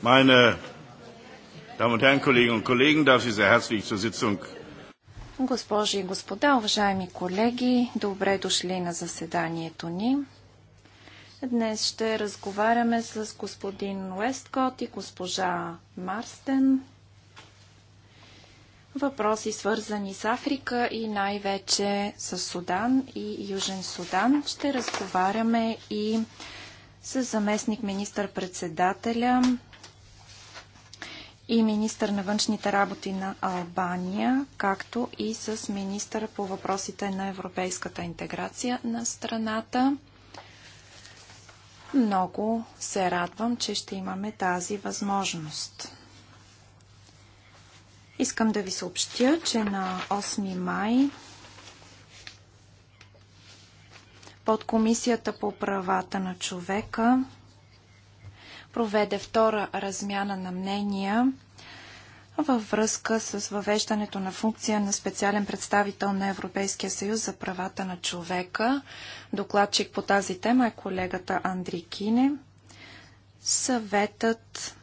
Meine Damen und Herren, Kolleginnen und Kollegen, darf ich sehr herzlich zur Sitzung Госпожи и господа, уважаеми колеги, добре дошли на заседанието ни. Днес ще разговаряме с господин Уесткот и госпожа Марстен. Въпроси свързани с Африка и най-вече с Судан и Южен Судан. Ще разговаряме и с заместник министър-председателя и министър на външните работи на Албания, както и с министър по въпросите на европейската интеграция на страната. Много се радвам, че ще имаме тази възможност. Искам да ви съобщя, че на 8 май Под Комисията по правата на човека проведе втора размяна на мнения във връзка с въвеждането на функция на специален представител на Европейския съюз за правата на човека. Докладчик по тази тема е колегата Андри Кине. Съветът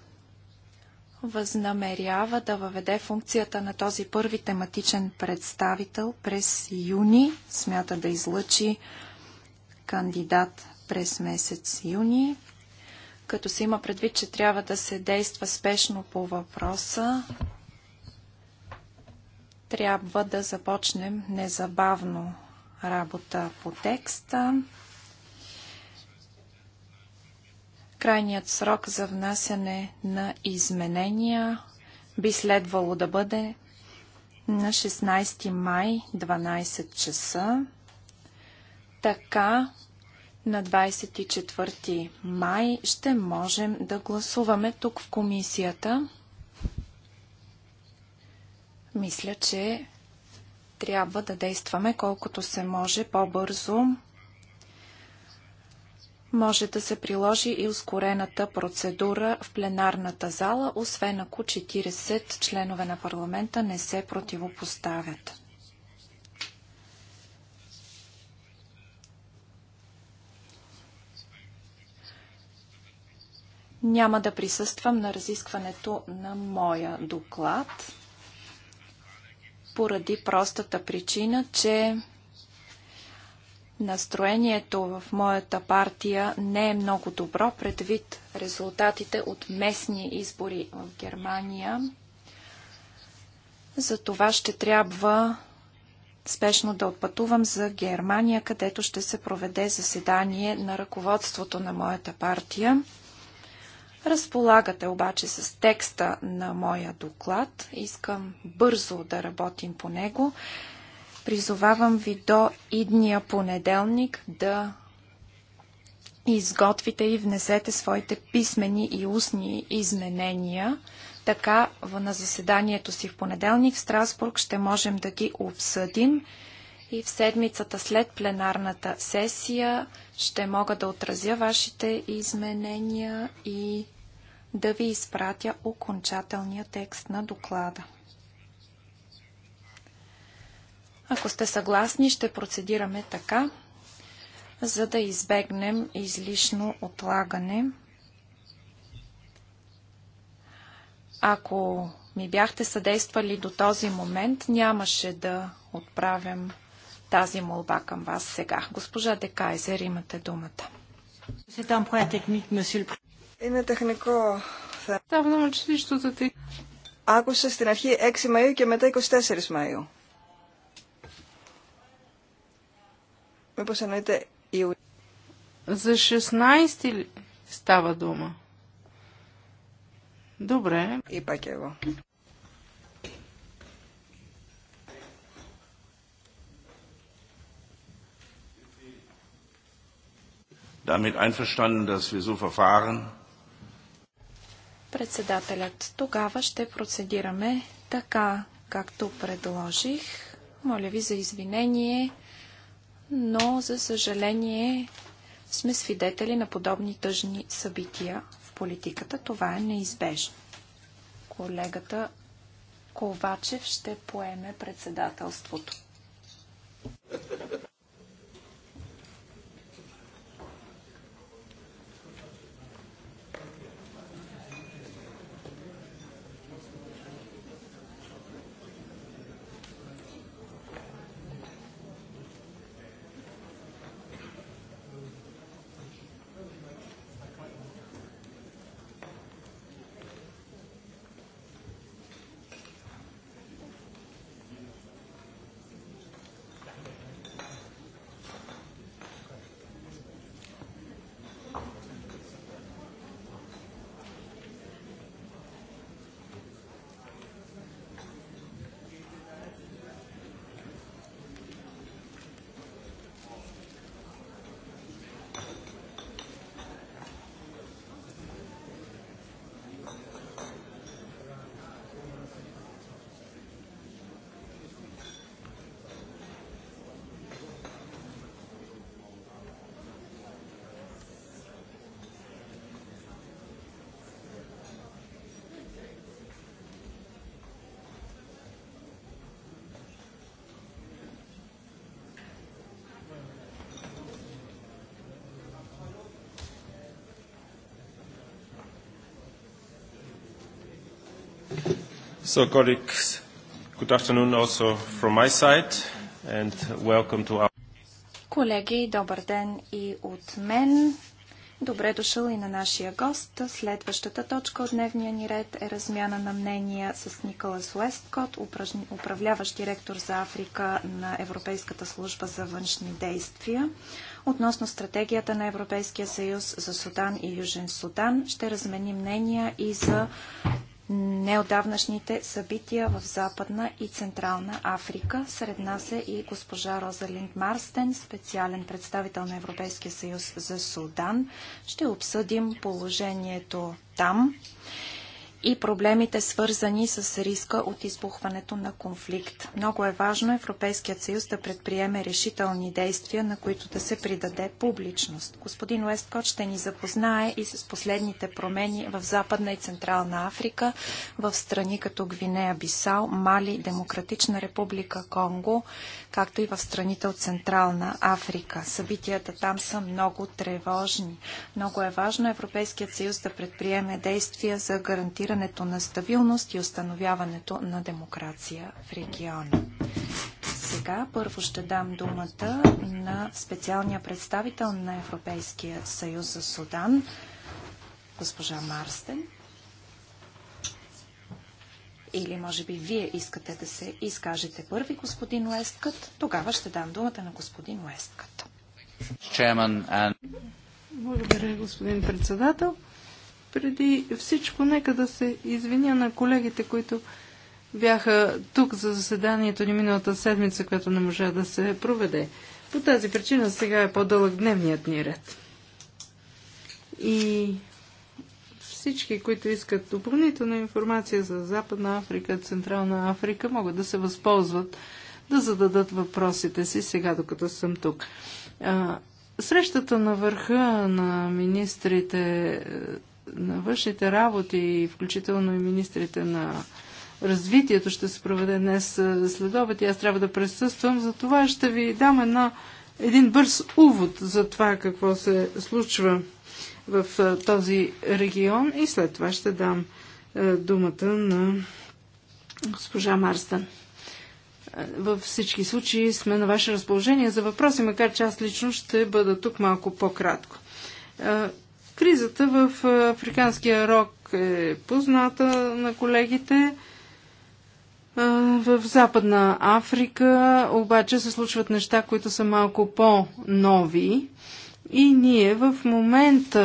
възнамерява да въведе функцията на този първи тематичен представител през юни. Смята да излъчи кандидат през месец юни. Като се има предвид, че трябва да се действа спешно по въпроса, трябва да започнем незабавно работа по текста. Крайният срок за внасяне на изменения би следвало да бъде на 16 май 12 часа. Така на 24 май ще можем да гласуваме тук в комисията. Мисля, че трябва да действаме колкото се може по-бързо. Може да се приложи и ускорената процедура в пленарната зала, освен ако 40 членове на парламента не се противопоставят. Няма да присъствам на разискването на моя доклад, поради простата причина, че настроението в моята партия не е много добро предвид резултатите от местни избори в Германия. За това ще трябва спешно да отпътувам за Германия, където ще се проведе заседание на ръководството на моята партия. Разполагате обаче с текста на моя доклад. Искам бързо да работим по него. Призовавам ви до идния понеделник да изготвите и внесете своите писмени и устни изменения. Така на заседанието си в понеделник в Страсбург ще можем да ги обсъдим и в седмицата след пленарната сесия ще мога да отразя вашите изменения и да ви изпратя окончателния текст на доклада. Ако сте съгласни, ще процедираме така, за да избегнем излишно отлагане. Ако ми бяхте съдействали до този момент, нямаше да отправям тази молба към вас сега. Госпожа Декайзер, имате думата. Είναι τεχνικό θέμα. του τι. Άκουσε στην αρχή 6 Μαΐου και μετά 24 Μαΐου. Μήπως εννοείται Ιουνίου. За 16 става дума. Добре. Είπα και εγώ. Damit einverstanden, dass wir so verfahren. Председателят, тогава ще процедираме така, както предложих. Моля ви за извинение, но за съжаление сме свидетели на подобни тъжни събития в политиката. Това е неизбежно. Колегата Ковачев ще поеме председателството. So, colleagues, good afternoon also from my side and welcome to our... Колеги, добър ден и от мен. Добре дошъл и на нашия гост. Следващата точка от дневния ни ред е размяна на мнения с Николас Уесткот, управляващ директор за Африка на Европейската служба за външни действия. Относно стратегията на Европейския съюз за Судан и Южен Судан ще размени мнения и за неодавнашните събития в Западна и Централна Африка. Сред нас е и госпожа Розалинд Марстен, специален представител на Европейския съюз за Судан. Ще обсъдим положението там и проблемите свързани с риска от избухването на конфликт. Много е важно Европейският съюз да предприеме решителни действия, на които да се придаде публичност. Господин Уесткот ще ни запознае и с последните промени в Западна и Централна Африка, в страни като Гвинея Бисал, Мали, Демократична република Конго, както и в страните от Централна Африка. Събитията там са много тревожни. Много е важно Европейският съюз да предприеме действия за гарантиране гарантирането на стабилност и установяването на демокрация в региона. Сега първо ще дам думата на специалния представител на Европейския съюз за Судан, госпожа Марстен. Или може би вие искате да се изкажете първи, господин Уесткът. Тогава ще дам думата на господин Уесткът. Благодаря, господин председател. Преди всичко, нека да се извиня на колегите, които бяха тук за заседанието ни миналата седмица, което не можа да се проведе. По тази причина сега е по-дълъг дневният ни ред. И всички, които искат допълнителна информация за Западна Африка, Централна Африка, могат да се възползват да зададат въпросите си сега, докато съм тук. Срещата на върха на министрите на външните работи, включително и министрите на развитието ще се проведе днес след обед и аз трябва да присъствам. За това ще ви дам една, един бърз увод за това какво се случва в този регион и след това ще дам думата на госпожа Марстън. Във всички случаи сме на ваше разположение за въпроси, макар че аз лично ще бъда тук малко по-кратко. Кризата в африканския рок е позната на колегите. В Западна Африка обаче се случват неща, които са малко по-нови. И ние в момента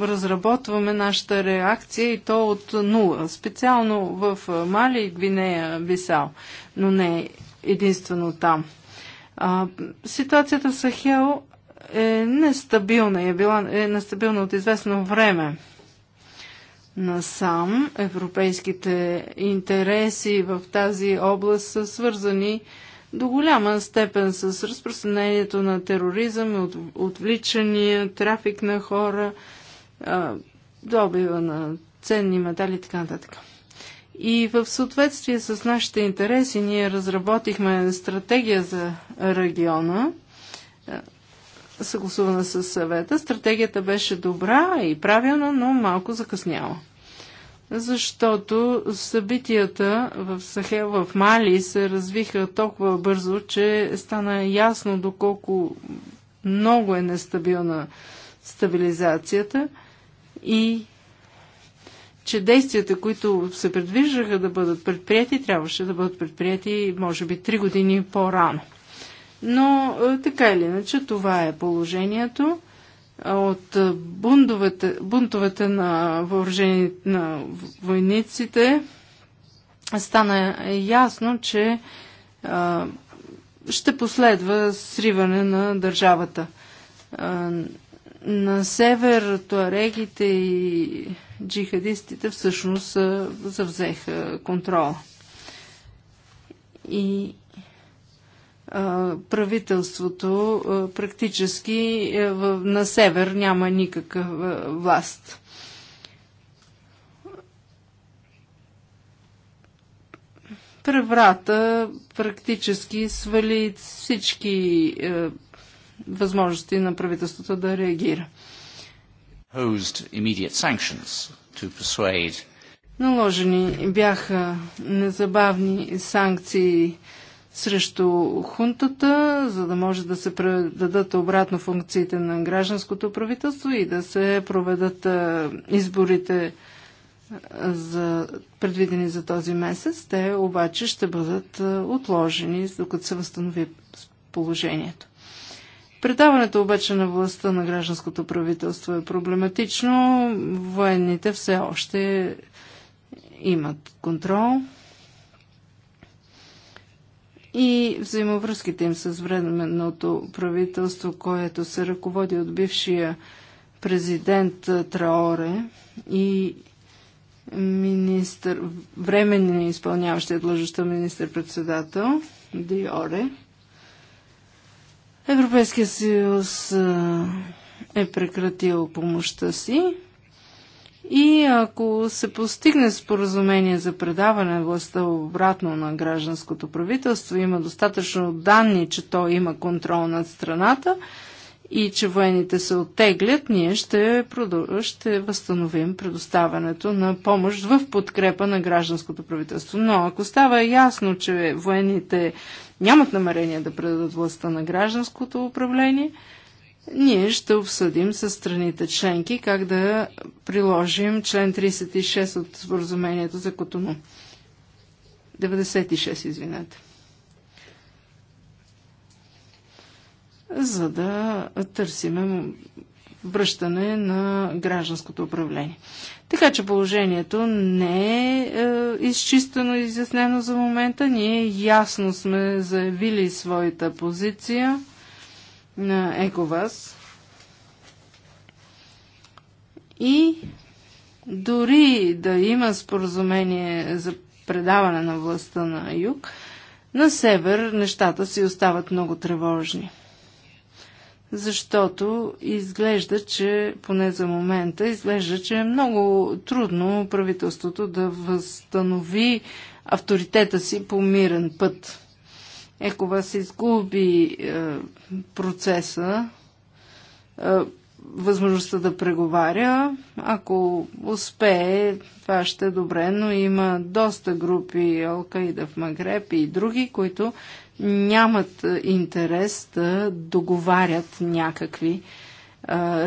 разработваме нашата реакция и то от нула, специално в Мали и Гвинея Бисал, но не единствено там. ситуацията в Сахел е нестабилна и е била е нестабилна от известно време. Насам европейските интереси в тази област са свързани до голяма степен с разпространението на тероризъм, от, отвличания, трафик на хора, добива на ценни метали и така нататък. И в съответствие с нашите интереси ние разработихме стратегия за региона, съгласувана с съвета. Стратегията беше добра и правилна, но малко закъсняла. Защото събитията в Сахел, в Мали се развиха толкова бързо, че стана ясно доколко много е нестабилна стабилизацията и че действията, които се предвиждаха да бъдат предприяти, трябваше да бъдат предприяти, може би, три години по-рано. Но е, така или иначе това е положението. От е, бунтовете, бунтовете на, въоръжени, на войниците стана ясно, че а, е, ще последва сриване на държавата. А, на север туарегите и джихадистите всъщност завзеха контрола. И правителството практически на север няма никаква власт. Преврата практически свали всички е, възможности на правителството да реагира. Наложени бяха незабавни санкции срещу хунтата, за да може да се предадат обратно функциите на гражданското правителство и да се проведат изборите за, предвидени за този месец. Те обаче ще бъдат отложени, докато се възстанови положението. Предаването обаче на властта на гражданското правителство е проблематично. Военните все още имат контрол и взаимовръзките им с временното правителство, което се ръководи от бившия президент Траоре и министър, временно изпълняващия длъжността министър-председател Диоре. Европейския съюз е прекратил помощта си и ако се постигне споразумение за предаване на властта обратно на гражданското правителство, има достатъчно данни, че то има контрол над страната и че военните се оттеглят, ние ще, продъл... ще възстановим предоставянето на помощ в подкрепа на гражданското правителство. Но ако става ясно, че военните нямат намерение да предадат властта на гражданското управление, ние ще обсъдим с страните членки как да приложим член 36 от споразумението за Котону. 96, извинете. За да търсиме връщане на гражданското управление. Така че положението не е, е изчистено и изяснено за момента. Ние ясно сме заявили своята позиция на ЕКОВАС. И дори да има споразумение за предаване на властта на юг, на север нещата си остават много тревожни. Защото изглежда, че, поне за момента, изглежда, че е много трудно правителството да възстанови авторитета си по мирен път. Екова се изгуби е, процеса, е, възможността да преговаря. Ако успее, това ще е добре, но има доста групи Алкаида в Магреб и други, които нямат е, интерес да договарят някакви е,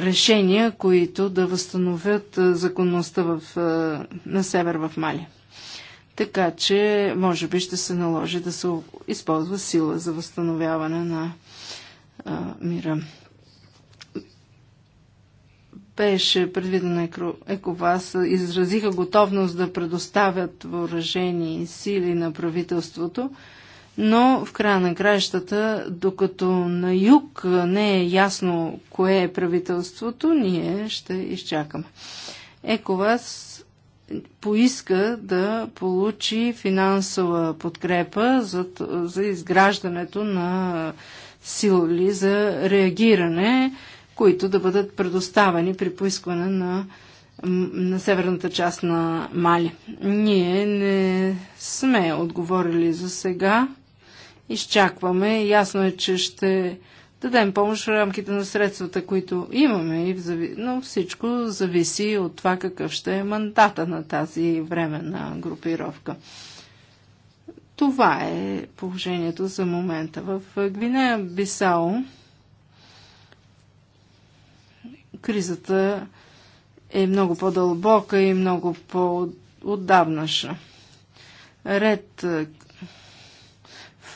решения, които да възстановят е, законността в, е, на север в Мали така че може би ще се наложи да се използва сила за възстановяване на а, мира. Беше предвидена ЕКОВАС, изразиха готовност да предоставят въоръжени сили на правителството, но в края на краищата, докато на юг не е ясно кое е правителството, ние ще изчакаме. ЕКОВАС поиска да получи финансова подкрепа за, за изграждането на сили за реагиране, които да бъдат предоставени при поискване на, на северната част на Мали. Ние не сме отговорили за сега. Изчакваме. Ясно е, че ще дадем помощ в рамките на средствата, които имаме, но всичко зависи от това какъв ще е мандата на тази временна групировка. Това е положението за момента. В Гвинея Бисао кризата е много по-дълбока и много по-отдавнаша. Ред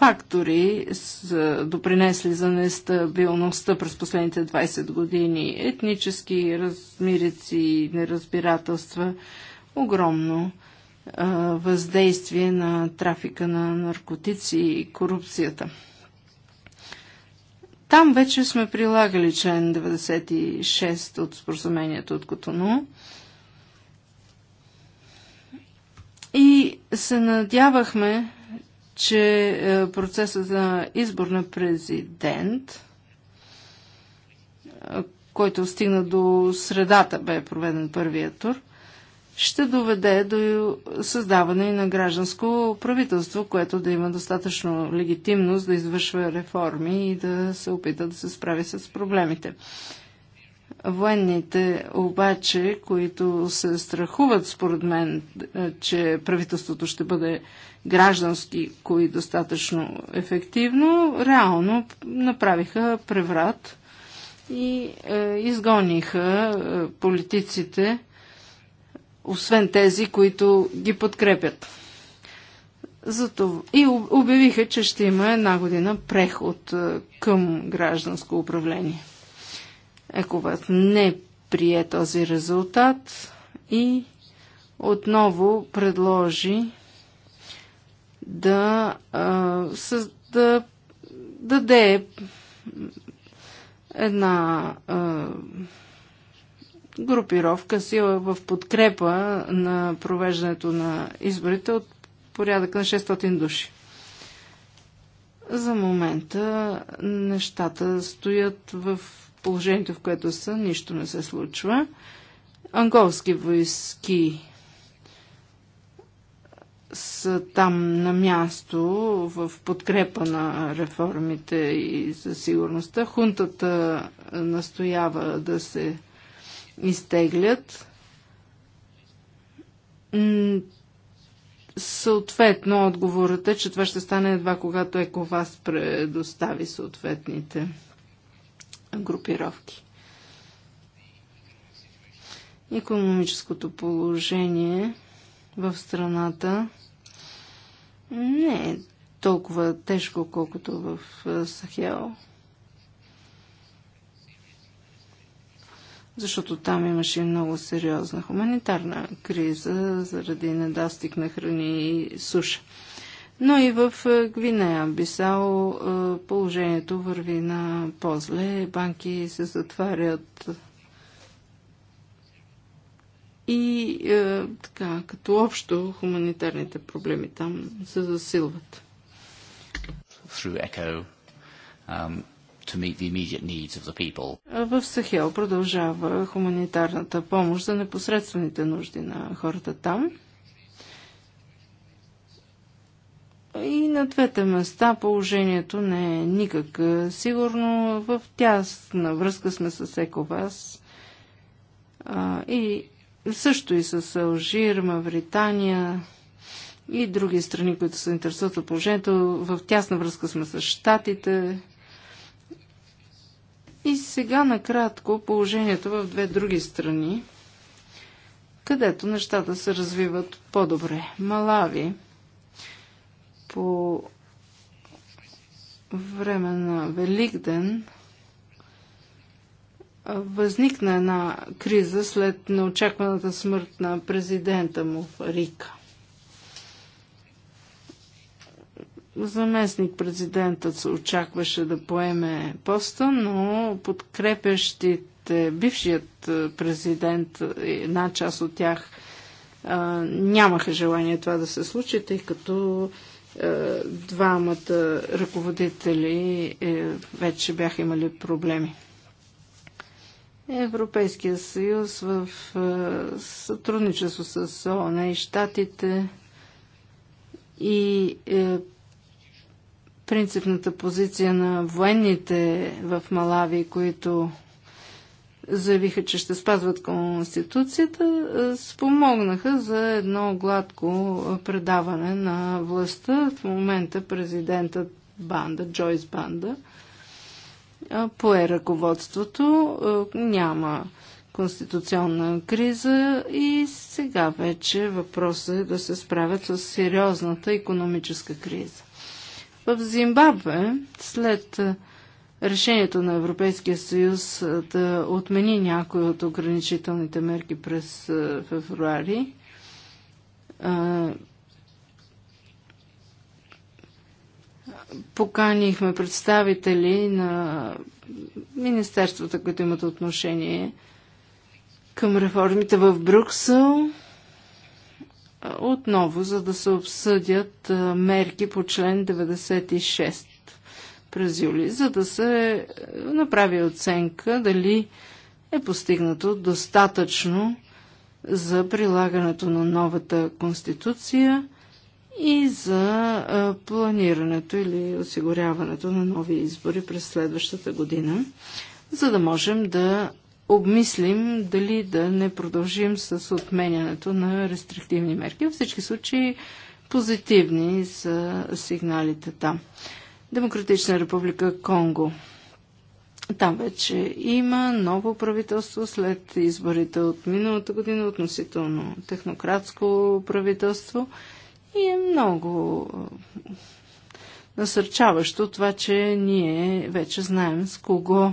фактори са допринесли за нестабилността през последните 20 години. Етнически размирици, неразбирателства, огромно въздействие на трафика на наркотици и корупцията. Там вече сме прилагали член 96 от споразумението от Котону. И се надявахме, че е, процесът за избор на президент, е, който стигна до средата, бе проведен първия тур, ще доведе до създаване на гражданско правителство, което да има достатъчно легитимност да извършва реформи и да се опита да се справи с проблемите. Военните обаче, които се страхуват според мен, е, че правителството ще бъде граждански, кои достатъчно ефективно, реално направиха преврат и е, изгониха е, политиците, освен тези, които ги подкрепят. Зато и обявиха, че ще има една година преход е, към гражданско управление. Ековат не прие този резултат и отново предложи да, а, с, да даде една а, групировка сила в подкрепа на провеждането на изборите от порядък на 600 души. За момента нещата стоят в положението, в което са, нищо не се случва. Анголски войски са там на място в подкрепа на реформите и за сигурността. Хунтата настоява да се изтеглят. Съответно, отговорът е, че това ще стане едва когато ЕКОВАС предостави съответните групировки. Економическото положение в страната не е толкова тежко, колкото в Сахел. Защото там имаше много сериозна хуманитарна криза заради недостиг на храни и суша. Но и в е, Гвинея, Бисао, е, положението върви на по-зле. Банки се затварят и е, така, като общо хуманитарните проблеми там се засилват. Um, в Сахел продължава хуманитарната помощ за непосредствените нужди на хората там. И на двете места положението не е никак е, сигурно. В тясна връзка сме с Ековас а, и също и с Алжир, Мавритания и други страни, които се интересуват от положението. В тясна връзка сме с Штатите. И сега накратко положението в две други страни, където нещата се развиват по-добре. Малави – по време на Великден възникна една криза след неочакваната смърт на президента му в Рика. Заместник президентът се очакваше да поеме поста, но подкрепящите бившият президент, една част от тях, нямаха желание това да се случи, тъй като е, двамата ръководители е, вече бяха имали проблеми. Европейския съюз в е, сътрудничество с ООН и Штатите и принципната позиция на военните в Малави, които заявиха, че ще спазват Конституцията, спомогнаха за едно гладко предаване на властта. В момента президентът Банда, Джойс Банда, пое ръководството, няма конституционна криза и сега вече въпросът е да се справят с сериозната економическа криза. В Зимбабве след решението на Европейския съюз да отмени някои от ограничителните мерки през февруари. Поканихме представители на министерствата, които имат отношение към реформите в Брюксел, отново, за да се обсъдят мерки по член 96 през юли, за да се е, направи оценка дали е постигнато достатъчно за прилагането на новата конституция и за е, планирането или осигуряването на нови избори през следващата година, за да можем да обмислим дали да не продължим с отменянето на рестриктивни мерки. Във всички случаи позитивни са сигналите там. Демократична република Конго. Там вече има ново правителство след изборите от миналата година, относително технократско правителство и е много е, насърчаващо това, че ние вече знаем с кого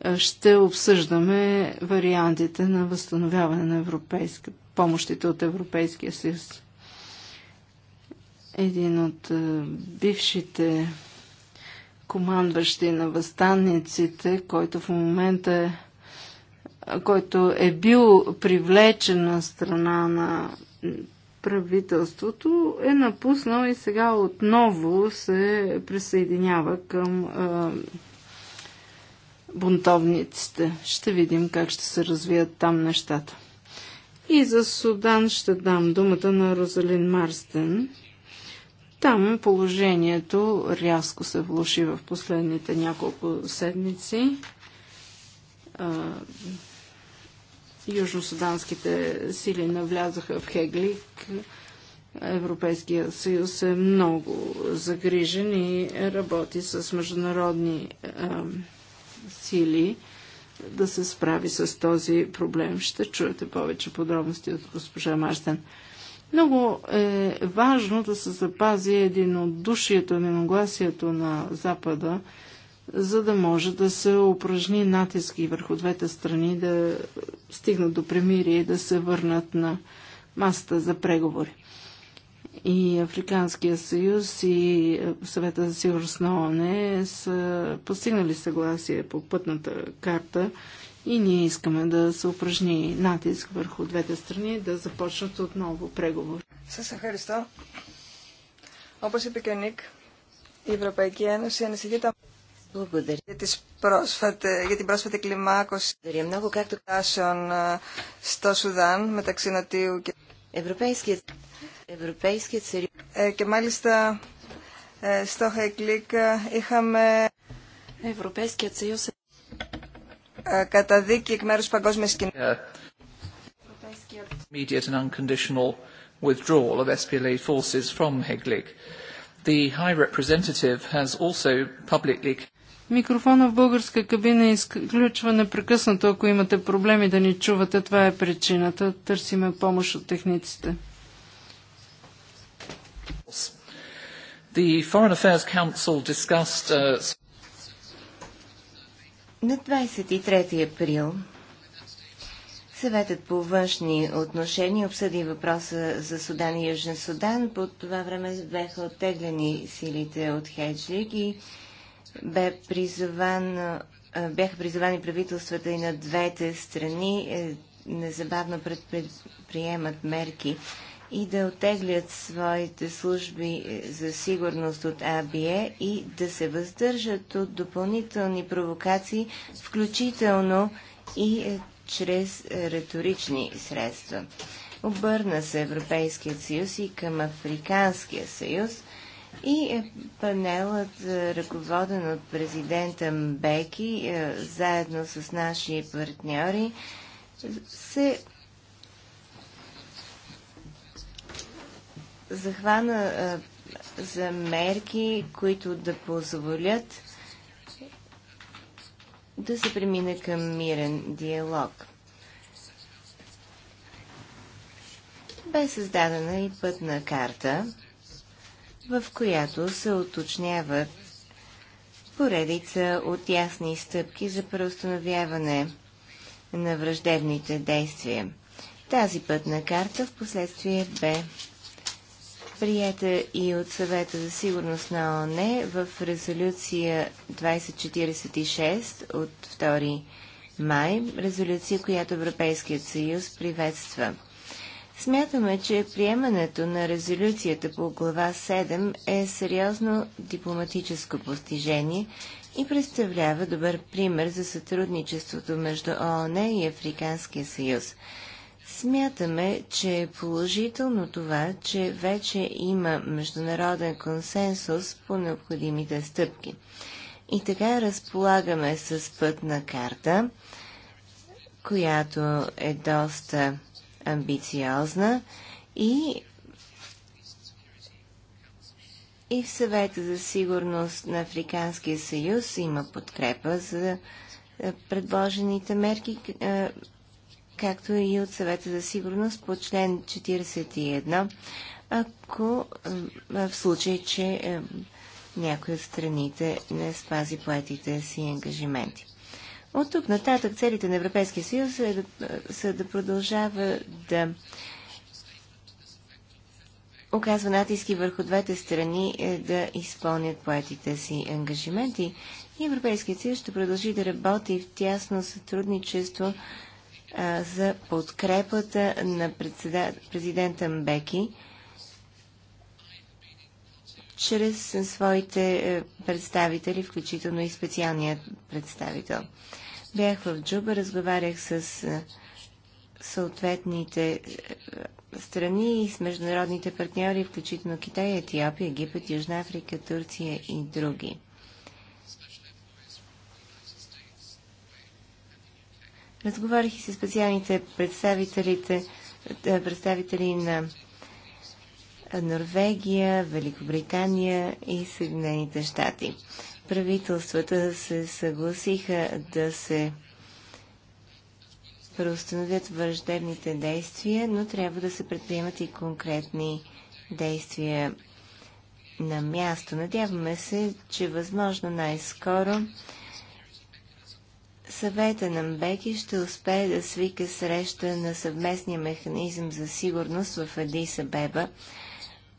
е, ще обсъждаме вариантите на възстановяване на европейска, помощите от Европейския съюз един от е, бившите командващи на възстанниците, който в момента е който е бил привлечен на страна на правителството, е напуснал и сега отново се присъединява към е, бунтовниците. Ще видим как ще се развият там нещата. И за Судан ще дам думата на Розалин Марстен. Там положението рязко се влуши в последните няколко седмици. Южносуданските сили навлязаха в Хеглик. Европейския съюз е много загрижен и работи с международни а, сили да се справи с този проблем. Ще чуете повече подробности от госпожа Марстен. Много е важно да се запази един от душието, единогласието на Запада, за да може да се упражни натиски върху двете страни, да стигнат до премирие и да се върнат на масата за преговори. И Африканския съюз и съвета за сигурност на ООН са постигнали съгласие по пътната карта и ние искаме да се упражни натиск върху двете страни да започнат отново преговори. Σας ευχαριστώ. Όπως είπε και ο η Ευρωπαϊκή Ένωση ανησυχεί благодаря. Για, πρόσφατε, για την πρόσφατη κλιμάκωση много, както... τάσεων στο Σουδάν μεταξύ Νοτίου και... Ευρωπαϊκή... Ευρωπαϊκή... Ε, και μάλιστα ε, στο Χαϊκλίκ είχαμε... Европейският съюз καταδίκη εκ μέρους παγκόσμιας κοινότητας. Immediate and unconditional withdrawal of SPLA forces from Heglig. The High Representative has also publicly Микрофона в българска кабина изключва непрекъснато. Ако имате проблеми да ни чувате, това е причината. Търсиме помощ от техниците. The Foreign Affairs Council discussed uh, на 23 април Съветът по външни отношения обсъди въпроса за Судан и Южен Судан. По това време бяха оттеглени силите от Хеджлик и бе призован, бяха призовани правителствата и на двете страни е, незабавно предприемат мерки и да отеглят своите служби е, за сигурност от АБЕ и да се въздържат от допълнителни провокации, включително и е, чрез е, риторични средства. Обърна се Европейският съюз и към Африканския съюз и панелът, ръководен от президента Мбеки, заедно с наши партньори, се захвана за мерки, които да позволят да се премине към мирен диалог. Бе създадена и пътна карта, в която се уточнява поредица от ясни стъпки за преустановяване на враждебните действия. Тази пътна карта в последствие бе прията и от съвета за сигурност на ОНЕ в резолюция 2046 от 2 май, резолюция, която Европейският съюз приветства. Смятаме, че приемането на резолюцията по глава 7 е сериозно дипломатическо постижение и представлява добър пример за сътрудничеството между ООН и Африканския съюз. Смятаме, че е положително това, че вече има международен консенсус по необходимите стъпки. И така разполагаме с пътна карта, която е доста амбициозна и и в съвета за сигурност на Африканския съюз има подкрепа за е, предложените мерки, е, както и от съвета за сигурност по член 41, ако е, в случай, че е, някой от страните не спази поетите си ангажименти. От тук нататък целите на Европейския съюз е да, е, са да продължава да оказва натиски върху двете страни да изпълнят поетите си ангажименти и Европейският съюз ще продължи да работи в тясно сътрудничество за подкрепата на президента Мбеки чрез своите е, представители, включително и специалният представител. Бях в Джуба, разговарях с е, съответните е, страни и с международните партньори, включително Китай, Етиопия, Египет, Южна Африка, Турция и други. Разговарях и с специалните представителите, е, представители на Норвегия, Великобритания и Съединените щати. Правителствата се съгласиха да се преустановят враждебните действия, но трябва да се предприемат и конкретни действия на място. Надяваме се, че възможно най-скоро съвета на Мбеки ще успее да свика среща на съвместния механизъм за сигурност в Адис Абеба,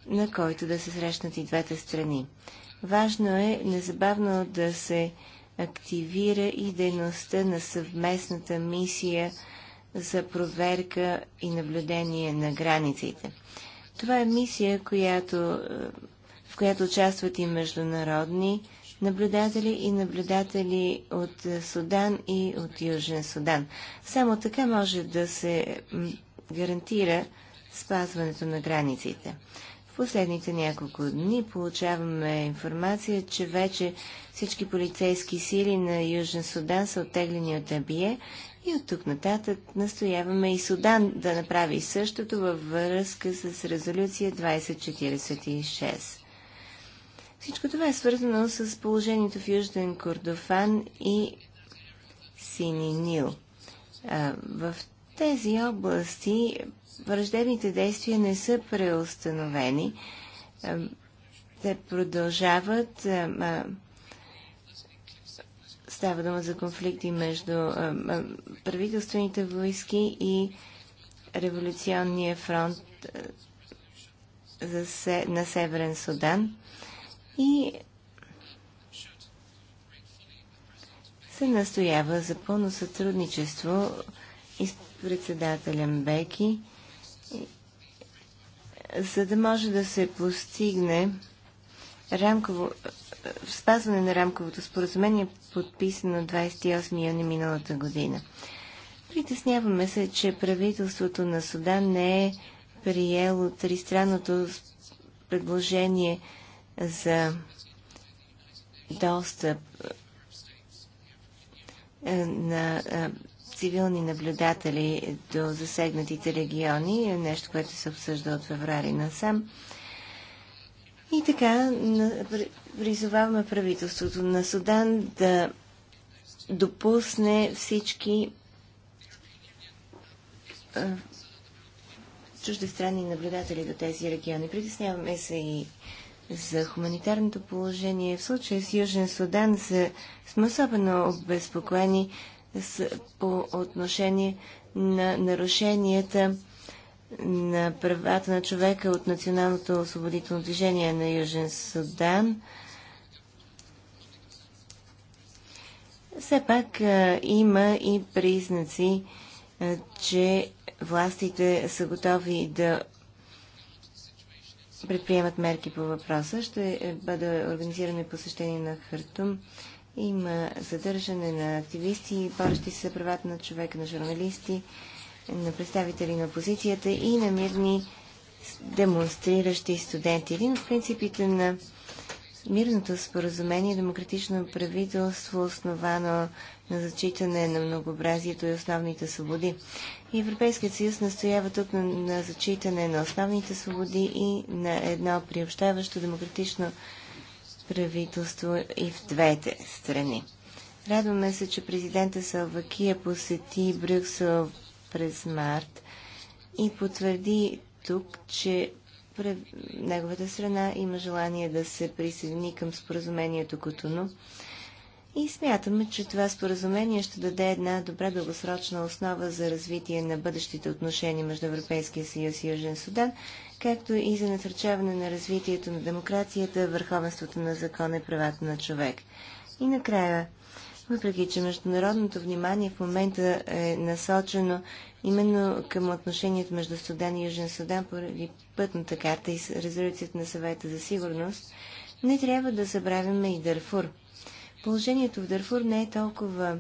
на който да се срещнат и двете страни. Важно е незабавно да се активира и дейността на съвместната мисия за проверка и наблюдение на границите. Това е мисия, която, в която участват и международни наблюдатели и наблюдатели от е, Судан и от Южен Судан. Само така може да се гарантира спазването на границите. В последните няколко дни получаваме информация, че вече всички полицейски сили на Южен Судан са оттеглени от Абие и от тук нататък настояваме и Судан да направи същото във връзка с резолюция 2046. Всичко това е свързано с положението в Южден Кордофан и Сини Нил. в тези области враждебните действия не са преустановени. те продължават. става дума за конфликти между правителствените войски и Революционния фронт на Северен Судан и се настоява за пълно сътрудничество и с председателем Беки, за да може да се постигне рамково, спазване на рамковото споразумение, подписано 28 юни миналата година. Притесняваме се, че правителството на Судан не е приело тристранното предложение за достъп е, на е, цивилни наблюдатели до засегнатите региони, е нещо, което се обсъжда от феврари насам. И така призоваваме правителството на Судан да допусне всички чуждестранни наблюдатели до тези региони. Притесняваме се и за хуманитарното положение в случая с Южен Судан са сме особено обезпокоени с, по отношение на нарушенията на правата на човека от Националното освободително движение на Южен Судан. Все пак а, има и признаци, а, че властите са готови да предприемат мерки по въпроса. Ще е, бъде организирано посещение на Хартум. Има задържане на активисти, борещи се правата на човека, на журналисти, на представители на опозицията и на мирни демонстриращи студенти. Един от принципите на мирното споразумение, е демократично правителство, основано на зачитане на многообразието и основните свободи. Европейският съюз настоява тук на, на зачитане на основните свободи и на едно приобщаващо демократично правителство и в двете страни. Радваме се, че президента Салвакия посети Брюксел през март и потвърди тук, че неговата страна има желание да се присъедини към споразумението Котуно. И смятаме, че това споразумение ще даде една добра дългосрочна основа за развитие на бъдещите отношения между Европейския съюз и Южен Судан, както и за насърчаване на развитието на демокрацията, върховенството на закона и правата на човек. И накрая, въпреки че международното внимание в момента е насочено именно към отношението между Судан и Южен Судан поради пътната карта и резолюцията на съвета за сигурност, не трябва да забравяме и Дарфур – Положението в Дърфур не е толкова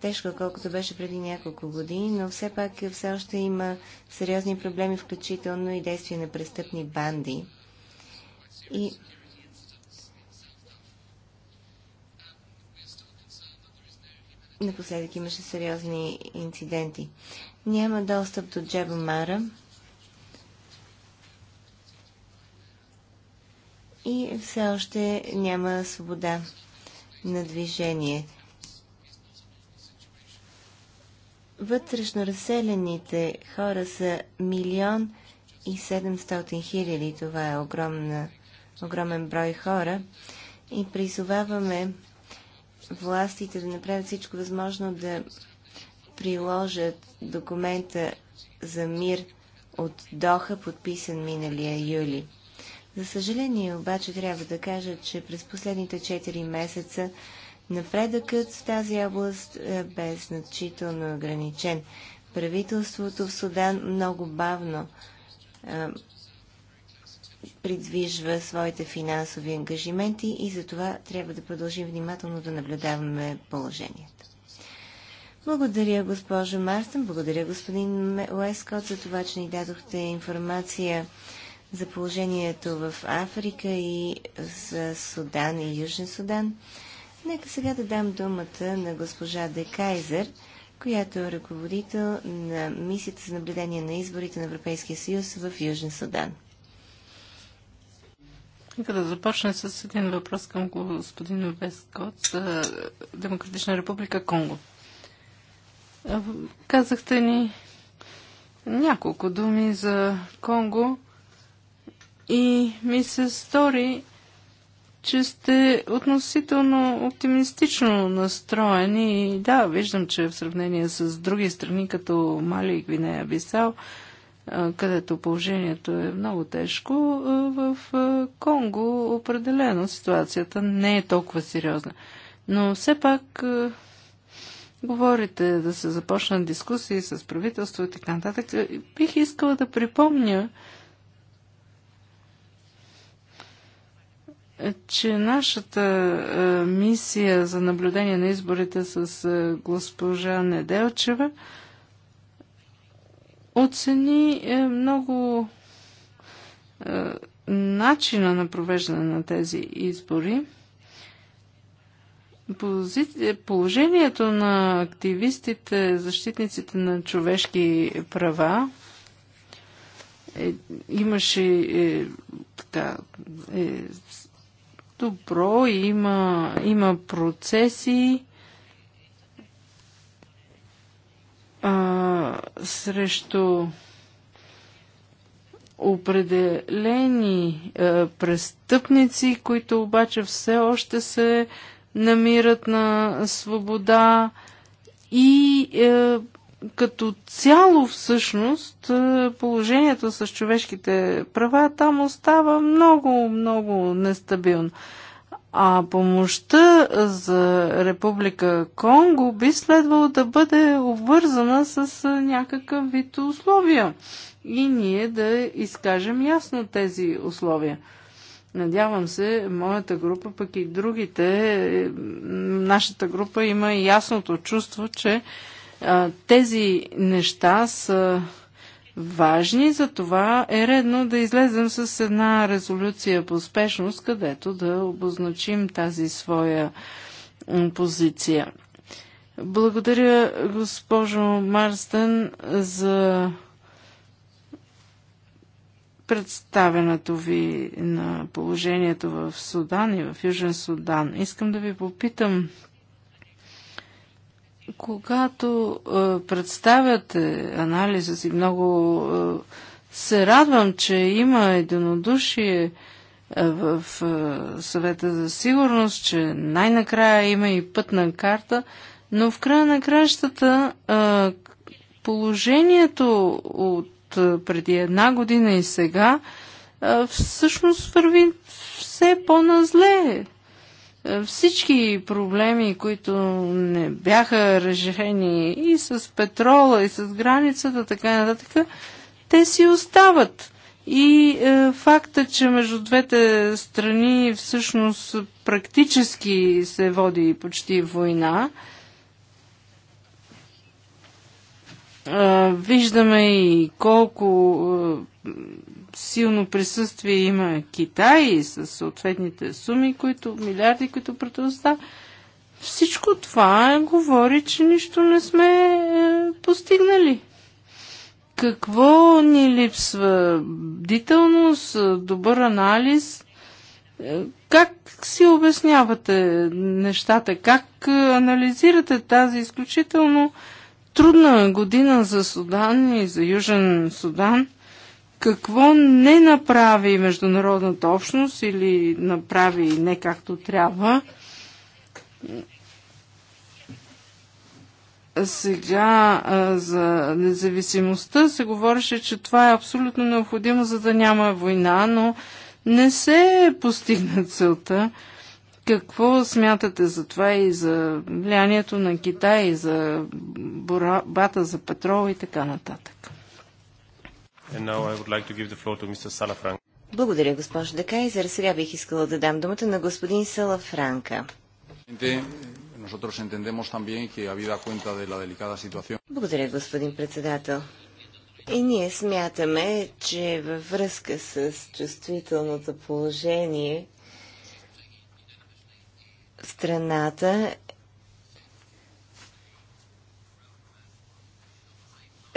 тежко, колкото беше преди няколко години, но все пак все още има сериозни проблеми, включително и действия на престъпни банди. И напоследък имаше сериозни инциденти. Няма достъп до Джеба Мара. И все още няма свобода на движение. Вътрешно разселените хора са милион и 700 хиляди. Това е огромна, огромен брой хора. И призоваваме властите да направят всичко възможно да приложат документа за мир от Доха, подписан миналия юли. За съжаление обаче трябва да кажа, че през последните 4 месеца напредъкът в тази област е, бе значително ограничен. Правителството в Судан много бавно е, придвижва своите финансови ангажименти и за това трябва да продължим внимателно да наблюдаваме положението. Благодаря, госпожо Марстън, благодаря, господин Уескот, за това, че ни дадохте информация за положението в Африка и за Судан и Южен Судан. Нека сега да дам думата на госпожа Де Кайзер, която е ръководител на мисията за наблюдение на изборите на Европейския съюз в Южен Судан. Нека да започна с един въпрос към господин Вескот за Демократична република Конго. Казахте ни няколко думи за Конго. И ми се стори, че сте относително оптимистично настроени. И да, виждам, че в сравнение с други страни, като Мали и Гвинея Бисал, където положението е много тежко, в Конго определено ситуацията не е толкова сериозна. Но все пак говорите да се започнат дискусии с правителство и така нататък. Бих искала да припомня, че нашата е, мисия за наблюдение на изборите с е, госпожа Неделчева оцени е, много начина на провеждане на тези избори. Положението на активистите, защитниците на човешки права, е, имаше е, така, е, добро, има, има процеси а, срещу определени а, престъпници, които обаче все още се намират на свобода и а, е, като цяло всъщност е, положението с човешките права там остава много, много нестабилно. А помощта за Република Конго би следвало да бъде обвързана с е, някакъв вид условия и ние да изкажем ясно тези условия. Надявам се, моята група, пък и другите, е, нашата група има ясното чувство, че тези неща са важни, за това е редно да излезем с една резолюция по успешност, където да обозначим тази своя позиция. Благодаря, госпожо Марстън, за представенето ви на положението в Судан и в Южен Судан. Искам да ви попитам когато е, представяте анализа си, много е, се радвам, че има единодушие е, в е, съвета за сигурност, че най-накрая има и пътна карта, но в края на кращата е, положението от преди една година и сега всъщност върви все по-назле. Е, всички проблеми, които не бяха решени и с петрола, и с границата, така и нататък, те си остават. И е, факта, че между двете страни всъщност практически се води почти война, е, виждаме и колко е, силно присъствие има Китай с съответните суми, които, милиарди, които предоста, Всичко това говори, че нищо не сме е, постигнали. Какво ни липсва? Бдителност, добър анализ? Е, как си обяснявате нещата? Как е, анализирате тази изключително трудна година за Судан и за Южен Судан? какво не направи международната общност или направи не както трябва. Сега за независимостта се говореше, че това е абсолютно необходимо, за да няма война, но не се постигна целта. Какво смятате за това и за влиянието на Китай, и за борбата за петрол и така нататък? Like Благодаря, госпожо Декайзер. Сега бих искала да дам думата на господин Салафранка. Благодаря, господин председател. И ние смятаме, че във връзка с чувствителното положение в страната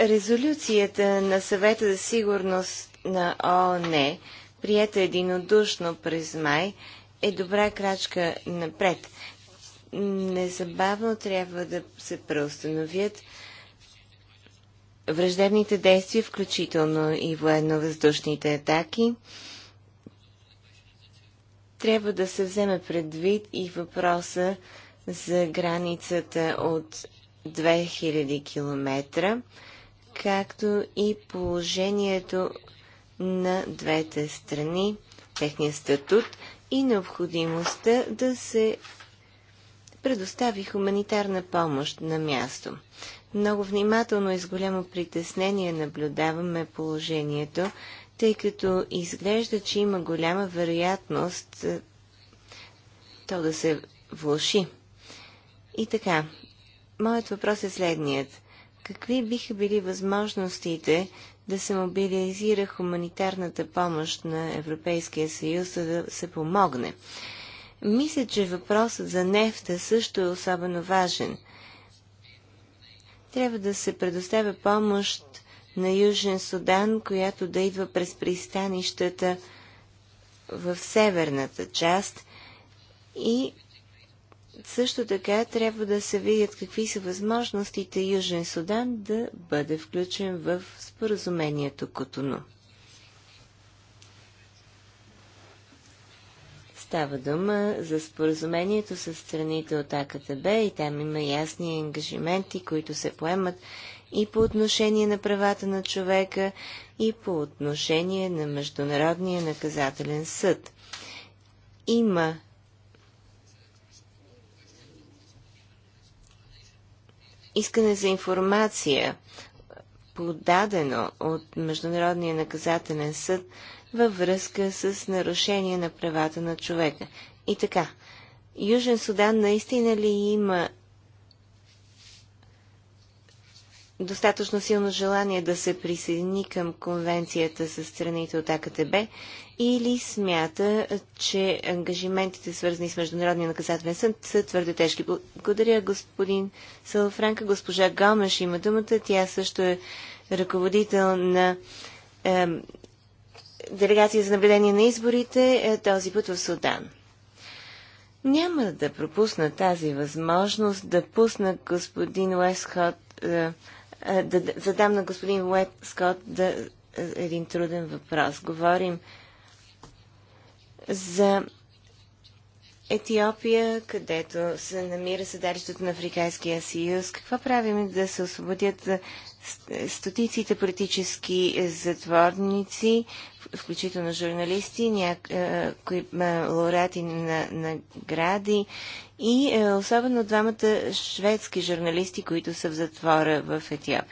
Резолюцията на съвета за сигурност на ООН, прията единодушно през май, е добра крачка напред. Незабавно трябва да се преустановят враждебните действия, включително и военно-въздушните атаки. Трябва да се вземе предвид и въпроса за границата от 2000 км както и положението на двете страни, техния статут и необходимостта да се предостави хуманитарна помощ на място. Много внимателно и с голямо притеснение наблюдаваме положението, тъй като изглежда, че има голяма вероятност е, то да се влуши. И така, моят въпрос е следният. Какви биха били възможностите да се мобилизира хуманитарната помощ на Европейския съюз, за да се помогне? Мисля, че въпросът за нефта също е особено важен. Трябва да се предоставя помощ на Южен Судан, която да идва през пристанищата в северната част и също така трябва да се видят какви са възможностите Южен Судан да бъде включен в споразумението Котону. Става дума за споразумението с страните от АКТБ и там има ясни ангажименти, които се поемат и по отношение на правата на човека, и по отношение на Международния наказателен съд. Има искане за информация, подадено от Международния наказателен съд във връзка с нарушение на правата на човека. И така, Южен Судан наистина ли има достатъчно силно желание да се присъедини към конвенцията с страните от АКТБ или смята, че ангажиментите, свързани с Международния наказателен съд, са твърде тежки. Благодаря, господин Салафранка. Госпожа Галмаш има думата. Тя също е ръководител на е, делегация за наблюдение на изборите, е, този път в Судан. Няма да пропусна тази възможност да пусна господин Уескот, е, е, да задам на господин Уестхот да, е, един труден въпрос. Говорим за Етиопия, където се намира седалището на Африканския съюз. Какво правим да се освободят стотиците политически е, затворници, включително журналисти, някои лауреати на награди и е, особено двамата шведски журналисти, които са в затвора в Етиопия?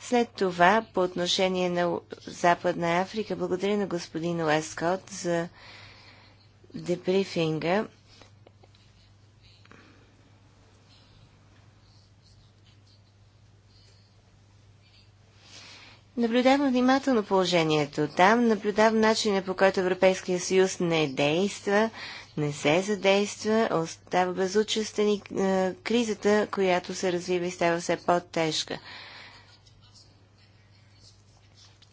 След това, по отношение на Западна Африка, благодаря на господин Уескот за дебрифинга. Наблюдавам внимателно положението там, наблюдавам начина по който Европейския съюз не действа, не се задейства, остава безучестен и е, кризата, която се развива и става все по-тежка.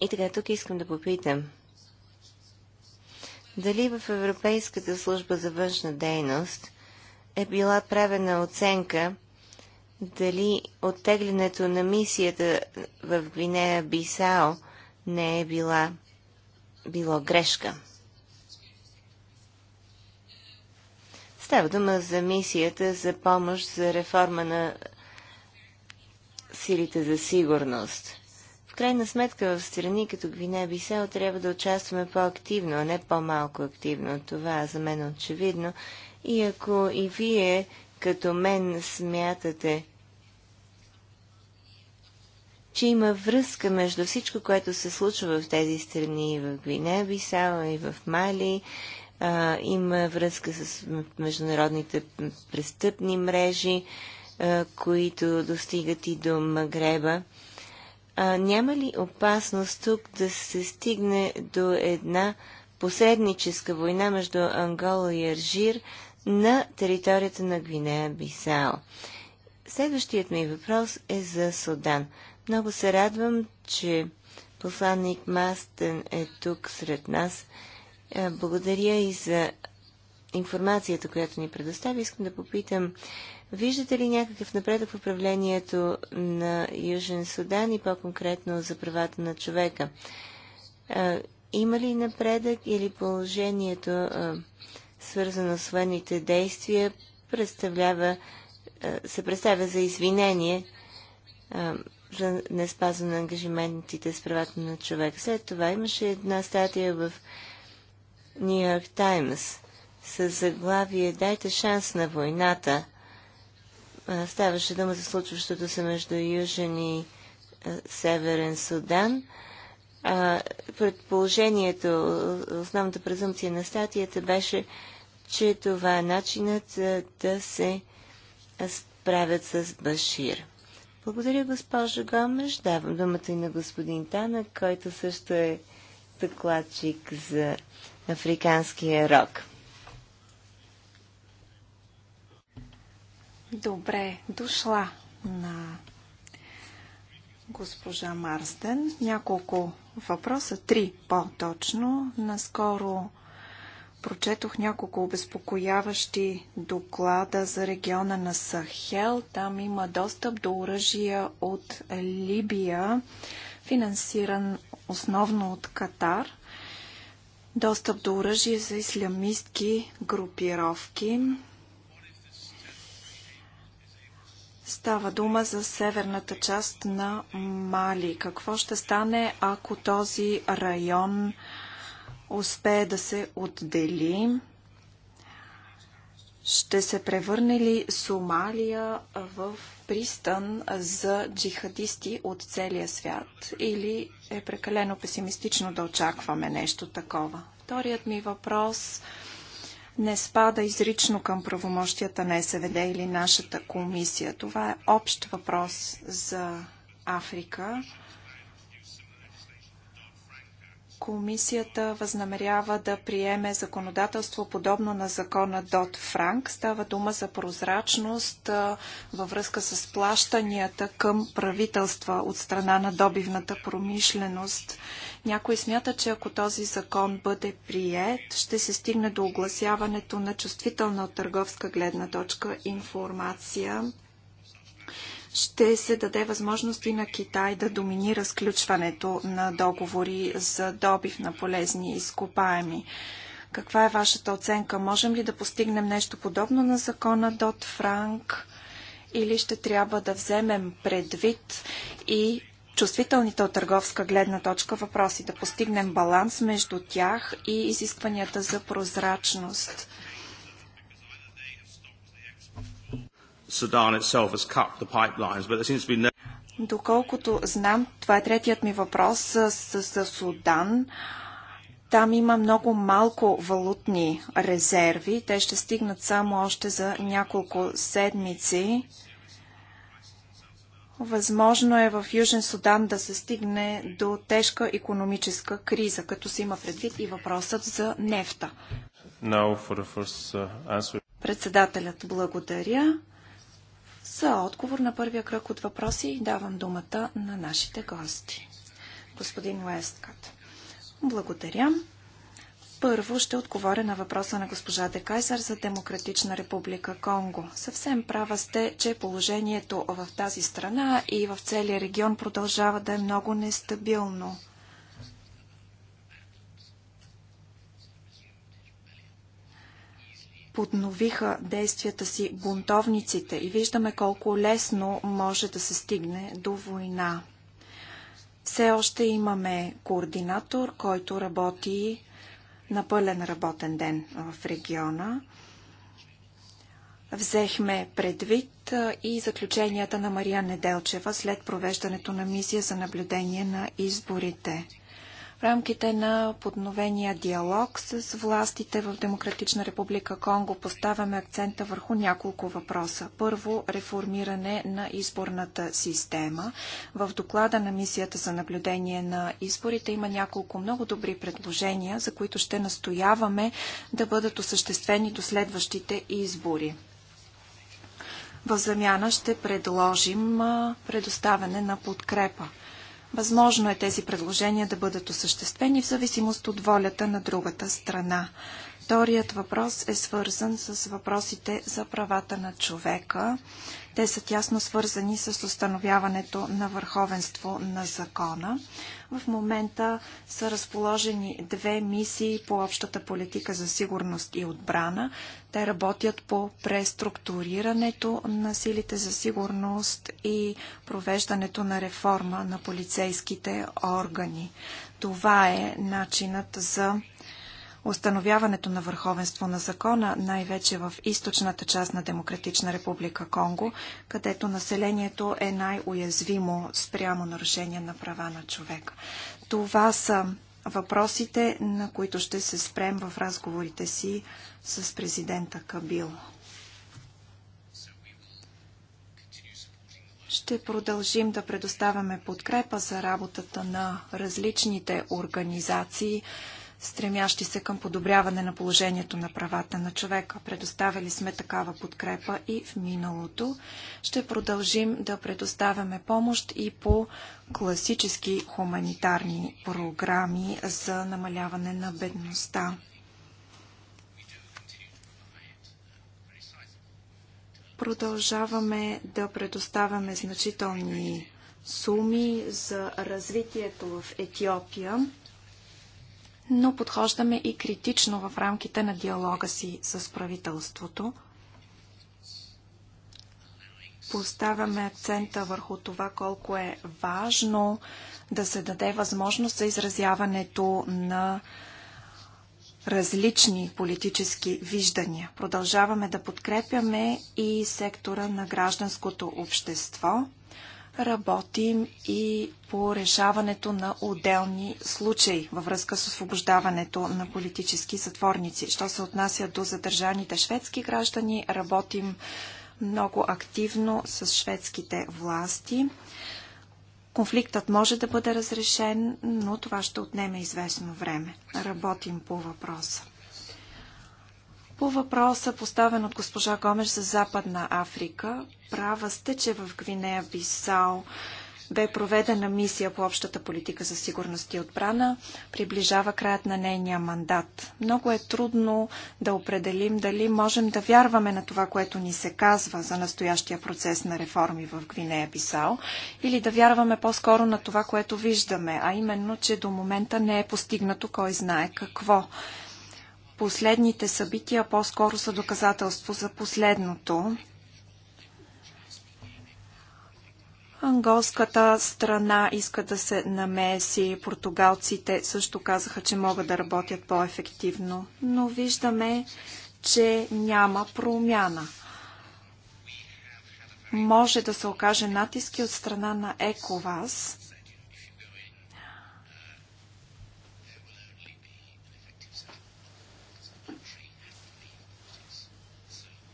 И така, тук искам да попитам. Дали в Европейската служба за външна дейност е била правена оценка дали оттеглянето на мисията в Гвинея Бисао не е била било грешка. Става дума за мисията за помощ за реформа на силите за сигурност крайна сметка в страни като Гвинея Бисел трябва да участваме по-активно, а не по-малко активно. Това за мен е очевидно. И ако и вие, като мен, смятате, че има връзка между всичко, което се случва в тези страни, и в Гвинея Бисел, и в Мали, а, има връзка с международните престъпни мрежи, а, които достигат и до Магреба. А, няма ли опасност тук да се стигне до една посредническа война между Ангола и Аржир на територията на Гвинея-Бисао? Следващият ми въпрос е за Судан. Много се радвам, че посланник Мастен е тук сред нас. Благодаря и за информацията, която ни предостави. Искам да попитам Виждате ли някакъв напредък в управлението на Южен Судан и по-конкретно за правата на човека? има ли напредък или положението, свързано с военните действия, представлява, се представя за извинение за не спазване на ангажиментите с правата на човека? След това имаше една статия в Нью Йорк Таймс с заглавие Дайте шанс на войната – Ставаше дума за случващото се между Южен и Северен Судан. Предположението, основната презумпция на статията беше, че това е начинът да се справят с Башир. Благодаря, госпожо Гомеш. Давам думата и на господин Тана, който също е докладчик за африканския рок. Добре дошла на госпожа Марстен. Няколко въпроса, три по-точно. Наскоро прочетох няколко обезпокояващи доклада за региона на Сахел. Там има достъп до оръжия от Либия, финансиран основно от Катар. Достъп до оръжие за ислямистки групировки. Става дума за северната част на Мали. Какво ще стане, ако този район успее да се отдели? Ще се превърне ли Сомалия в пристан за джихадисти от целия свят? Или е прекалено песимистично да очакваме нещо такова? Вторият ми въпрос е не спада изрично към правомощията на СВД или нашата комисия. Това е общ въпрос за Африка. Комисията възнамерява да приеме законодателство подобно на закона Дот Франк. Става дума за прозрачност във връзка с плащанията към правителства от страна на добивната промишленост. Някой смята, че ако този закон бъде прият, ще се стигне до огласяването на чувствителна от търговска гледна точка информация ще се даде възможност и на Китай да доминира сключването на договори за добив на полезни изкопаеми. Каква е вашата оценка? Можем ли да постигнем нещо подобно на закона Дот Франк? Или ще трябва да вземем предвид и чувствителните от търговска гледна точка въпроси, да постигнем баланс между тях и изискванията за прозрачност? Sudan itself has cut the pipelines, but there seems to be no... Доколкото знам, това е третият ми въпрос с, с, с Судан. Там има много малко валутни резерви. Те ще стигнат само още за няколко седмици. Възможно е в Южен Судан да се стигне до тежка економическа криза, като се има предвид и въпросът за нефта. Uh, Председателят благодаря. За отговор на първия кръг от въпроси давам думата на нашите гости. Господин Уесткът. Благодаря. Първо ще отговоря на въпроса на госпожа Декайсар за Демократична република Конго. Съвсем права сте, че положението в тази страна и в целия регион продължава да е много нестабилно. подновиха действията си бунтовниците и виждаме колко лесно може да се стигне до война. Все още имаме координатор, който работи на пълен работен ден в региона. Взехме предвид и заключенията на Мария Неделчева след провеждането на мисия за наблюдение на изборите в рамките на подновения диалог с властите в Демократична република Конго поставяме акцента върху няколко въпроса. Първо, реформиране на изборната система. В доклада на мисията за наблюдение на изборите има няколко много добри предложения, за които ще настояваме да бъдат осъществени до следващите избори. В замяна ще предложим предоставяне на подкрепа Възможно е тези предложения да бъдат осъществени в зависимост от волята на другата страна. Вторият въпрос е свързан с въпросите за правата на човека. Те са тясно свързани с установяването на върховенство на закона. В момента са разположени две мисии по общата политика за сигурност и отбрана. Те работят по преструктурирането на силите за сигурност и провеждането на реформа на полицейските органи. Това е начинът за установяването на върховенство на закона, най-вече в източната част на Демократична република Конго, където населението е най-уязвимо спрямо нарушение на права на човека. Това са въпросите, на които ще се спрем в разговорите си с президента Кабил. Ще продължим да предоставяме подкрепа за работата на различните организации, стремящи се към подобряване на положението на правата на човека. Предоставили сме такава подкрепа и в миналото. Ще продължим да предоставяме помощ и по класически хуманитарни програми за намаляване на бедността. Продължаваме да предоставяме значителни суми за развитието в Етиопия но подхождаме и критично в рамките на диалога си с правителството. Поставяме акцента върху това колко е важно да се даде възможност за изразяването на различни политически виждания. Продължаваме да подкрепяме и сектора на гражданското общество. Работим и по решаването на отделни случаи във връзка с освобождаването на политически затворници. Що се отнася до задържаните шведски граждани, работим много активно с шведските власти. Конфликтът може да бъде разрешен, но това ще отнеме известно време. Работим по въпроса. По въпроса, поставен от госпожа Гомеш за Западна Африка, права сте, че в Гвинея Бисао бе проведена мисия по общата политика за сигурност и отбрана, приближава краят на нейния мандат. Много е трудно да определим дали можем да вярваме на това, което ни се казва за настоящия процес на реформи в Гвинея Бисао, или да вярваме по-скоро на това, което виждаме, а именно, че до момента не е постигнато кой знае какво. Последните събития по-скоро са доказателство за последното. Анголската страна иска да се намеси. Португалците също казаха, че могат да работят по-ефективно. Но виждаме, че няма промяна. Може да се окаже натиски от страна на ЕКОВАС,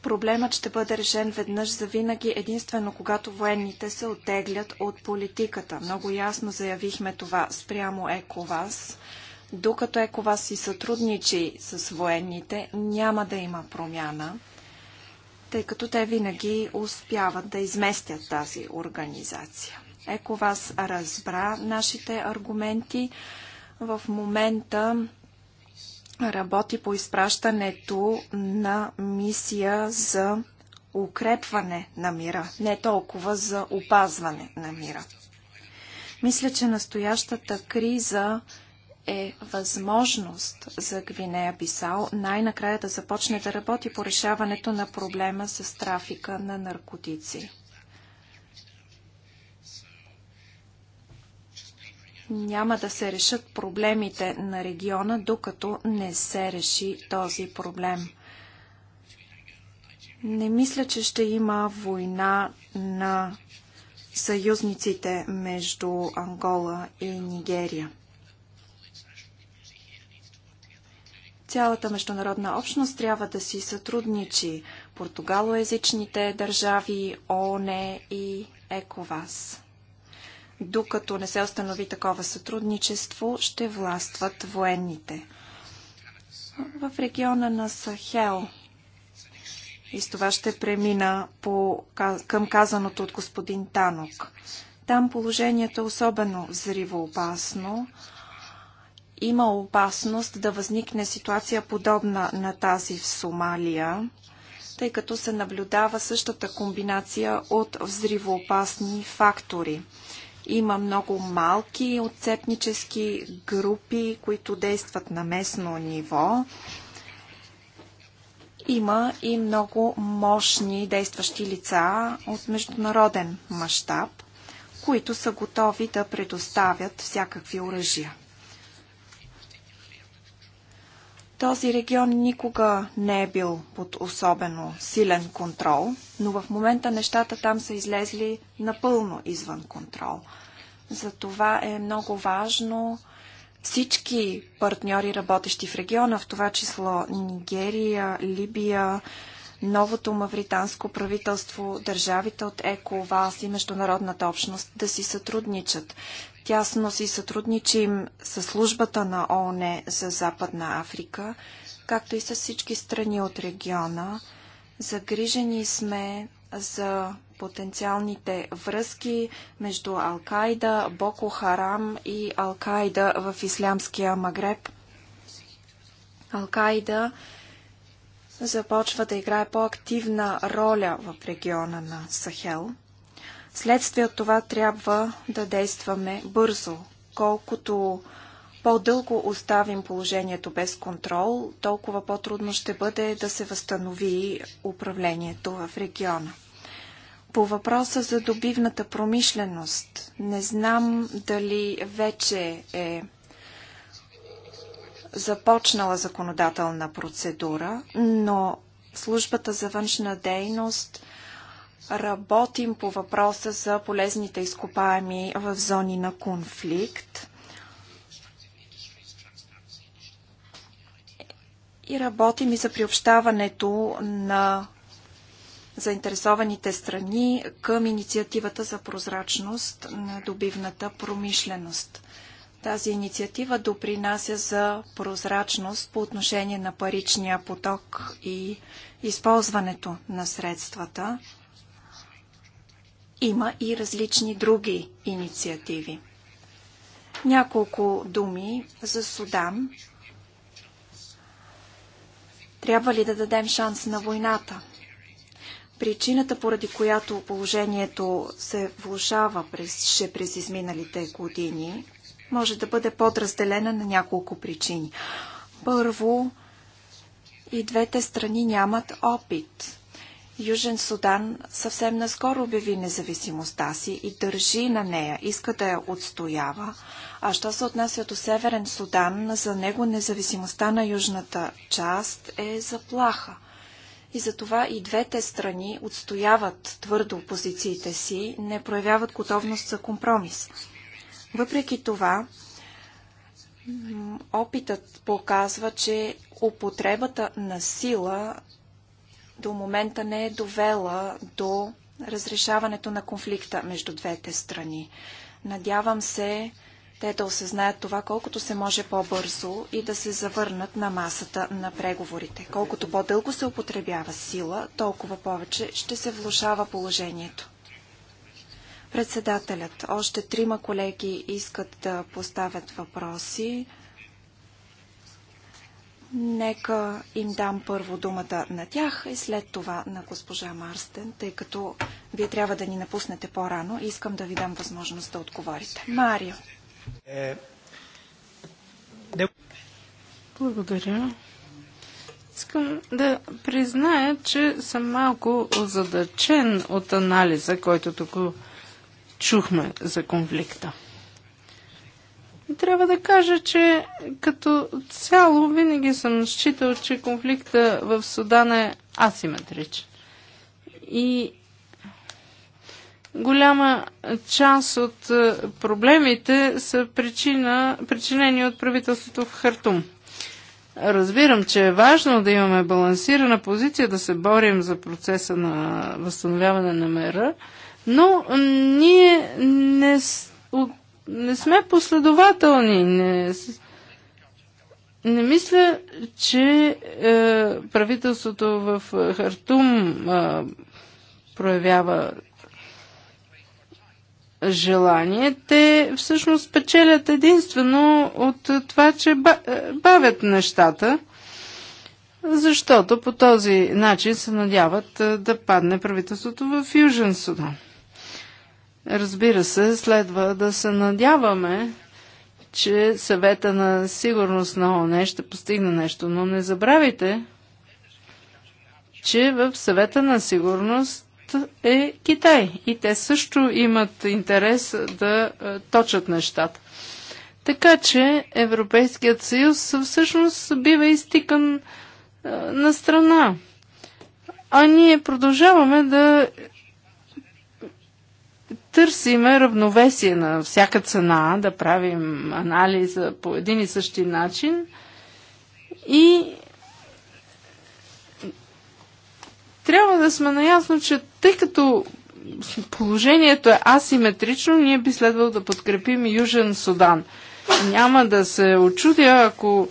проблемът ще бъде решен веднъж за винаги единствено когато военните се оттеглят от политиката. Много ясно заявихме това спрямо ЕКОВАС. Докато ЕКОВАС си сътрудничи с военните, няма да има промяна, тъй като те винаги успяват да изместят тази организация. ЕКОВАС разбра нашите аргументи. В момента работи по изпращането на мисия за укрепване на мира, не толкова за опазване на мира. Мисля, че настоящата криза е възможност за Гвинея Бисал най-накрая да започне да работи по решаването на проблема с трафика на наркотици. няма да се решат проблемите на региона, докато не се реши този проблем. Не мисля, че ще има война на съюзниците между Ангола и Нигерия. Цялата международна общност трябва да си сътрудничи португалоязичните държави, ООН и ЕКОВАС докато не се установи такова сътрудничество, ще властват военните. В региона на Сахел и с това ще премина по, към казаното от господин Танок. Там положението е особено взривоопасно. Има опасност да възникне ситуация подобна на тази в Сомалия, тъй като се наблюдава същата комбинация от взривоопасни фактори. Има много малки отцепнически групи, които действат на местно ниво. Има и много мощни действащи лица от международен мащаб, които са готови да предоставят всякакви оръжия. Този регион никога не е бил под особено силен контрол, но в момента нещата там са излезли напълно извън контрол. Затова е много важно всички партньори, работещи в региона, в това число Нигерия, Либия, новото мавританско правителство, държавите от ЕКОВАС и международната общност да си сътрудничат. Тясно си сътрудничим с службата на ООН за Западна Африка, както и с всички страни от региона. Загрижени сме за потенциалните връзки между Алкайда, Боко Харам и Алкайда в Ислямския Магреб. Алкайда започва да играе по-активна роля в региона на Сахел – Следствие от това трябва да действаме бързо. Колкото по-дълго оставим положението без контрол, толкова по-трудно ще бъде да се възстанови управлението в региона. По въпроса за добивната промишленост, не знам дали вече е започнала законодателна процедура, но службата за външна дейност работим по въпроса за полезните изкопаеми в зони на конфликт. И работим и за приобщаването на заинтересованите страни към инициативата за прозрачност на добивната промишленост. Тази инициатива допринася за прозрачност по отношение на паричния поток и използването на средствата. Има и различни други инициативи. Няколко думи за Судан. Трябва ли да дадем шанс на войната? Причината, поради която положението се влушава през, през изминалите години, може да бъде подразделена на няколко причини. Първо, и двете страни нямат опит. Южен Судан съвсем наскоро обяви независимостта си и държи на нея, иска да я отстоява. А що се отнася до Северен Судан, за него независимостта на южната част е заплаха. И затова и двете страни отстояват твърдо позициите си, не проявяват готовност за компромис. Въпреки това, опитът показва, че употребата на сила до момента не е довела до разрешаването на конфликта между двете страни. Надявам се те да осъзнаят това колкото се може по-бързо и да се завърнат на масата на преговорите. Колкото по-дълго се употребява сила, толкова повече ще се влушава положението. Председателят, още трима колеги искат да поставят въпроси. Нека им дам първо думата на тях и след това на госпожа Марстен, тъй като вие трябва да ни напуснете по-рано и искам да ви дам възможност да отговорите. Марио. Е, Благодаря. Искам да призная, че съм малко озадачен от анализа, който тук чухме за конфликта. Трябва да кажа, че като цяло винаги съм считал, че конфликта в Судан е асиметричен. И голяма част от е, проблемите са причина, причинени от правителството в Хартум. Разбирам, че е важно да имаме балансирана позиция, да се борим за процеса на възстановяване на мера, но ние не не сме последователни. Не, не мисля, че е, правителството в Хартум е, проявява желание. Те всъщност печелят единствено от това, че е, бавят нещата, защото по този начин се надяват е, да падне правителството в Южен Судан. Разбира се, следва да се надяваме, че съвета на сигурност на ОНЕ ще постигне нещо, но не забравяйте, че в съвета на сигурност е Китай и те също имат интерес да е, точат нещата. Така че Европейският съюз всъщност бива изтикан е, на страна. А ние продължаваме да търсиме равновесие на всяка цена, да правим анализа по един и същи начин и трябва да сме наясно, че тъй като положението е асиметрично, ние би следвало да подкрепим Южен Судан. Няма да се очудя, ако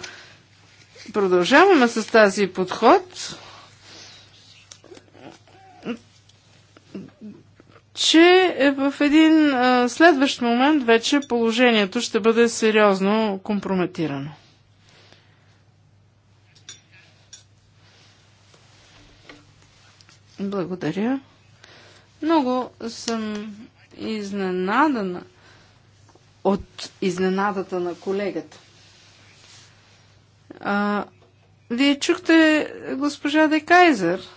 продължаваме с тази подход, че е в един следващ момент вече положението ще бъде сериозно компрометирано. Благодаря. Много съм изненадана от изненадата на колегата. А, вие чухте госпожа Декайзер. Кайзер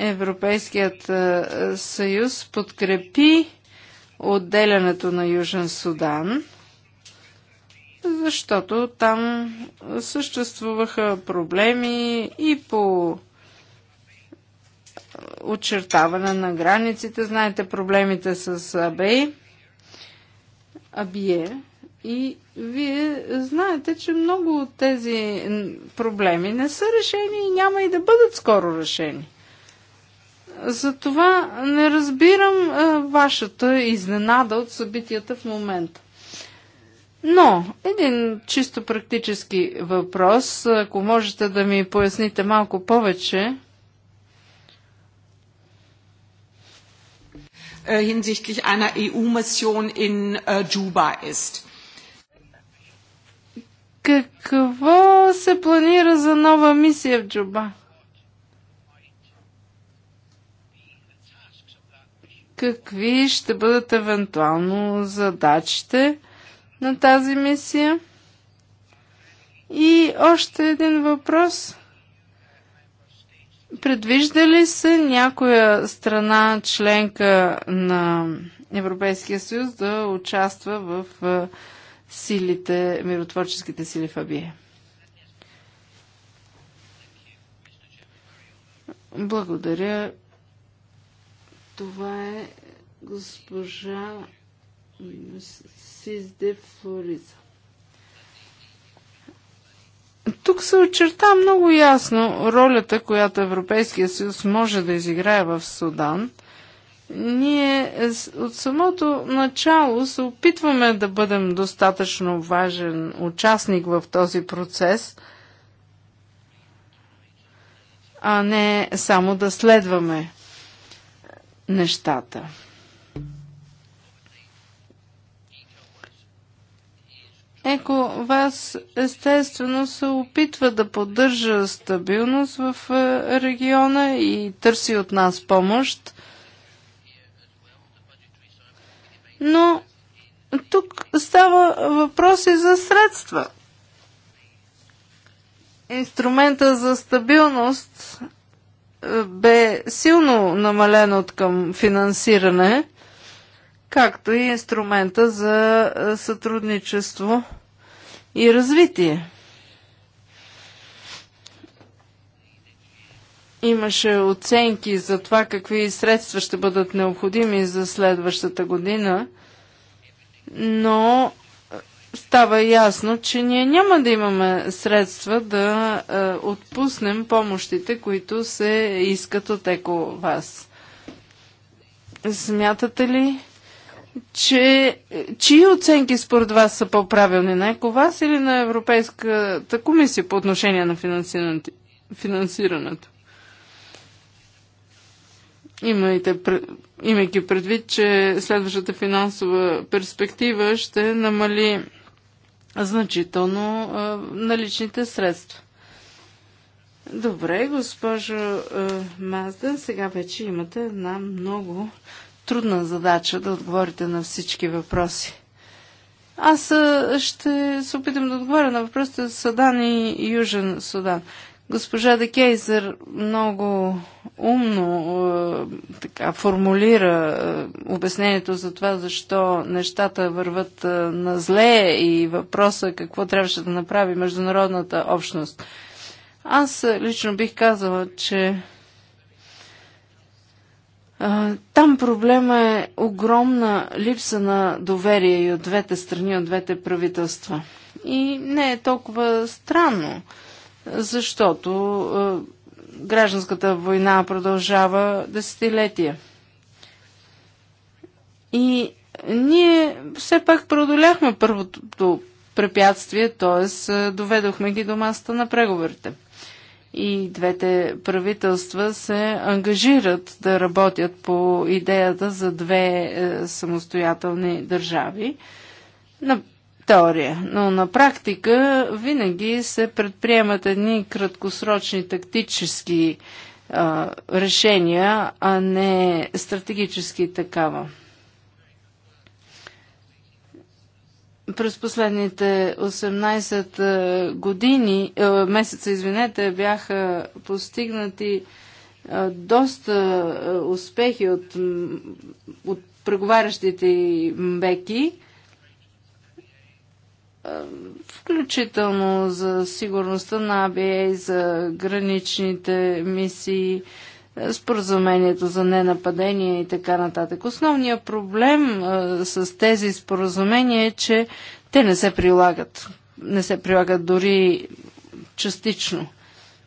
Европейският е, съюз подкрепи отделянето на Южен Судан, защото там съществуваха проблеми и по очертаване на границите. Знаете проблемите с Абей, Абие. И вие знаете, че много от тези проблеми не са решени и няма и да бъдат скоро решени. Затова не разбирам а, е, вашата изненада от събитията в момента. Но, един чисто практически въпрос, ако можете да ми поясните малко повече. Е, hinsichtlich einer EU-Mission in е, Juba ist. Какво се планира за нова мисия в Джуба? какви ще бъдат евентуално задачите на тази мисия. И още един въпрос. Предвижда ли се някоя страна членка на Европейския съюз да участва в силите, миротворческите сили в Абие? Благодаря, това е госпожа Сизде Флориза. Тук се очерта много ясно ролята, която Европейския съюз може да изиграе в Судан. Ние от самото начало се опитваме да бъдем достатъчно важен участник в този процес, а не само да следваме нещата. Еко вас естествено се опитва да поддържа стабилност в е, региона и търси от нас помощ. Но тук става въпрос и за средства. Инструмента за стабилност бе силно намален от към финансиране, както и инструмента за сътрудничество и развитие. Имаше оценки за това какви средства ще бъдат необходими за следващата година, но става ясно, че ние няма да имаме средства да е, отпуснем помощите, които се искат от еко вас. Смятате ли, че чии оценки според вас са по-правилни на еко вас или на Европейската комисия по отношение на финансирането? Имайте, имайки предвид, че следващата финансова перспектива ще намали значително наличните средства. Добре, госпожо Мазден, сега вече имате една много трудна задача да отговорите на всички въпроси. Аз ще се опитам да отговоря на въпросите за Судан и Южен Судан. Госпожа Декейзер много умно е, така, формулира е, обяснението за това, защо нещата върват е, на зле и въпроса е какво трябваше да направи международната общност. Аз е, лично бих казала, че е, там проблема е огромна липса на доверие и от двете страни, от двете правителства. И не е толкова странно защото е, гражданската война продължава десетилетия. И ние все пак продоляхме първото препятствие, т.е. доведохме ги до масата на преговорите. И двете правителства се ангажират да работят по идеята за две е, самостоятелни държави теория, но на практика винаги се предприемат едни краткосрочни тактически а, решения, а не стратегически такава. През последните 18 години, а, месеца, извинете, бяха постигнати доста успехи от, от преговарящите и мбеки включително за сигурността на и за граничните мисии, е, споразумението за ненападение и така нататък. Основният проблем а, е, с тези споразумения е, че те не се прилагат. Не се прилагат дори частично.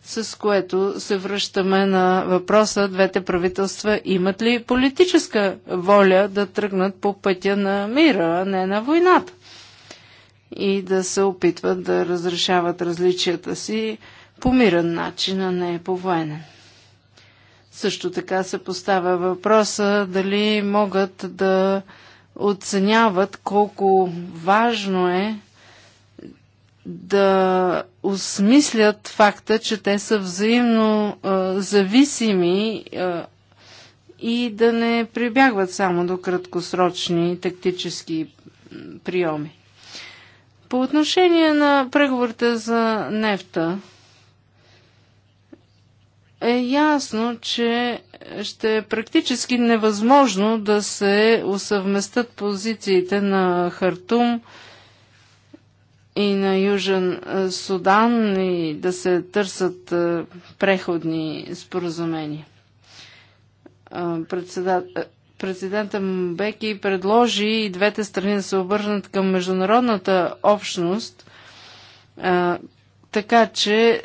С което се връщаме на въпроса, двете правителства имат ли политическа воля да тръгнат по пътя на мира, а не на войната? и да се опитват да разрешават различията си по мирен начин, а не по военен. Също така се поставя въпроса дали могат да оценяват колко важно е да осмислят факта, че те са взаимно а, зависими а, и да не прибягват само до краткосрочни тактически приеми. По отношение на преговорите за нефта, е ясно, че ще е практически невъзможно да се усъвместят позициите на Хартум и на Южен Судан и да се търсят е, преходни споразумения. Председател президента Мбеки предложи и двете страни да се обърнат към международната общност, а, така че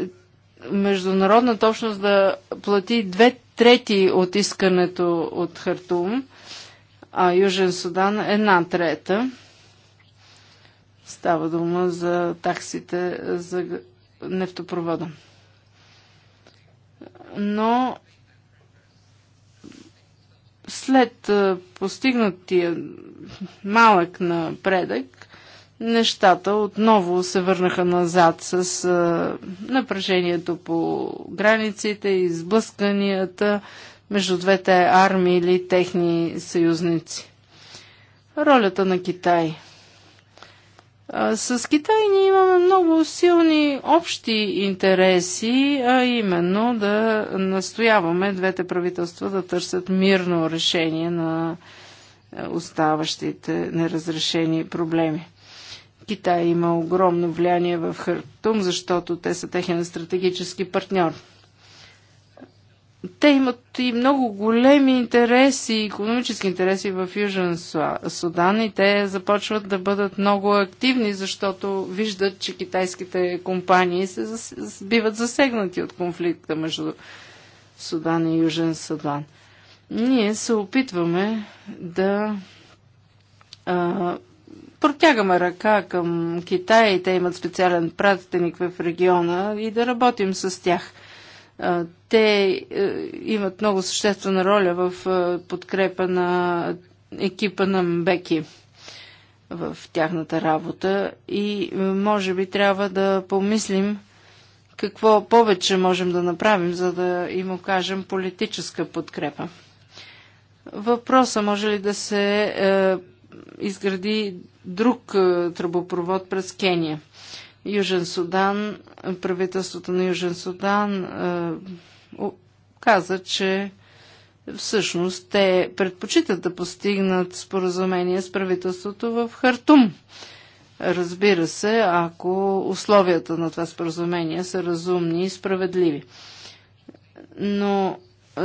международната общност да плати две трети от искането от Хартум, а Южен Судан една трета. Става дума за таксите за нефтопровода. Но след постигнатия малък напредък, нещата отново се върнаха назад с напрежението по границите и сблъсканията между двете армии или техни съюзници. Ролята на Китай – с Китай ние имаме много силни общи интереси, а именно да настояваме двете правителства да търсят мирно решение на оставащите неразрешени проблеми. Китай има огромно влияние в Хартум, защото те са техен стратегически партньор те имат и много големи интереси, економически интереси в Южен Судан и те започват да бъдат много активни, защото виждат, че китайските компании се зас... биват засегнати от конфликта между Судан и Южен Судан. Ние се опитваме да а, протягаме ръка към Китай, и те имат специален пратеник в региона и да работим с тях – те е, имат много съществена роля в е, подкрепа на екипа на Мбеки в тяхната работа и е, може би трябва да помислим какво повече можем да направим, за да им окажем политическа подкрепа. Въпроса може ли да се е, изгради друг е, тръбопровод през Кения? Южен Судан, правителството на Южен Судан е, каза, че всъщност те предпочитат да постигнат споразумение с правителството в Хартум. Разбира се, ако условията на това споразумение са разумни и справедливи. Но е,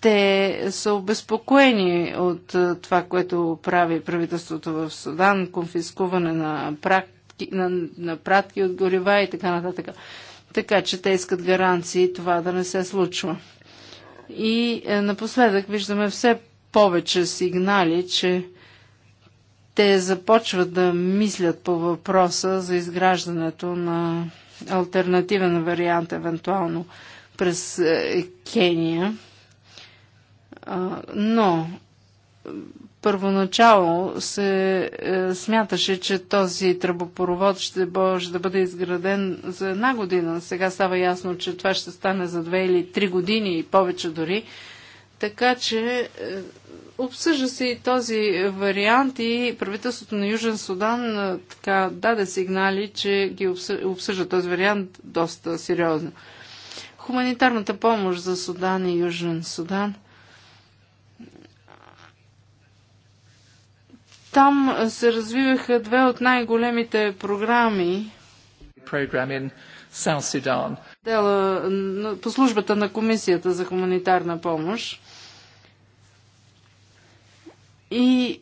те са обезпокоени от е, това, което прави правителството в Судан, конфискуване на прак на, на пратки от горива и така нататък. Така че те искат гаранции това да не се случва. И е, напоследък виждаме все повече сигнали, че те започват да мислят по въпроса за изграждането на альтернативен вариант, евентуално през е, Кения. А, но Първоначало се е, смяташе, че този тръбопровод ще може да бъде изграден за една година. Сега става ясно, че това ще стане за две или три години и повече дори. Така че е, обсъжда се и този вариант и правителството на Южен Судан е, така даде сигнали, че ги обсъжда този вариант доста сериозно. Хуманитарната помощ за Судан и Южен Судан – Там се развиваха две от най-големите програми. Дела по службата на Комисията за хуманитарна помощ. И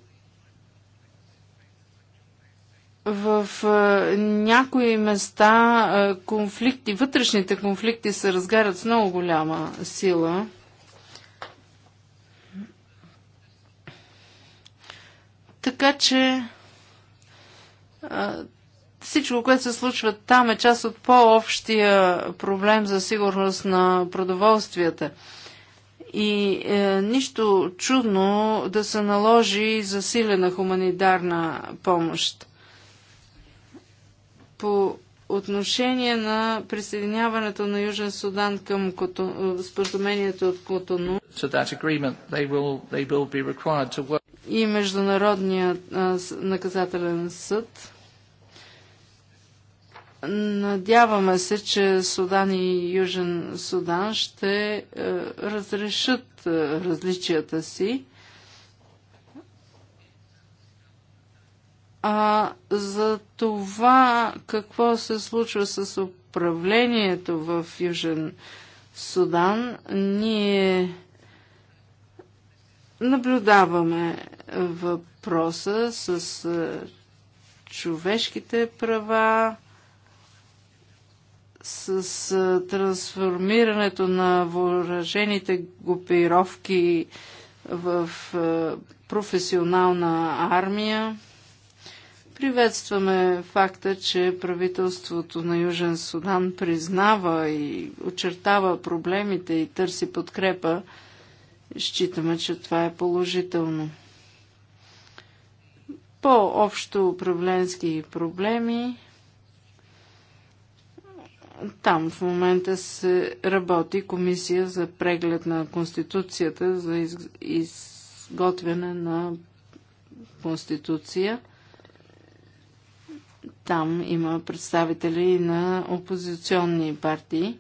в някои места конфликти, вътрешните конфликти се разгарят с много голяма сила. Така че всичко, което се случва там е част от по-общия проблем за сигурност на продоволствията. И е, нищо чудно да се наложи засилена хуманитарна помощ. По отношение на присъединяването на Южен Судан към кото... споразумението от Котону, и Международния наказателен съд. Надяваме се, че Судан и Южен Судан ще е, разрешат е, различията си. А за това какво се случва с управлението в Южен Судан, ние наблюдаваме въпроса с човешките права, с трансформирането на въоръжените групировки в професионална армия. Приветстваме факта, че правителството на Южен Судан признава и очертава проблемите и търси подкрепа. Считаме, че това е положително по-общо управленски проблеми. Там в момента се работи комисия за преглед на Конституцията, за изготвяне на Конституция. Там има представители на опозиционни партии.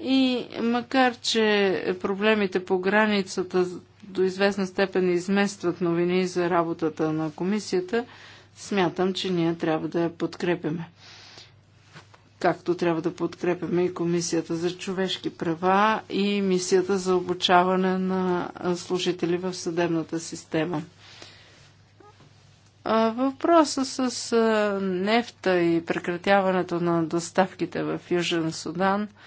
И макар, че проблемите по границата до известна степен изместват новини за работата на комисията, смятам, че ние трябва да я подкрепяме. Както трябва да подкрепяме и Комисията за човешки права и мисията за обучаване на служители в съдебната система. Въпроса с нефта и прекратяването на доставките в Южен Судан –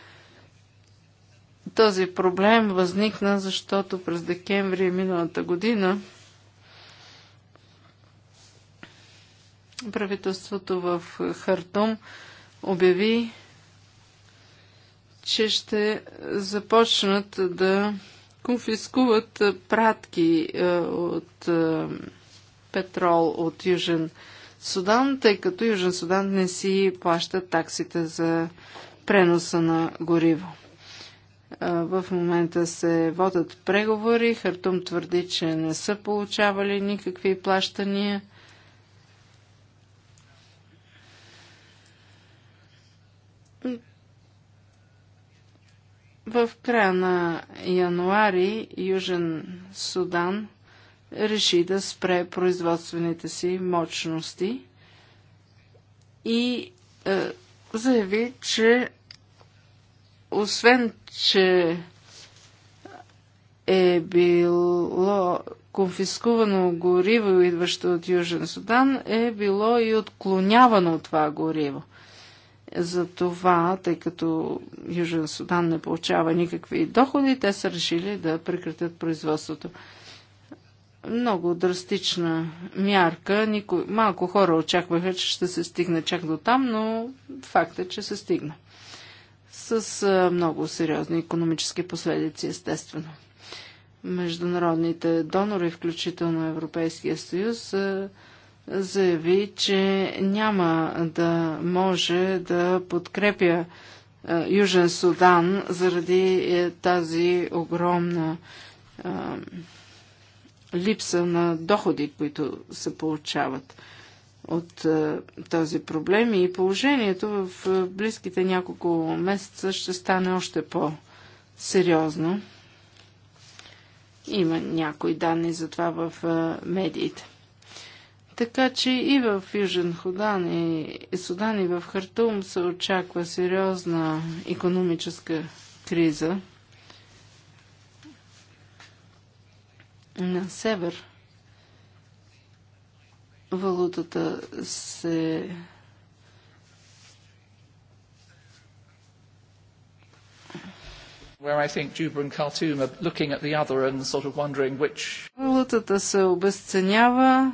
този проблем възникна, защото през декември миналата година правителството в Хартум обяви, че ще започнат да конфискуват пратки е, от е, петрол от Южен Судан, тъй като Южен Судан не си плаща таксите за преноса на гориво. В момента се водят преговори. Хартум твърди, че не са получавали никакви плащания. В края на януари Южен Судан реши да спре производствените си мощности и е, заяви, че освен, че е било конфискувано гориво, идващо от Южен Судан, е било и отклонявано от това гориво. Затова, тъй като Южен Судан не получава никакви доходи, те са решили да прекратят производството. Много драстична мярка. Малко хора очакваха, че ще се стигне чак до там, но факт е, че се стигна с много сериозни економически последици, естествено. Международните донори, включително Европейския съюз, заяви, че няма да може да подкрепя Южен Судан заради е, тази огромна липса на доходи, които се получават от е, този проблем и положението в е, близките няколко месеца ще стане още по-сериозно. Има някои данни за това в е, медиите. Така че и в Южен Худан и Судан и в Хартум се очаква сериозна економическа криза. На север валутата се where I think Juba and Khartoum are looking at the other and sort of wondering which... Валутата се обесценява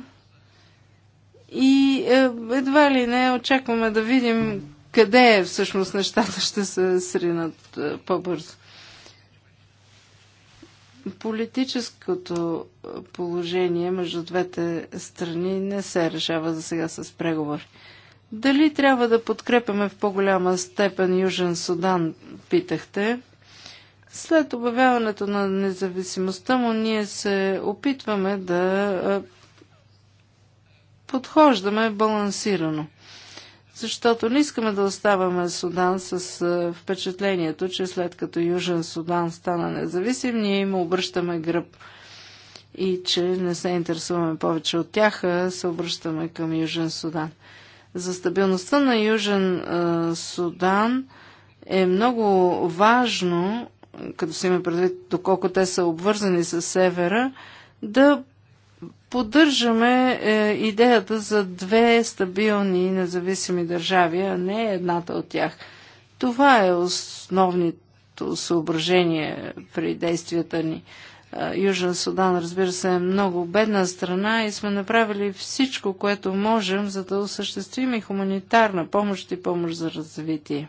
и е, едва ли не очакваме да видим къде е всъщност нещата ще се сринат е, по-бързо. Политическото положение между двете страни не се решава за сега с преговори. Дали трябва да подкрепяме в по-голяма степен Южен Судан, питахте. След обявяването на независимостта му, ние се опитваме да подхождаме балансирано защото не искаме да оставаме Судан с впечатлението, че след като Южен Судан стана независим, ние им обръщаме гръб и че не се интересуваме повече от тях, а се обръщаме към Южен Судан. За стабилността на Южен Судан е много важно, като си има предвид доколко те са обвързани с севера, да поддържаме е, идеята за две стабилни и независими държави, а не едната от тях. Това е основното съображение при действията ни. Южен Судан, разбира се, е много бедна страна и сме направили всичко, което можем, за да осъществим и хуманитарна помощ и помощ за развитие.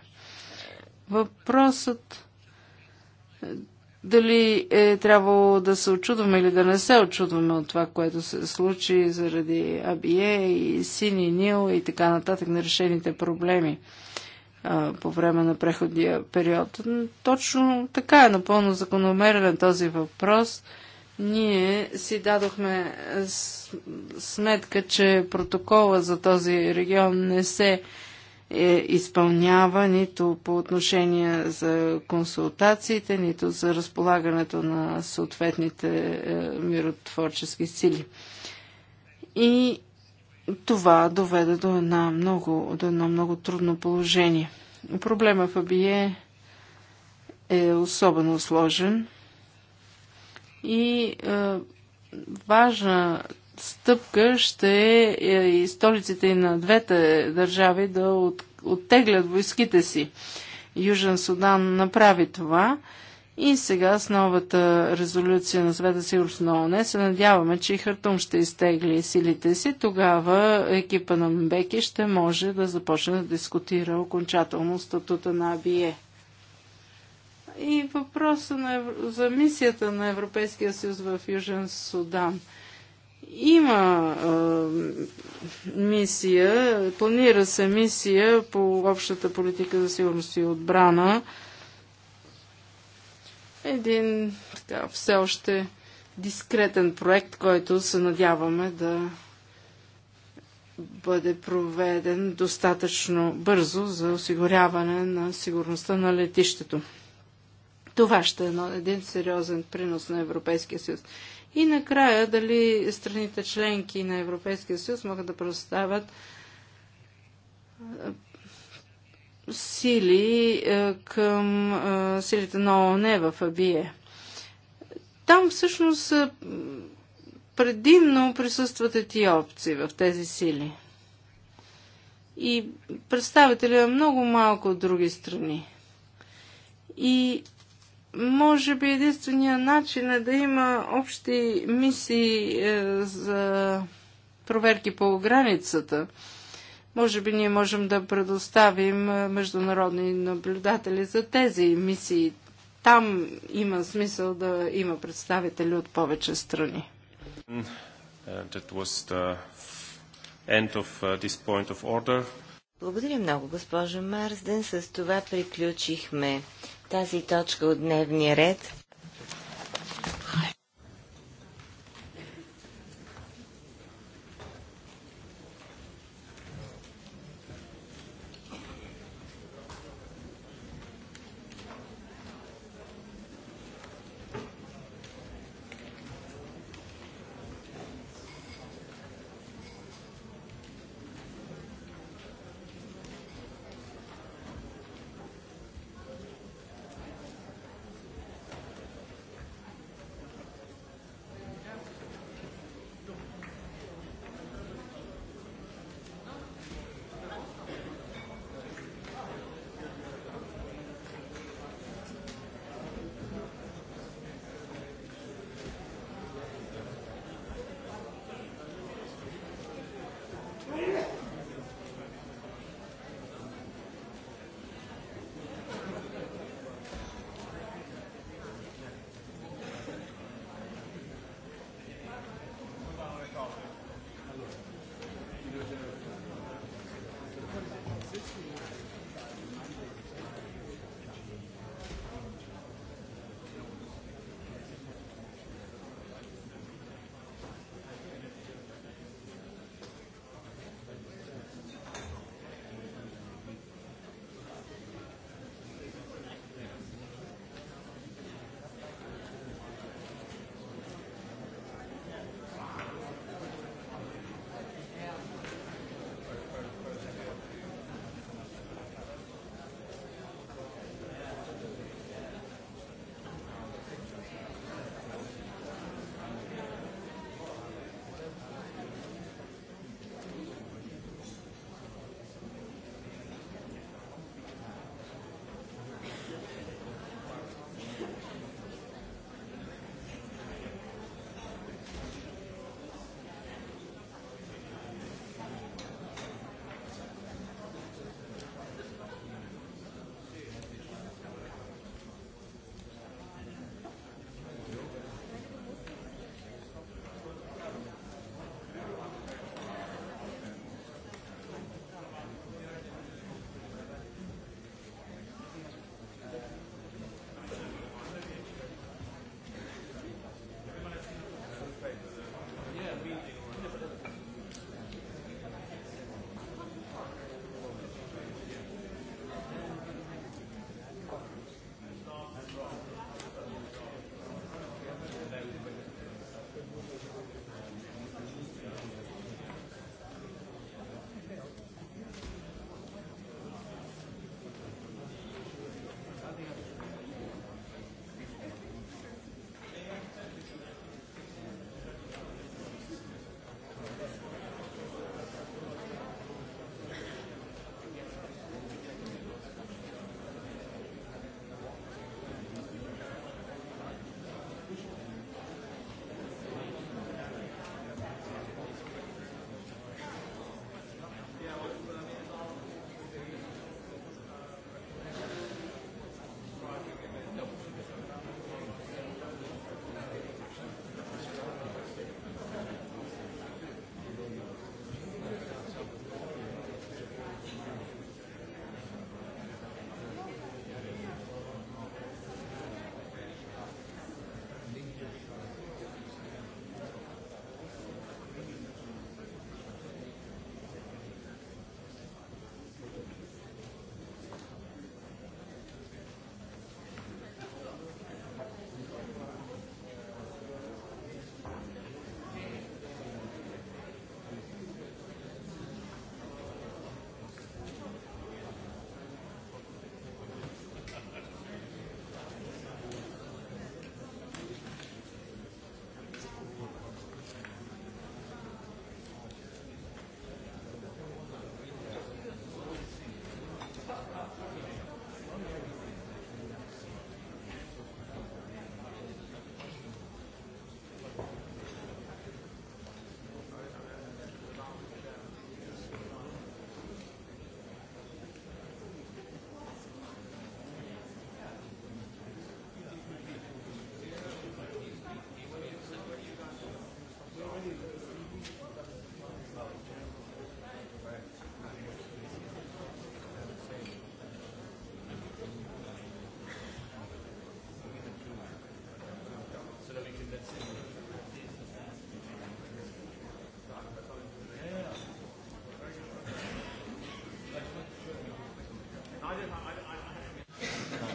Въпросът е, дали е трябвало да се очудваме или да не се очудваме от това, което се случи заради АБИЕ и Сини Нил и така нататък на решените проблеми а, по време на преходния период. Точно така е напълно закономерен този въпрос. Ние си дадохме сметка, че протокола за този регион не се е изпълнява нито по отношение за консултациите, нито за разполагането на съответните е, миротворчески сили. И това доведе до, една много, до едно много трудно положение. Проблема в Абие е особено сложен и е, важна стъпка ще е и столиците и на двете държави да от, оттеглят войските си. Южен Судан направи това и сега с новата резолюция на Света сигурност на ОНЕ се надяваме, че и Хартум ще изтегли силите си. Тогава екипа на Мбеки ще може да започне да дискутира окончателно статута на АБИЕ. И въпроса на, за мисията на Европейския съюз в Южен Судан – има а, мисия, планира се мисия по общата политика за сигурност и отбрана. Един така, все още дискретен проект, който се надяваме да бъде проведен достатъчно бързо за осигуряване на сигурността на летището. Това ще е един сериозен принос на Европейския съюз. И накрая, дали страните членки на Европейския съюз могат да предоставят сили към силите на ООН в Абие. Там всъщност предимно присъстват етиопци в тези сили. И представители на много малко от други страни. И може би единствения начин е да има общи мисии е, за проверки по границата. Може би ние можем да предоставим е, международни наблюдатели за тези мисии. Там има смисъл да има представители от повече страни. Е, Благодаря много, госпожо Марсден. С това приключихме тази точка от дневния ред.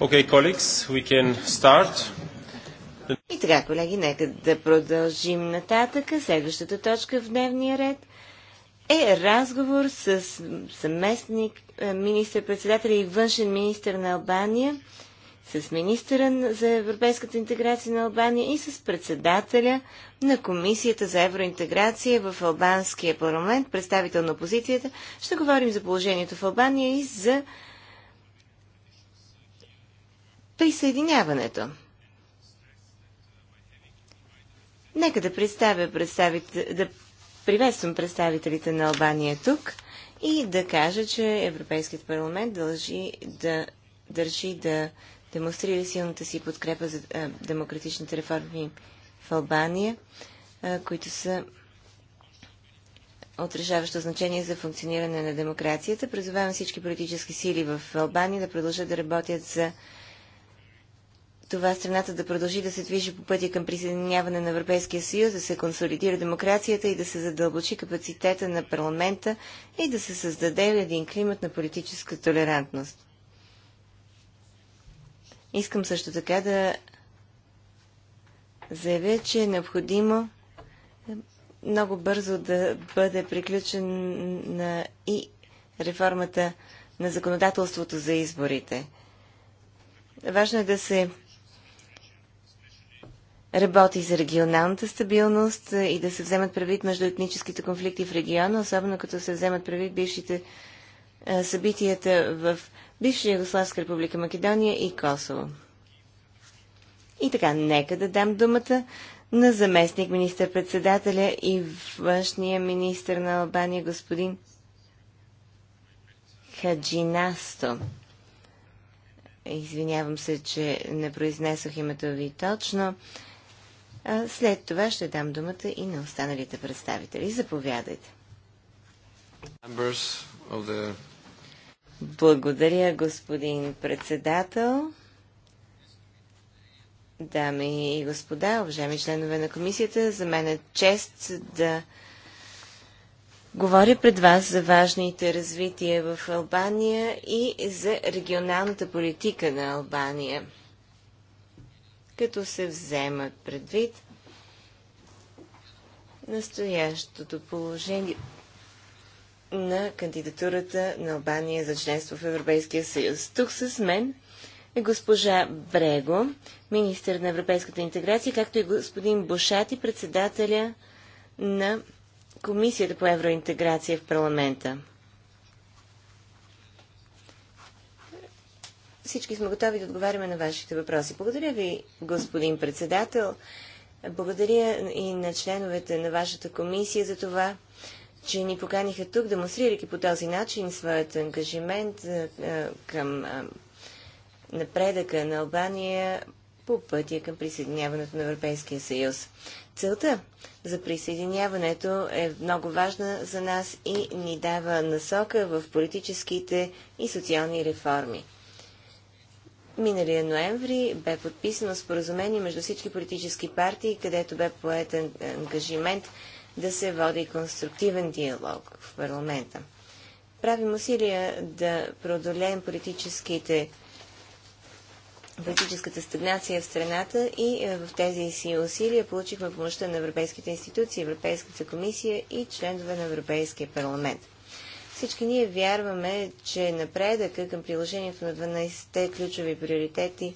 Okay, colleagues, we can start. И така, колеги, нека да продължим нататъка. Следващата точка в дневния ред е разговор с съместник е, министър-председателя и външен министр на Албания, с министъра за европейската интеграция на Албания и с председателя на Комисията за евроинтеграция в Албанския парламент, представител на опозицията. Ще говорим за положението в Албания и за присъединяването. Нека да представя представите, да приветствам представителите на Албания тук и да кажа, че Европейският парламент дължи да държи да демонстрира силната си подкрепа за а, демократичните реформи в Албания, а, които са отрешаващо значение за функциониране на демокрацията. Призовавам всички политически сили в Албания да продължат да работят за това страната да продължи да се движи по пътя към присъединяване на Европейския съюз, да се консолидира демокрацията и да се задълбочи капацитета на парламента и да се създаде един климат на политическа толерантност. Искам също така да заявя, че е необходимо много бързо да бъде приключена и реформата на законодателството за изборите. Важно е да се работи за регионалната стабилност и да се вземат предвид между етническите конфликти в региона, особено като се вземат предвид бившите е, събитията в бивша Югославска република Македония и Косово. И така, нека да дам думата на заместник министър-председателя и външния министр на Албания господин Хаджинасто. Извинявам се, че не произнесох името ви точно. След това ще дам думата и на останалите представители. Заповядайте. Благодаря, господин председател. Дами и господа, уважаеми членове на комисията, за мен е чест да говоря пред вас за важните развития в Албания и за регионалната политика на Албания – като се вземат предвид настоящото положение на кандидатурата на Албания за членство в Европейския съюз. Тук с мен е госпожа Брего, министър на европейската интеграция, както и господин Бошати, председателя на Комисията по евроинтеграция в парламента. всички сме готови да отговаряме на вашите въпроси. Благодаря ви, господин председател. Благодаря и на членовете на вашата комисия за това, че ни поканиха тук, демонстрирайки по този начин своят ангажимент към напредъка на Албания по пътя към присъединяването на Европейския съюз. Целта за присъединяването е много важна за нас и ни дава насока в политическите и социални реформи. Миналия ноември бе подписано споразумение между всички политически партии, където бе поет ангажимент да се води конструктивен диалог в парламента. Правим усилия да продолеем политическите политическата стагнация в страната и е, в тези си усилия получихме помощта на европейските институции, Европейската комисия и членове на Европейския парламент. Всички ние вярваме, че напредъка към приложението на 12-те ключови приоритети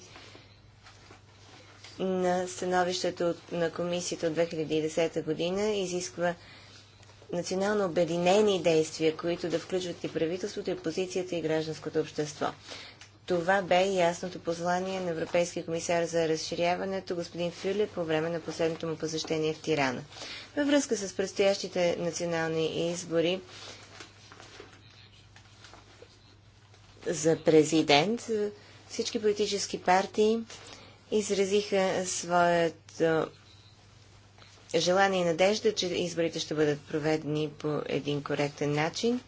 на становището на комисията от 2010 година изисква национално обединени действия, които да включват и правителството, и позицията и гражданското общество. Това бе ясното послание на Европейския комисар за разширяването господин Фюле по време на последното му посещение в Тирана. Във връзка с предстоящите национални избори, за президент, всички политически партии изразиха своето желание и надежда, че изборите ще бъдат проведени по един коректен начин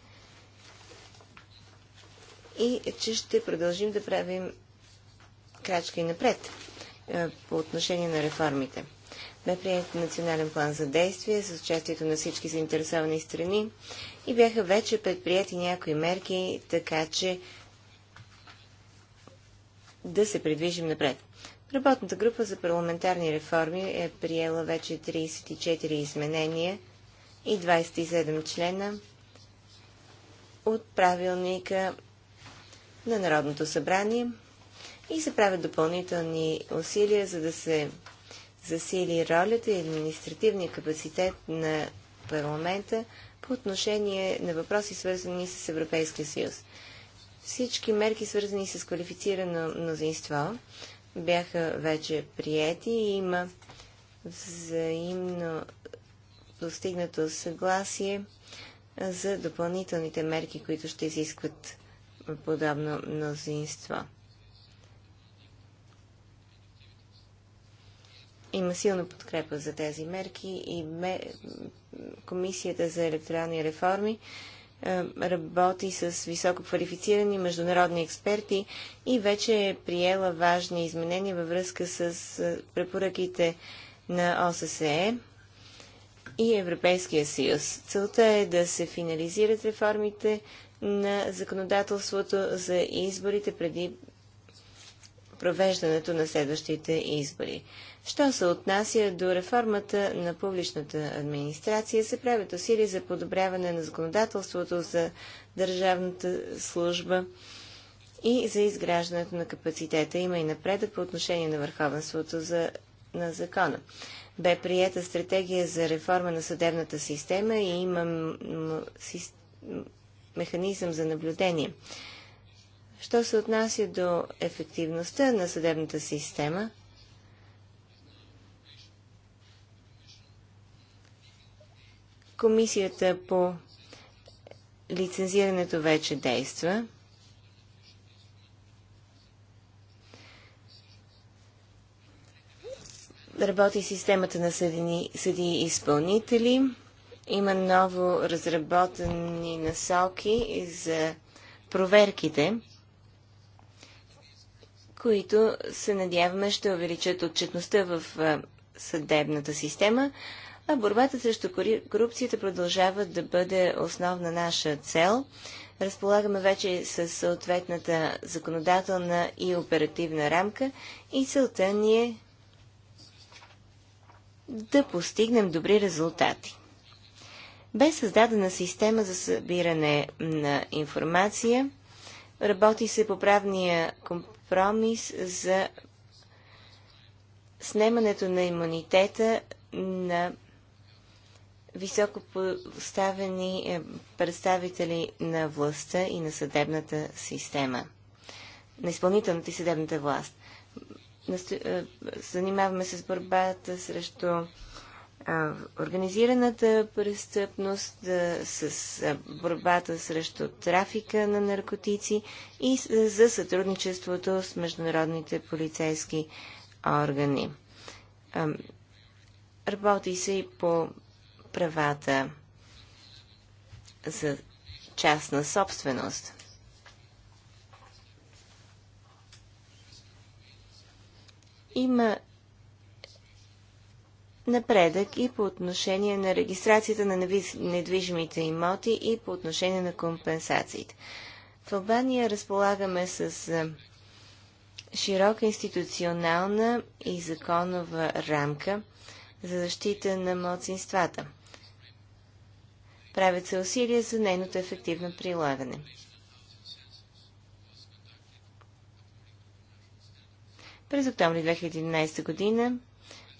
и че ще продължим да правим крачки напред по отношение на реформите. Бе прият национален план за действие с участието на всички заинтересовани страни и бяха вече предприяти някои мерки, така че да се придвижим напред. Работната група за парламентарни реформи е приела вече 34 изменения и 27 члена от правилника на Народното събрание и се правят допълнителни усилия, за да се засили ролята и административния капацитет на парламента по отношение на въпроси, свързани с Европейския съюз. Всички мерки, свързани с квалифицирано мнозинство, бяха вече приети и има взаимно достигнато съгласие за допълнителните мерки, които ще изискват подобно мнозинство. Има силна подкрепа за тези мерки и ме... Комисията за електронни реформи е, работи с високо квалифицирани международни експерти и вече е приела важни изменения във връзка с е, препоръките на ОССЕ и Европейския съюз. Целта е да се финализират реформите на законодателството за изборите преди провеждането на следващите избори. Що се отнася до реформата на публичната администрация, се правят усилия за подобряване на законодателството за държавната служба и за изграждането на капацитета. Има и напредък по отношение на върховенството за, на закона. Бе приета стратегия за реформа на съдебната система и има механизъм за наблюдение. Що се отнася до ефективността на съдебната система, Комисията по лицензирането вече действа. Работи системата на съди съдии и изпълнители. Има ново разработени насоки за проверките които се надяваме ще увеличат отчетността в съдебната система, а борбата срещу корупцията продължава да бъде основна наша цел. Разполагаме вече с съответната законодателна и оперативна рамка и целта ни е да постигнем добри резултати. Бе създадена система за събиране на информация, работи се по правния комп компромис за снемането на имунитета на високо поставени е, представители на властта и на съдебната система, на изпълнителната и съдебната власт. Е, занимаваме се с борбата срещу организираната престъпност, с борбата срещу трафика на наркотици и за сътрудничеството с международните полицейски органи. Работи се и по правата за частна собственост. Има напредък и по отношение на регистрацията на недвижимите имоти и по отношение на компенсациите. В Албания разполагаме с широка институционална и законова рамка за защита на младсинствата. Правят се усилия за нейното ефективно прилагане. През октомври 2011 година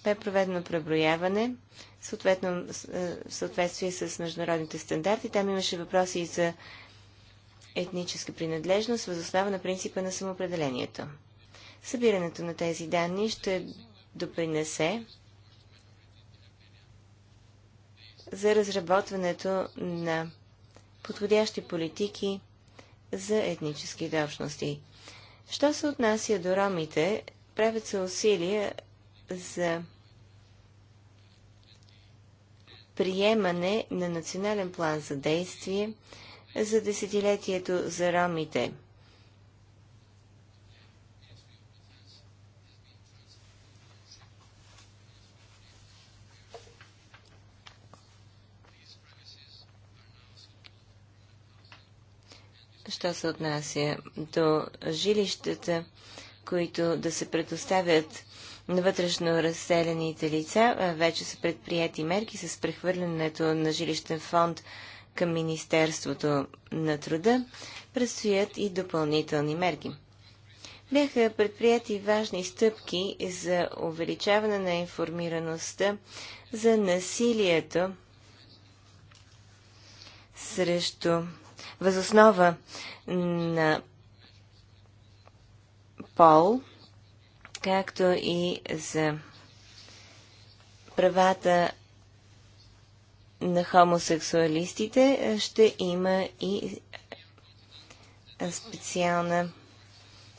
бе проведено преброяване, съответно е, в съответствие с международните стандарти. Там имаше въпроси и за етническа принадлежност, възоснова на принципа на самоопределението. Събирането на тези данни ще допринесе за разработването на подходящи политики за етнически общности. Що се отнася до ромите, правят се усилия за приемане на национален план за действие за десетилетието за ромите. Що се отнася до жилищата, които да се предоставят на вътрешно разселените лица. Вече са предприяти мерки с прехвърлянето на жилищен фонд към Министерството на труда. Предстоят и допълнителни мерки. Бяха предприяти важни стъпки за увеличаване на информираността за насилието срещу възоснова на пол както и за правата на хомосексуалистите ще има и специална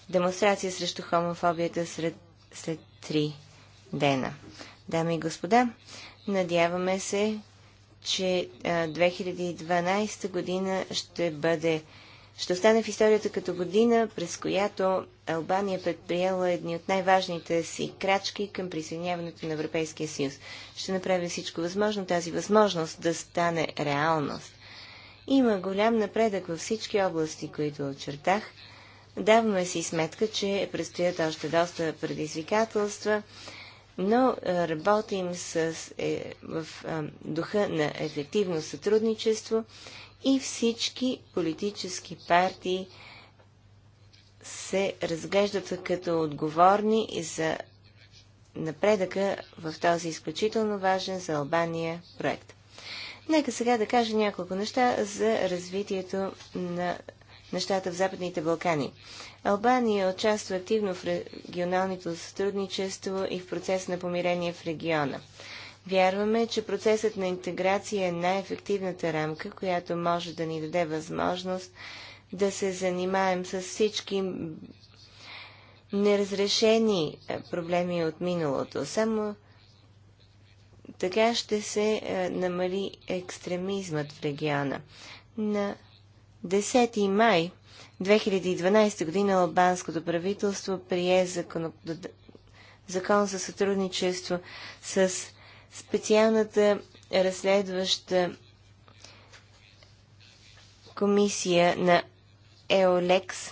демонстрация срещу хомофобията сред, след три дена. Дами и господа, надяваме се, че 2012 година ще бъде ще остане в историята като година, през която Албания предприела едни от най-важните си крачки към присъединяването на Европейския съюз. Ще направи всичко възможно тази възможност да стане реалност. Има голям напредък във всички области, които очертах. Даваме си сметка, че предстоят още доста предизвикателства, но е, работим с, е, в е, духа на ефективно сътрудничество и всички политически партии се разглеждат като отговорни за напредъка в този изключително важен за Албания проект. Нека сега да кажа няколко неща за развитието на нещата в Западните Балкани. Албания участва активно в регионалното сътрудничество и в процес на помирение в региона. Вярваме, че процесът на интеграция е най-ефективната рамка, която може да ни даде възможност да се занимаем с всички неразрешени е, проблеми от миналото. Само така ще се е, намали екстремизмът в региона. На 10 май 2012 година албанското правителство прие закон, закон за сътрудничество с специалната разследваща комисия на ЕОЛЕКС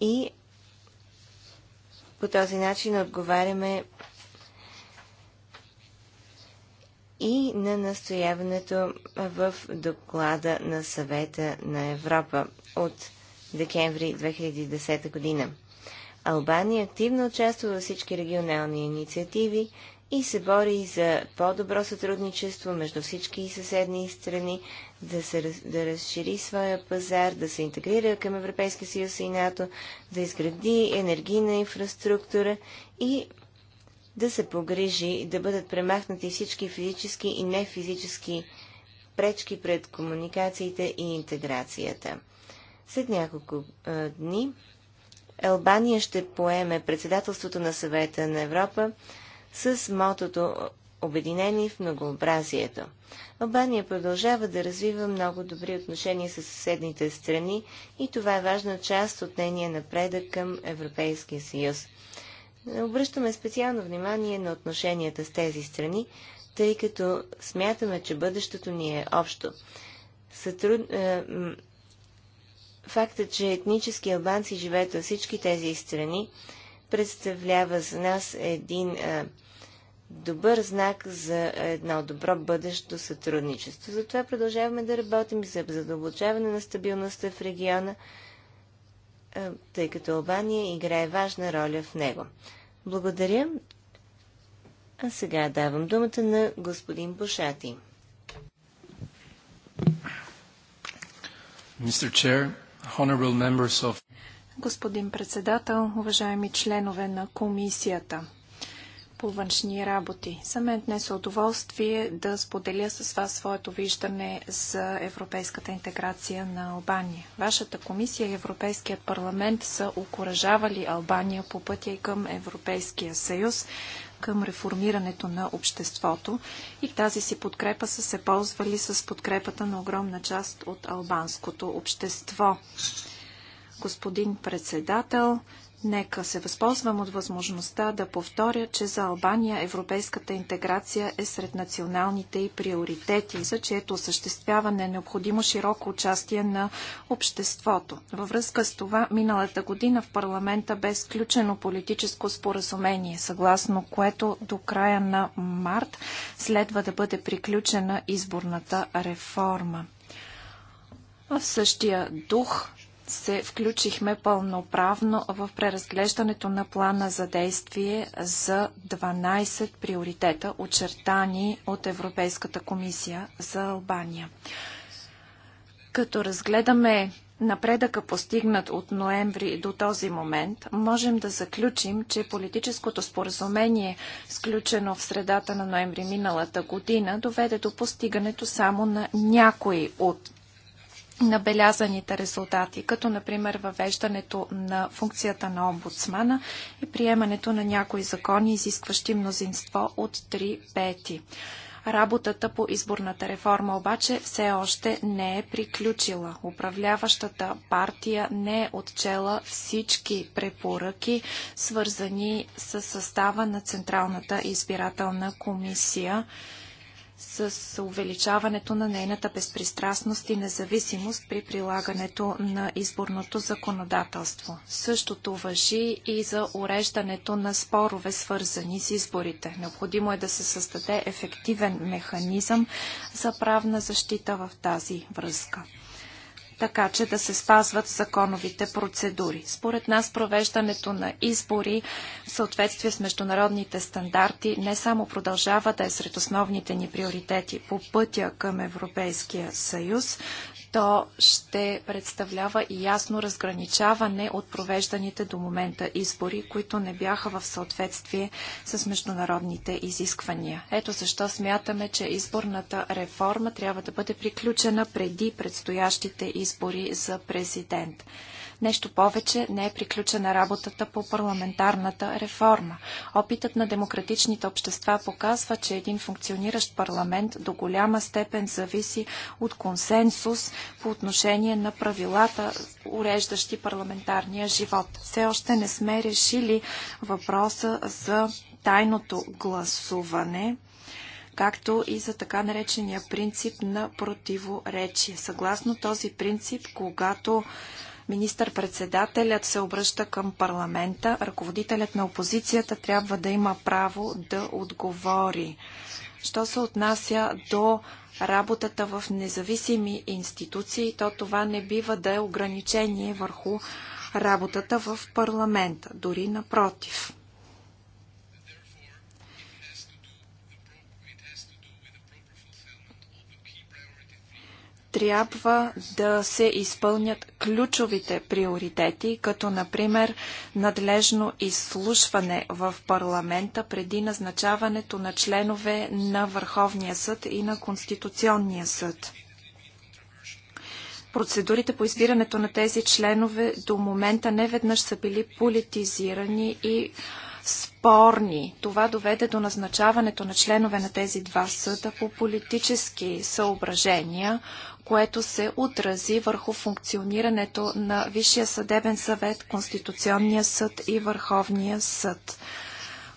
и по този начин отговаряме и на настояването в доклада на съвета на Европа от декември 2010 година. Албания активно участва във всички регионални инициативи, и се бори за по-добро сътрудничество между всички съседни страни, да, се, да разшири своя пазар, да се интегрира към Европейския съюз и НАТО, да изгради енергийна инфраструктура и да се погрижи да бъдат премахнати всички физически и нефизически пречки пред комуникациите и интеграцията. След няколко а, дни Албания ще поеме председателството на съвета на Европа с мотото Обединени в многообразието. Албания продължава да развива много добри отношения с съседните страни и това е важна част от нейния напредък към Европейския съюз. Обръщаме специално внимание на отношенията с тези страни, тъй като смятаме, че бъдещето ни е общо. Сътруд... Е, факта, че етнически албанци живеят във всички тези страни, представлява за нас един а, добър знак за едно добро бъдещо сътрудничество. Затова продължаваме да работим за задълбочаване на стабилността в региона, а, тъй като Албания играе важна роля в него. Благодаря. А сега давам думата на господин Бошати. Mr. Chair, honorable members of господин председател, уважаеми членове на комисията по външни работи. За мен днес е удоволствие да споделя с вас своето виждане за европейската интеграция на Албания. Вашата комисия и Европейският парламент са окоръжавали Албания по пътя и към Европейския съюз, към реформирането на обществото и тази си подкрепа са се ползвали с подкрепата на огромна част от албанското общество. Господин председател, нека се възползвам от възможността да повторя, че за Албания европейската интеграция е сред националните и приоритети, за чието осъществяване е необходимо широко участие на обществото. Във връзка с това, миналата година в парламента бе сключено политическо споразумение, съгласно което до края на март следва да бъде приключена изборната реформа. В същия дух се включихме пълноправно в преразглеждането на плана за действие за 12 приоритета, очертани от Европейската комисия за Албания. Като разгледаме напредъка постигнат от ноември до този момент, можем да заключим, че политическото споразумение, сключено в средата на ноември миналата година, доведе до постигането само на някои от набелязаните резултати, като например въвеждането на функцията на омбудсмана и приемането на някои закони, изискващи мнозинство от 3 пети. Работата по изборната реформа обаче все още не е приключила. Управляващата партия не е отчела всички препоръки, свързани с състава на Централната избирателна комисия с увеличаването на нейната безпристрастност и независимост при прилагането на изборното законодателство. Същото въжи и за уреждането на спорове, свързани с изборите. Необходимо е да се създаде ефективен механизъм за правна защита в тази връзка така че да се спазват законовите процедури. Според нас провеждането на избори в съответствие с международните стандарти не само продължава да е сред основните ни приоритети по пътя към Европейския съюз, то ще представлява и ясно разграничаване от провежданите до момента избори, които не бяха в съответствие с международните изисквания. Ето защо смятаме, че изборната реформа трябва да бъде приключена преди предстоящите избори за президент. Нещо повече не е приключена работата по парламентарната реформа. Опитът на демократичните общества показва, че един функциониращ парламент до голяма степен зависи от консенсус по отношение на правилата, уреждащи парламентарния живот. Все още не сме решили въпроса за тайното гласуване както и за така наречения принцип на противоречие. Съгласно този принцип, когато Министър-председателят се обръща към парламента, ръководителят на опозицията трябва да има право да отговори. Що се отнася до работата в независими институции, то това не бива да е ограничение върху работата в парламента, дори напротив. трябва да се изпълнят ключовите приоритети, като например надлежно изслушване в парламента преди назначаването на членове на Върховния съд и на Конституционния съд. Процедурите по избирането на тези членове до момента не веднъж са били политизирани и спорни. Това доведе до назначаването на членове на тези два съда по политически съображения, което се отрази върху функционирането на Висшия съдебен съвет, Конституционния съд и Върховния съд.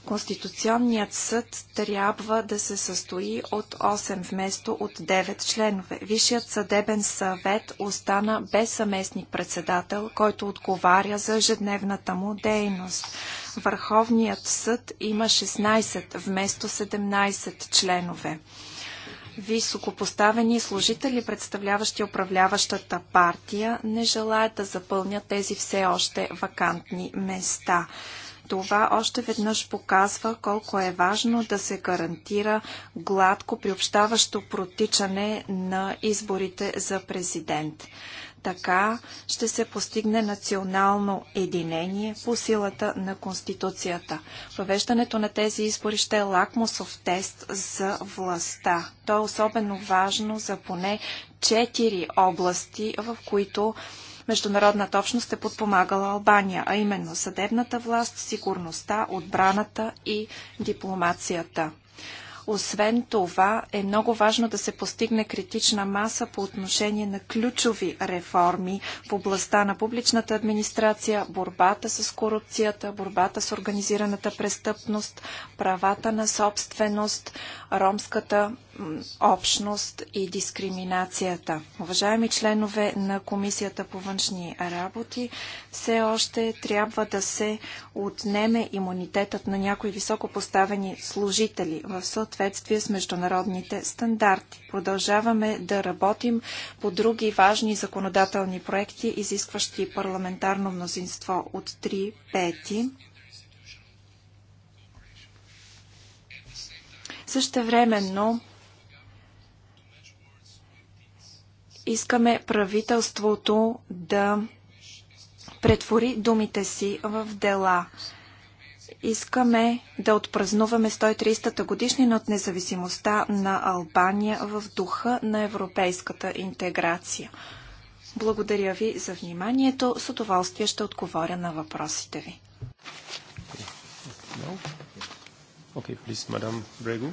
Конституционният съд трябва да се състои от 8 вместо от 9 членове. Висшият съдебен съвет остана без съместник-председател, който отговаря за ежедневната му дейност. Върховният съд има 16 вместо 17 членове високопоставени служители, представляващи управляващата партия, не желаят да запълнят тези все още вакантни места. Това още веднъж показва колко е важно да се гарантира гладко приобщаващо протичане на изборите за президент. Така ще се постигне национално единение по силата на Конституцията. Провеждането на тези избори ще е лакмусов тест за властта. То е особено важно за поне четири области, в които международната общност е подпомагала Албания, а именно съдебната власт, сигурността, отбраната и дипломацията. Освен това е много важно да се постигне критична маса по отношение на ключови реформи в областта на публичната администрация, борбата с корупцията, борбата с организираната престъпност, правата на собственост, ромската общност и дискриминацията. Уважаеми членове на Комисията по външни работи, все още трябва да се отнеме имунитетът на някои високопоставени служители в съответствие с международните стандарти. Продължаваме да работим по други важни законодателни проекти, изискващи парламентарно мнозинство от 3 пети. Същевременно Искаме правителството да претвори думите си в дела. Искаме да отпразнуваме 130-та годишнина от независимостта на Албания в духа на европейската интеграция. Благодаря ви за вниманието. С удоволствие ще отговоря на въпросите ви. Okay, please, Madame Bregu.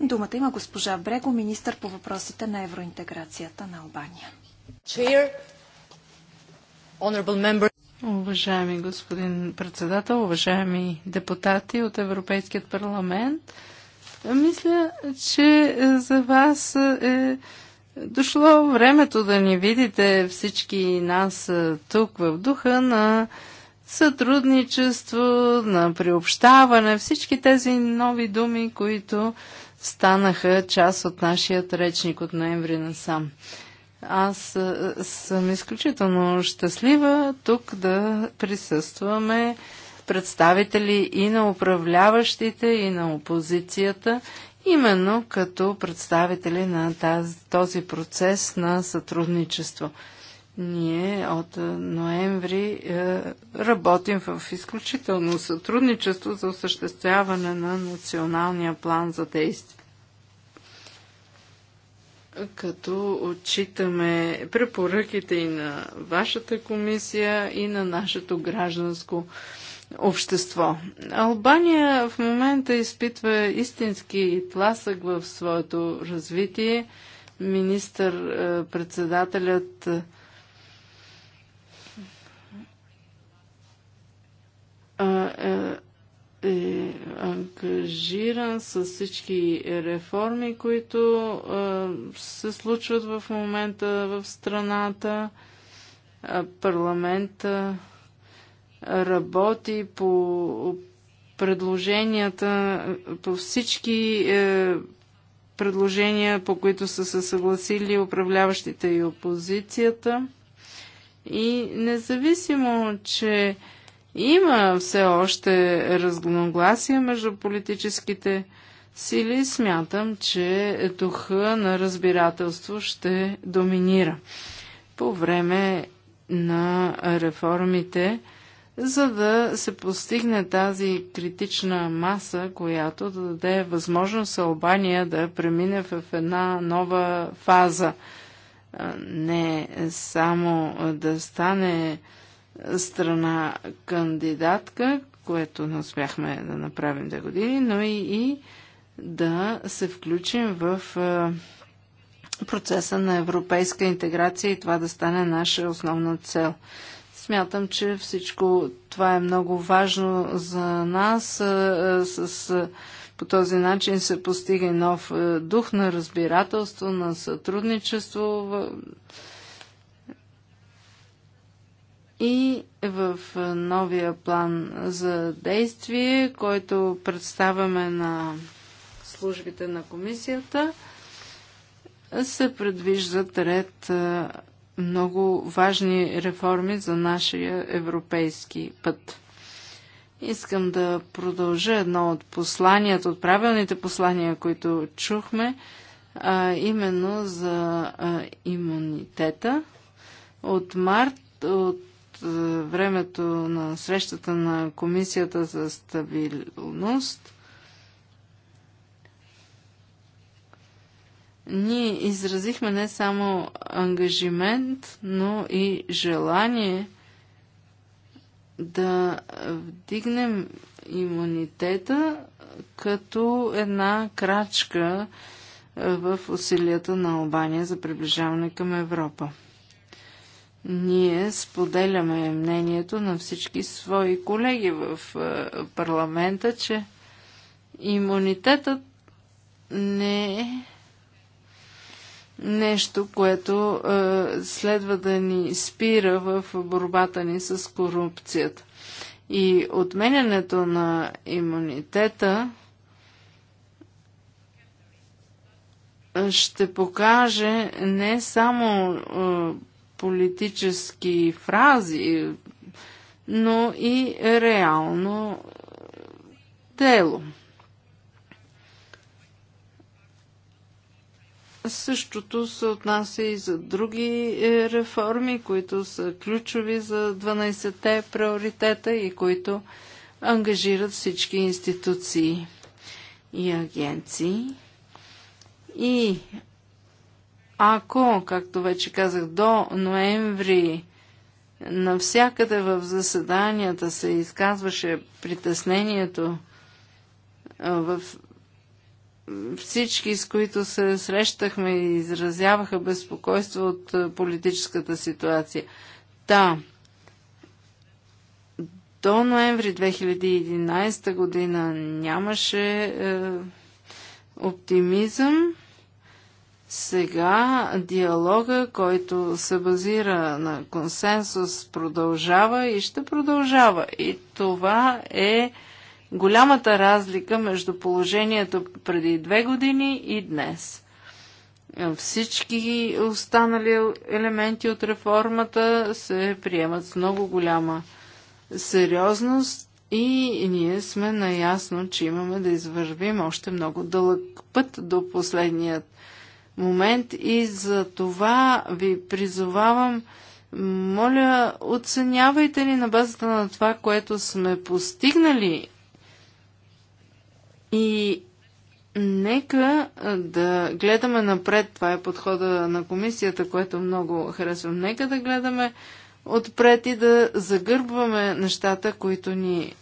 Думата има госпожа Брего, министър по въпросите на евроинтеграцията на Албания. Уважаеми господин председател, уважаеми депутати от Европейският парламент, мисля, че за вас е дошло времето да ни видите всички нас тук в духа на сътрудничество, на приобщаване, всички тези нови думи, които станаха част от нашия речник от ноември насам. Аз е, съм изключително щастлива тук да присъстваме представители и на управляващите, и на опозицията, именно като представители на този процес на сътрудничество. Ние от ноември е, работим в изключително сътрудничество за осъществяване на националния план за действие като отчитаме препоръките и на вашата комисия, и на нашето гражданско общество. Албания в момента изпитва истински тласък в своето развитие. Министър-председателят е, е, е ангажиран с всички реформи, които а, се случват в момента в страната. Парламента работи по предложенията, по всички е, предложения, по които са се съгласили управляващите и опозицията. И независимо, че има все още разногласия между политическите сили. Смятам, че духа на разбирателство ще доминира по време на реформите, за да се постигне тази критична маса, която да даде възможност Албания да премине в една нова фаза. Не само да стане страна кандидатка, което не успяхме да направим две години, но и, и да се включим в процеса на европейска интеграция и това да стане наша основна цел. Смятам, че всичко това е много важно за нас. С, по този начин се постига нов дух на разбирателство, на сътрудничество. В, и в новия план за действие, който представяме на службите на комисията, се предвиждат ред много важни реформи за нашия европейски път. Искам да продължа едно от посланията, от правилните послания, които чухме, а, именно за имунитета. От март, от времето на срещата на Комисията за стабилност, ние изразихме не само ангажимент, но и желание да вдигнем имунитета като една крачка в усилията на Албания за приближаване към Европа. Ние споделяме мнението на всички свои колеги в е, парламента, че имунитетът не е нещо, което е, следва да ни спира в борбата ни с корупцията. И отменянето на имунитета ще покаже не само е, политически фрази, но и реално е, дело. Същото се отнася и за други е, реформи, които са ключови за 12-те приоритета и които ангажират всички институции и агенции. И ако, както вече казах, до ноември навсякъде в заседанията се изказваше притеснението в всички, с които се срещахме и изразяваха безпокойство от политическата ситуация. Та, да. до ноември 2011 година нямаше е, оптимизъм сега диалога, който се базира на консенсус, продължава и ще продължава. И това е голямата разлика между положението преди две години и днес. Всички останали елементи от реформата се приемат с много голяма сериозност и ние сме наясно, че имаме да извървим още много дълъг път до последният момент и за това ви призовавам, моля, оценявайте ни на базата на това, което сме постигнали и нека да гледаме напред. Това е подхода на комисията, което много харесвам. Нека да гледаме отпред и да загърбваме нещата, които ни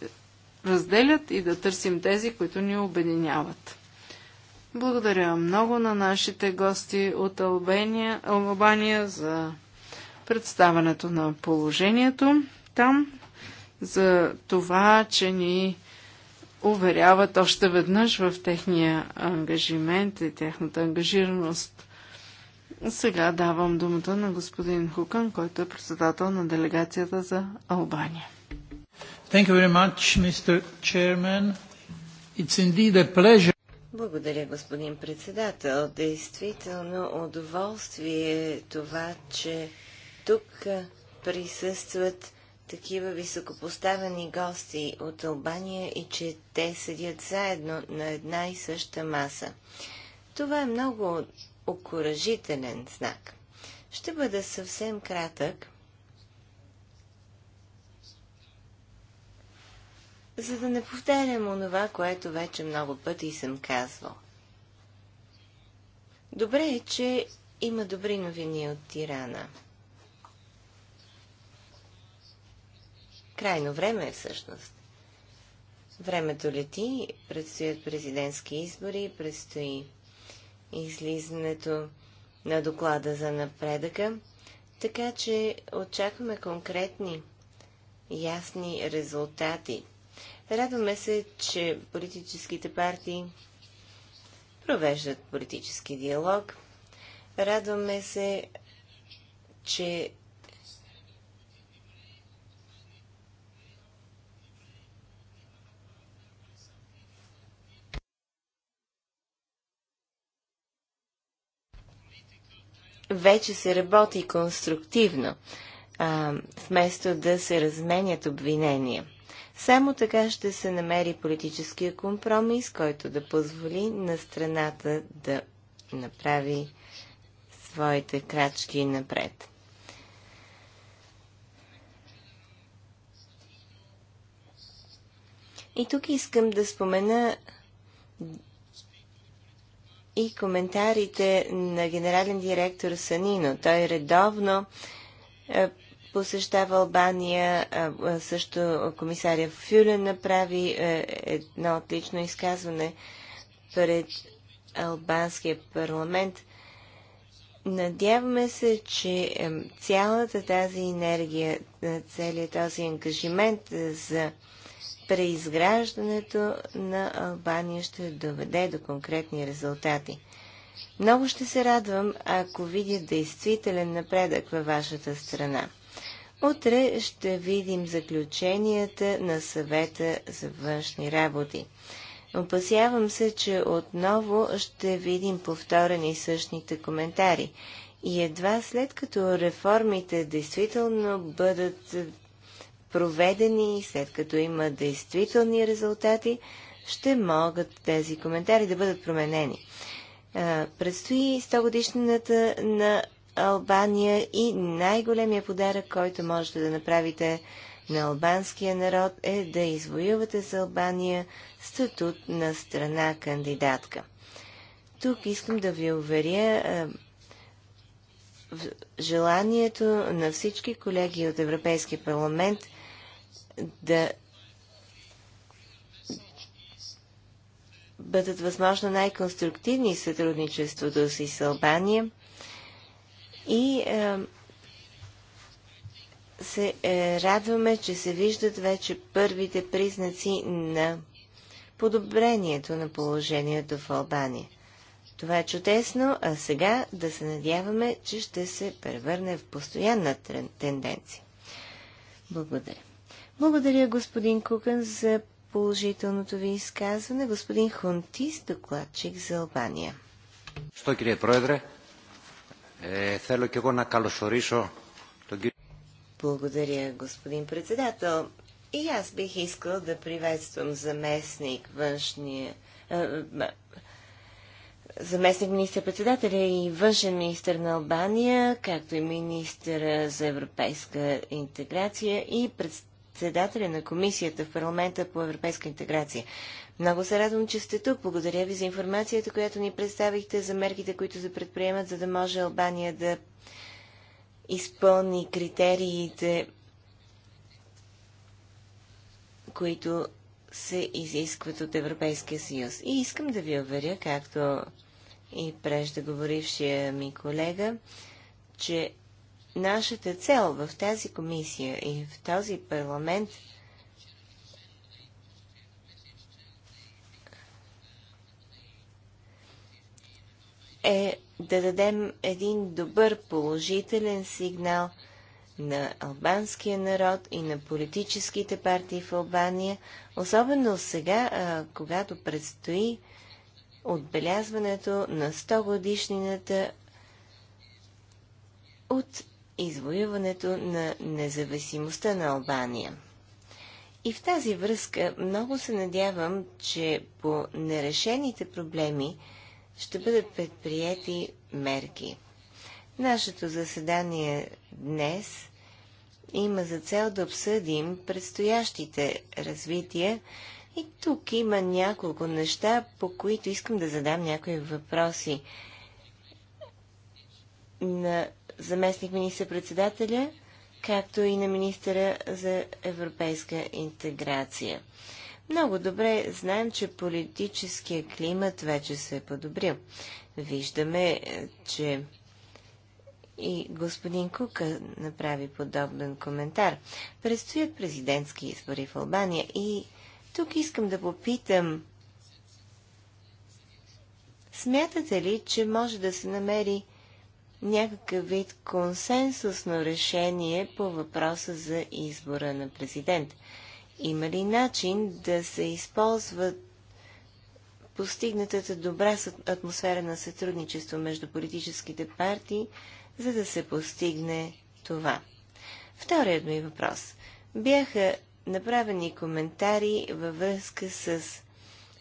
разделят и да търсим тези, които ни обединяват. Благодаря много на нашите гости от Албания, Албания за представането на положението там, за това, че ни уверяват още веднъж в техния ангажимент и тяхната ангажираност. Сега давам думата на господин Хукан, който е председател на делегацията за Албания. Thank you very much, Mr. Chairman. It's indeed a pleasure. Благодаря, господин председател. Действително удоволствие е това, че тук присъстват такива високопоставени гости от Албания и че те седят заедно на една и съща маса. Това е много окоръжителен знак. Ще бъда съвсем кратък за да не повтарям онова, което вече много пъти съм казвал. Добре е, че има добри новини от Тирана. Крайно време е всъщност. Времето лети, предстоят президентски избори, предстои излизането на доклада за напредъка, така че очакваме конкретни, ясни резултати Радваме се, че политическите партии провеждат политически диалог. Радваме се, че вече се работи конструктивно, вместо да се разменят обвинения. Само така ще се намери политическия компромис, който да позволи на страната да направи своите крачки напред. И тук искам да спомена и коментарите на генерален директор Санино. Той редовно е, посещава Албания, също комисаря Фюле направи е, едно отлично изказване пред Албанския парламент. Надяваме се, че е, цялата тази енергия, е, целият този ангажимент за преизграждането на Албания ще доведе до конкретни резултати. Много ще се радвам, ако видя действителен напредък във вашата страна. Утре ще видим заключенията на съвета за външни работи. Опасявам се, че отново ще видим повторени същните коментари. И едва след като реформите действително бъдат проведени, след като има действителни резултати, ще могат тези коментари да бъдат променени. предстои 100 годишната на Албания и най-големия подарък, който можете да направите на албанския народ е да извоювате с Албания статут на страна кандидатка. Тук искам да ви уверя е, в желанието на всички колеги от Европейския парламент да бъдат възможно най-конструктивни сътрудничеството си с Албания – и е, се е, радваме, че се виждат вече първите признаци на подобрението на положението в Албания. Това е чудесно, а сега да се надяваме, че ще се превърне в постоянна тенденция. Благодаря. Благодаря, господин Кукън, за положителното ви изказване. Господин Хунтис, докладчик за Албания. Що, кирие проедре? θέλω και εγώ να καλωσορίσω τον κύριο... Благодаря, господин председател. И аз бих искал да приветствам заместник външния... Е, заместник министър-председателя и външен министър на Албания, както и министър за европейска интеграция и председателя на комисията в парламента по европейска интеграция. Много се радвам, че сте тук. Благодаря ви за информацията, която ни представихте, за мерките, които се предприемат, за да може Албания да изпълни критериите, които се изискват от Европейския съюз. И искам да ви уверя, както и преждеговорившия ми колега, че нашата цел в тази комисия и в този парламент – е да дадем един добър положителен сигнал на албанския народ и на политическите партии в Албания, особено сега, когато предстои отбелязването на 100 годишнината от извоюването на независимостта на Албания. И в тази връзка много се надявам, че по нерешените проблеми, ще бъдат предприяти мерки. Нашето заседание днес има за цел да обсъдим предстоящите развития и тук има няколко неща, по които искам да задам някои въпроси на заместник министър-председателя, както и на министъра за европейска интеграция. Много добре знаем, че политическия климат вече се е подобрил. Виждаме, е, че и господин Кука направи подобен коментар. Предстоят президентски избори в Албания и тук искам да попитам Смятате ли, че може да се намери някакъв вид консенсусно решение по въпроса за избора на президент? Има ли начин да се използват постигнатата добра атмосфера на сътрудничество между политическите партии, за да се постигне това? Вторият ми въпрос. Бяха направени коментари във връзка с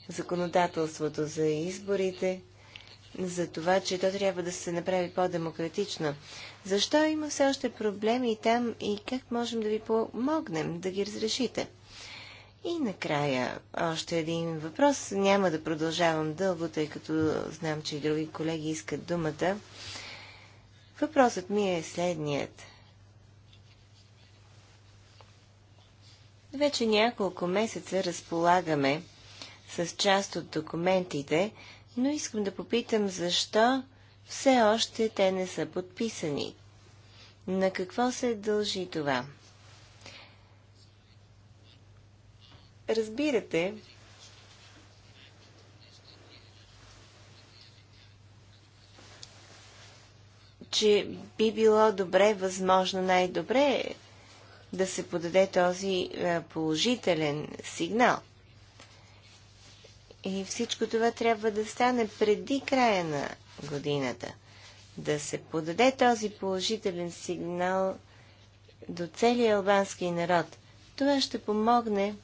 законодателството за изборите, за това, че то трябва да се направи по-демократично. Защо има все още проблеми там и как можем да ви помогнем да ги разрешите? И накрая още един въпрос. Няма да продължавам дълго, тъй като знам, че и други колеги искат думата. Въпросът ми е следният. Вече няколко месеца разполагаме с част от документите, но искам да попитам защо все още те не са подписани. На какво се дължи това? разбирате, че би било добре, възможно най-добре да се подаде този е, положителен сигнал. И всичко това трябва да стане преди края на годината. Да се подаде този положителен сигнал до целия албански народ. Това ще помогне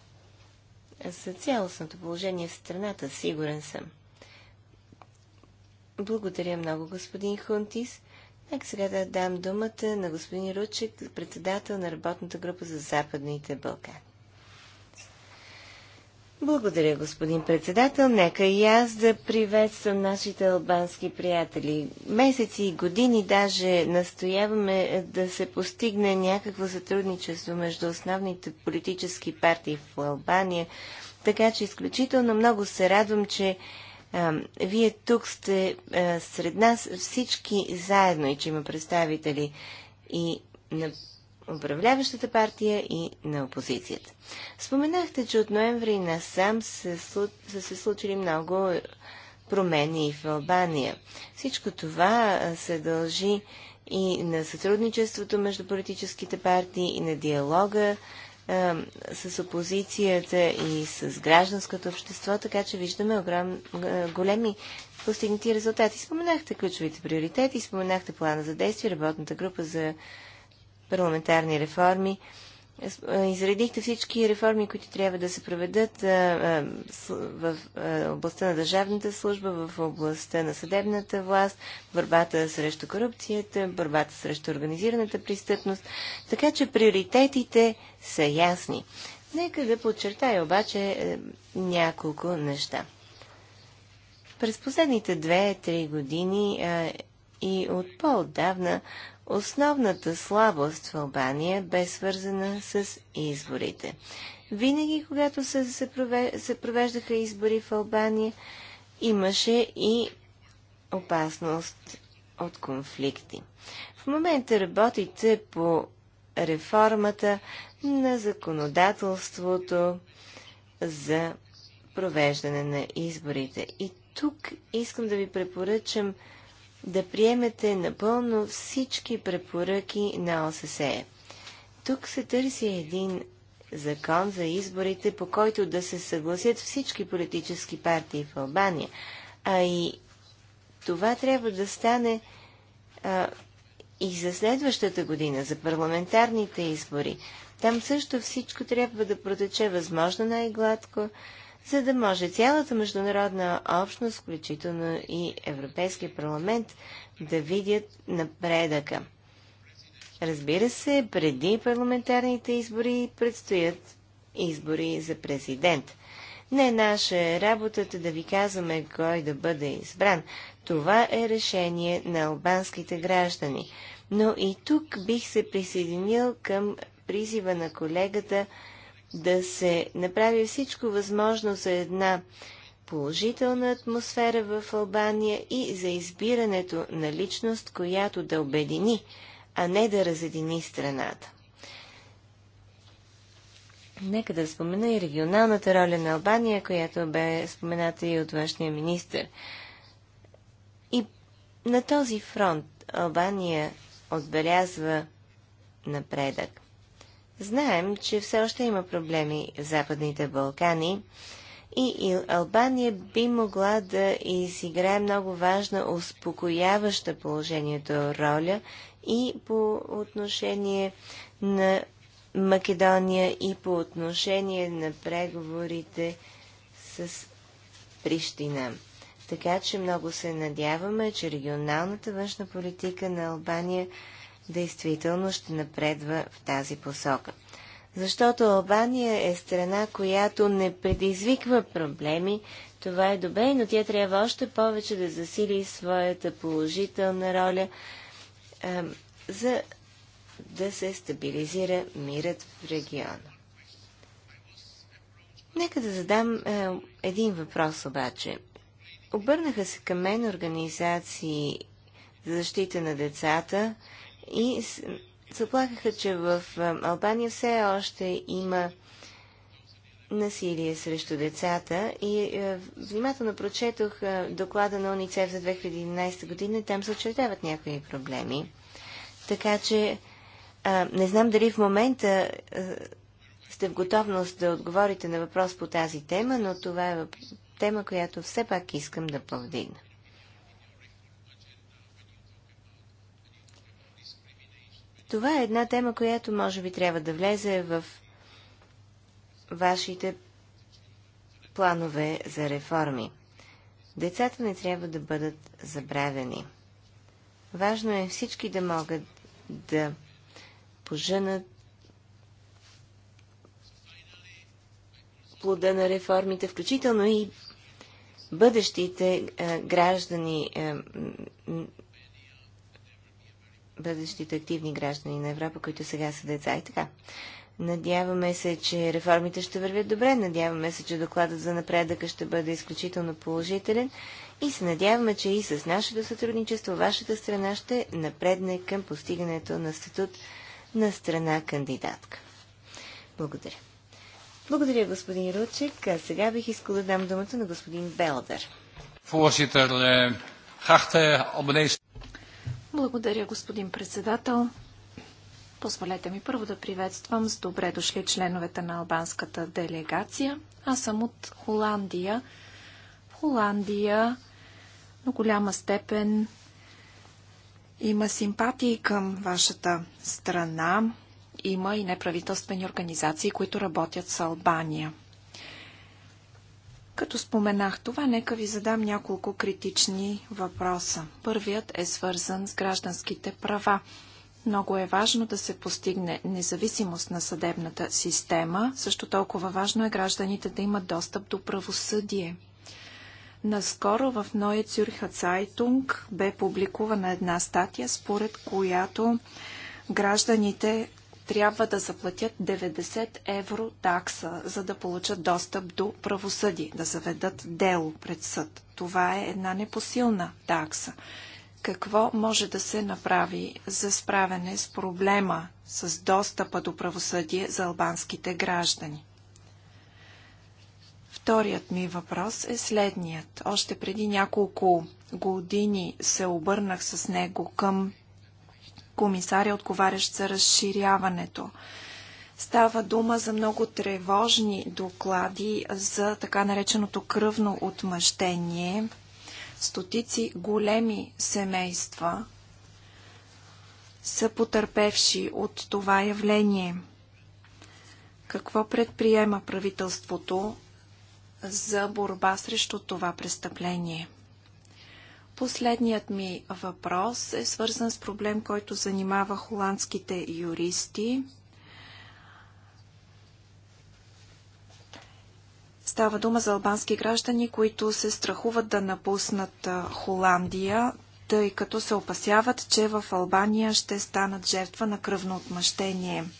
за цялостното положение в страната, сигурен съм. Благодаря много, господин Хунтис. Нека сега да дам думата на господин Ручек, председател на работната група за Западните Балкани. Благодаря, господин председател. Нека и аз да приветствам нашите албански приятели. Месеци и години даже настояваме е, да се постигне някакво сътрудничество между основните политически партии в Албания. Така че изключително много се радвам, че а, вие тук сте а, сред нас всички заедно и че има представители и на управляващата партия и на опозицията. Споменахте, че от ноември насам са се случили много промени в Албания. Всичко това се дължи и на сътрудничеството между политическите партии, и на диалога е, с опозицията и с гражданското общество, така че виждаме огром, големи постигнати резултати. Споменахте ключовите приоритети, споменахте плана за действие, работната група за парламентарни реформи. Изредихте всички реформи, които трябва да се проведат в областта на държавната служба, в областта на съдебната власт, борбата срещу корупцията, борбата срещу организираната престъпност. Така че приоритетите са ясни. Нека да подчертая обаче е, няколко неща. През последните две-три години и от по-отдавна Основната слабост в Албания бе свързана с изборите. Винаги, когато се, се, провеж... се провеждаха избори в Албания, имаше и опасност от конфликти. В момента работите по реформата на законодателството за провеждане на изборите. И тук искам да ви препоръчам да приемете напълно всички препоръки на ОССЕ. Тук се търси един закон за изборите, по който да се съгласят всички политически партии в Албания. А и това трябва да стане а, и за следващата година, за парламентарните избори. Там също всичко трябва да протече възможно най-гладко, за да може цялата международна общност, включително и Европейския парламент, да видят напредъка. Разбира се, преди парламентарните избори предстоят избори за президент. Не е наша работата е да ви казваме кой да бъде избран. Това е решение на албанските граждани. Но и тук бих се присъединил към призива на колегата да се направи всичко възможно за една положителна атмосфера в Албания и за избирането на личност, която да обедини, а не да разедини страната. Нека да спомена и регионалната роля на Албания, която бе спомената и от външния министр. И на този фронт Албания отбелязва напредък. Знаем, че все още има проблеми в Западните Балкани и Албания би могла да изиграе много важна, успокояваща положението роля и по отношение на Македония и по отношение на преговорите с Прищина. Така че много се надяваме, че регионалната външна политика на Албания – действително ще напредва в тази посока. Защото Албания е страна, която не предизвиква проблеми, това е добре, но тя трябва още повече да засили своята положителна роля, а, за да се стабилизира мирът в региона. Нека да задам а, е, един въпрос обаче. Обърнаха се към мен организации за защита на децата, и се оплакаха, че в Албания все още има насилие срещу децата и внимателно прочетох доклада на УНИЦЕФ за 2011 година и там се очертават някои проблеми. Така че не знам дали в момента сте в готовност да отговорите на въпрос по тази тема, но това е тема, която все пак искам да повдигна. Това е една тема, която може би трябва да влезе в вашите планове за реформи. Децата не трябва да бъдат забравени. Важно е всички да могат да поженат плода на реформите, включително и бъдещите граждани бъдещите активни граждани на Европа, които сега са деца и така. Надяваме се, че реформите ще вървят добре, надяваме се, че докладът за напредъка ще бъде изключително положителен и се надяваме, че и с нашето сътрудничество вашата страна ще напредне към постигането на статут на страна кандидатка. Благодаря. Благодаря, господин Ручек. А сега бих искал да дам думата на господин Белдер. Благодаря, господин председател. Позволете ми първо да приветствам с добре дошли членовете на албанската делегация. Аз съм от Холандия. В Холандия до голяма степен има симпатии към вашата страна. Има и неправителствени организации, които работят с Албания. Като споменах това, нека ви задам няколко критични въпроса. Първият е свързан с гражданските права. Много е важно да се постигне независимост на съдебната система. Също толкова важно е гражданите да имат достъп до правосъдие. Наскоро в ноя Цюрха Цайтунг бе публикувана една статия, според която гражданите трябва да заплатят 90 евро такса, за да получат достъп до правосъдие, да заведат дело пред съд. Това е една непосилна такса. Какво може да се направи за справяне с проблема с достъпа до правосъдие за албанските граждани? Вторият ми въпрос е следният. Още преди няколко години се обърнах с него към комисаря, отговарящ за разширяването. Става дума за много тревожни доклади за така нареченото кръвно отмъщение. Стотици големи семейства са потърпевши от това явление. Какво предприема правителството за борба срещу това престъпление? Последният ми въпрос е свързан с проблем, който занимава холандските юристи. Става дума за албански граждани, които се страхуват да напуснат Холандия, тъй като се опасяват, че в Албания ще станат жертва на кръвно отмъщение –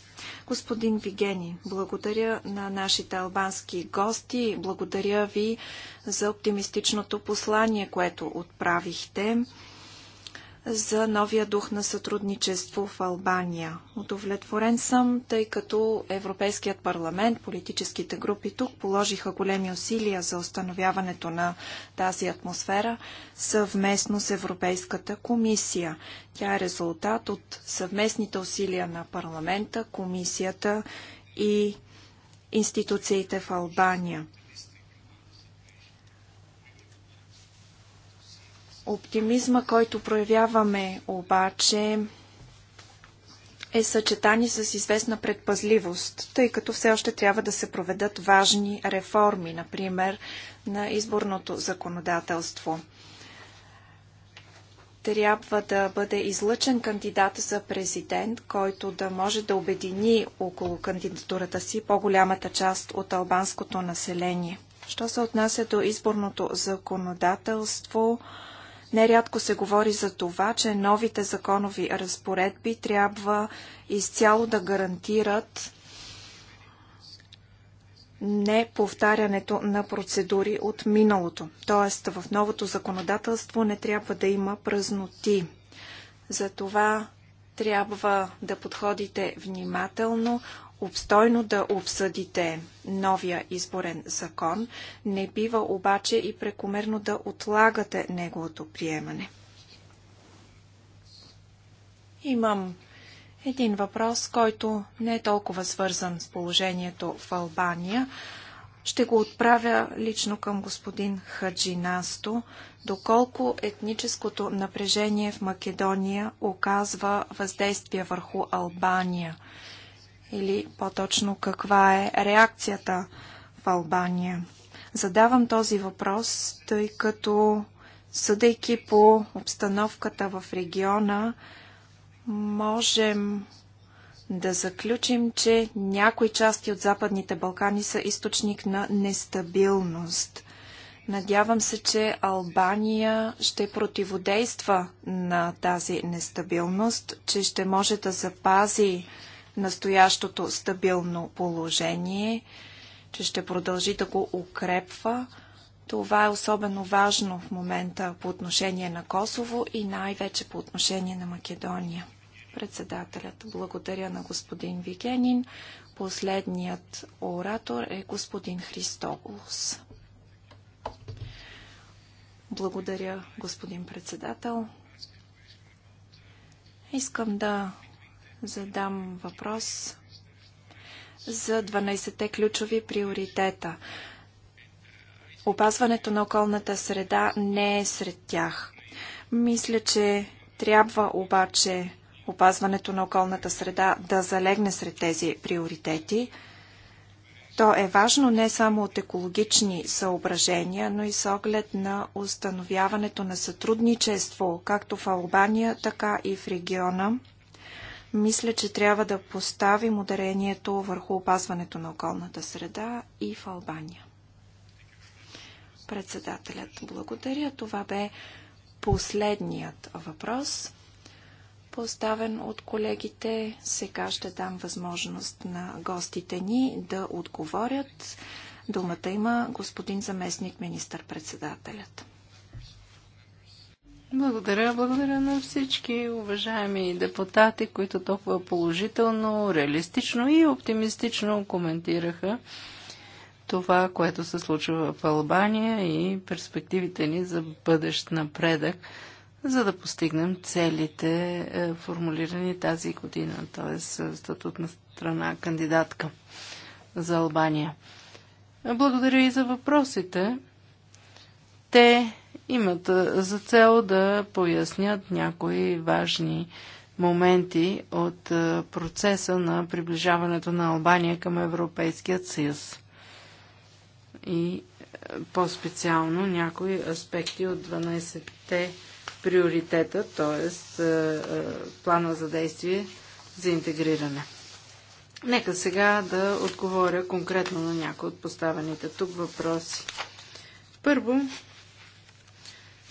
Господин Вигени, благодаря на нашите албански гости. Благодаря ви за оптимистичното послание, което отправихте за новия дух на сътрудничество в Албания. Удовлетворен съм, тъй като Европейският парламент, политическите групи тук положиха големи усилия за установяването на тази атмосфера съвместно с Европейската комисия. Тя е резултат от съвместните усилия на парламента, комисията и институциите в Албания. Оптимизма, който проявяваме обаче, е съчетан с известна предпазливост, тъй като все още трябва да се проведат важни реформи, например на изборното законодателство. Трябва да бъде излъчен кандидат за президент, който да може да обедини около кандидатурата си по-голямата част от албанското население. Що се отнася до изборното законодателство, Нерядко се говори за това, че новите законови разпоредби трябва изцяло да гарантират не повтарянето на процедури от миналото. Тоест в новото законодателство не трябва да има празноти. Затова трябва да подходите внимателно обстойно да обсъдите новия изборен закон. Не бива обаче и прекомерно да отлагате неговото приемане. Имам един въпрос, който не е толкова свързан с положението в Албания. Ще го отправя лично към господин Хаджинасто. Доколко етническото напрежение в Македония оказва въздействие върху Албания – или по-точно каква е реакцията в Албания. Задавам този въпрос, тъй като съдейки по обстановката в региона, можем да заключим, че някои части от Западните Балкани са източник на нестабилност. Надявам се, че Албания ще противодейства на тази нестабилност, че ще може да запази настоящото стабилно положение, че ще продължи да го укрепва. Това е особено важно в момента по отношение на Косово и най-вече по отношение на Македония. Председателят, благодаря на господин Вигенин. Последният оратор е господин Христолус. Благодаря, господин председател. Искам да задам въпрос за 12-те ключови приоритета. Опазването на околната среда не е сред тях. Мисля, че трябва обаче опазването на околната среда да залегне сред тези приоритети. То е важно не само от екологични съображения, но и с оглед на установяването на сътрудничество както в Албания, така и в региона мисля, че трябва да поставим ударението върху опазването на околната среда и в Албания. Председателят, благодаря. Това бе последният въпрос, поставен от колегите. Сега ще дам възможност на гостите ни да отговорят. Думата има господин заместник министър-председателят. Благодаря, благодаря на всички уважаеми депутати, които толкова положително, реалистично и оптимистично коментираха това, което се случва в Албания и перспективите ни за бъдещ напредък, за да постигнем целите, е, формулирани тази година, т.е. статутна страна кандидатка за Албания. Благодаря и за въпросите. Те имат за цел да пояснят някои важни моменти от процеса на приближаването на Албания към Европейският съюз. И по-специално някои аспекти от 12-те приоритета, т.е. плана за действие за интегриране. Нека сега да отговоря конкретно на някои от поставените тук въпроси. Първо,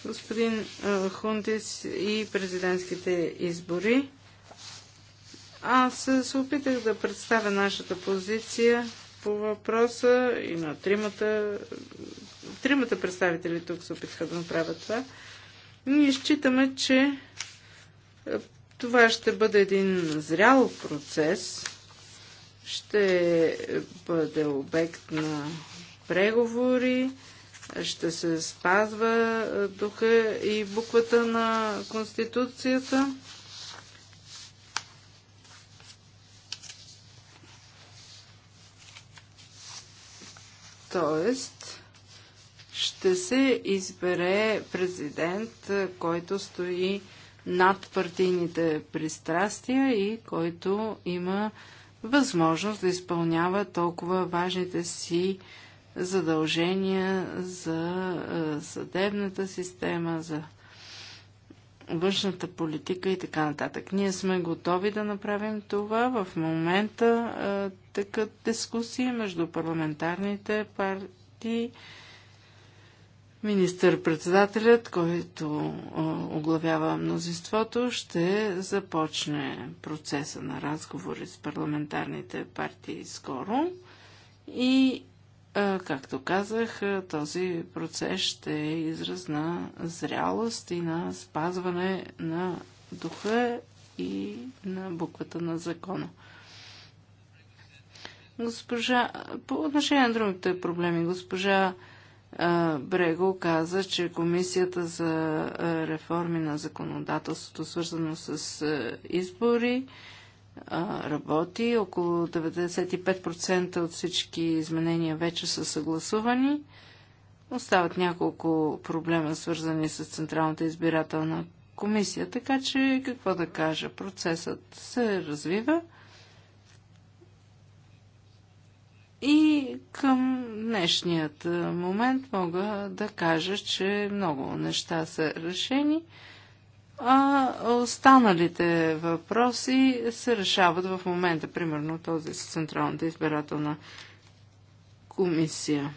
господин Хунтис и президентските избори. Аз се опитах да представя нашата позиция по въпроса и на тримата, тримата представители тук се опитаха да направят това. Ние считаме, че това ще бъде един зрял процес, ще бъде обект на преговори, ще се спазва е, духа и буквата на Конституцията. Тоест, ще се избере президент, е, който стои над партийните пристрастия и който има възможност да изпълнява толкова важните си задължения за е, съдебната система, за външната политика и така нататък. Ние сме готови да направим това. В момента е, така дискусии между парламентарните партии. Министър-председателят, който е, оглавява мнозинството, ще започне процеса на разговори с парламентарните партии скоро и Както казах, този процес ще е израз на зрялост и на спазване на духа и на буквата на закона. Госпожа, по отношение на другите проблеми, госпожа Брего каза, че Комисията за реформи на законодателството, свързано с избори, работи. Около 95% от всички изменения вече са съгласувани. Остават няколко проблема, свързани с Централната избирателна комисия. Така че, какво да кажа, процесът се развива. И към днешният момент мога да кажа, че много неща са решени а останалите въпроси се решават в момента, примерно този с Централната избирателна комисия.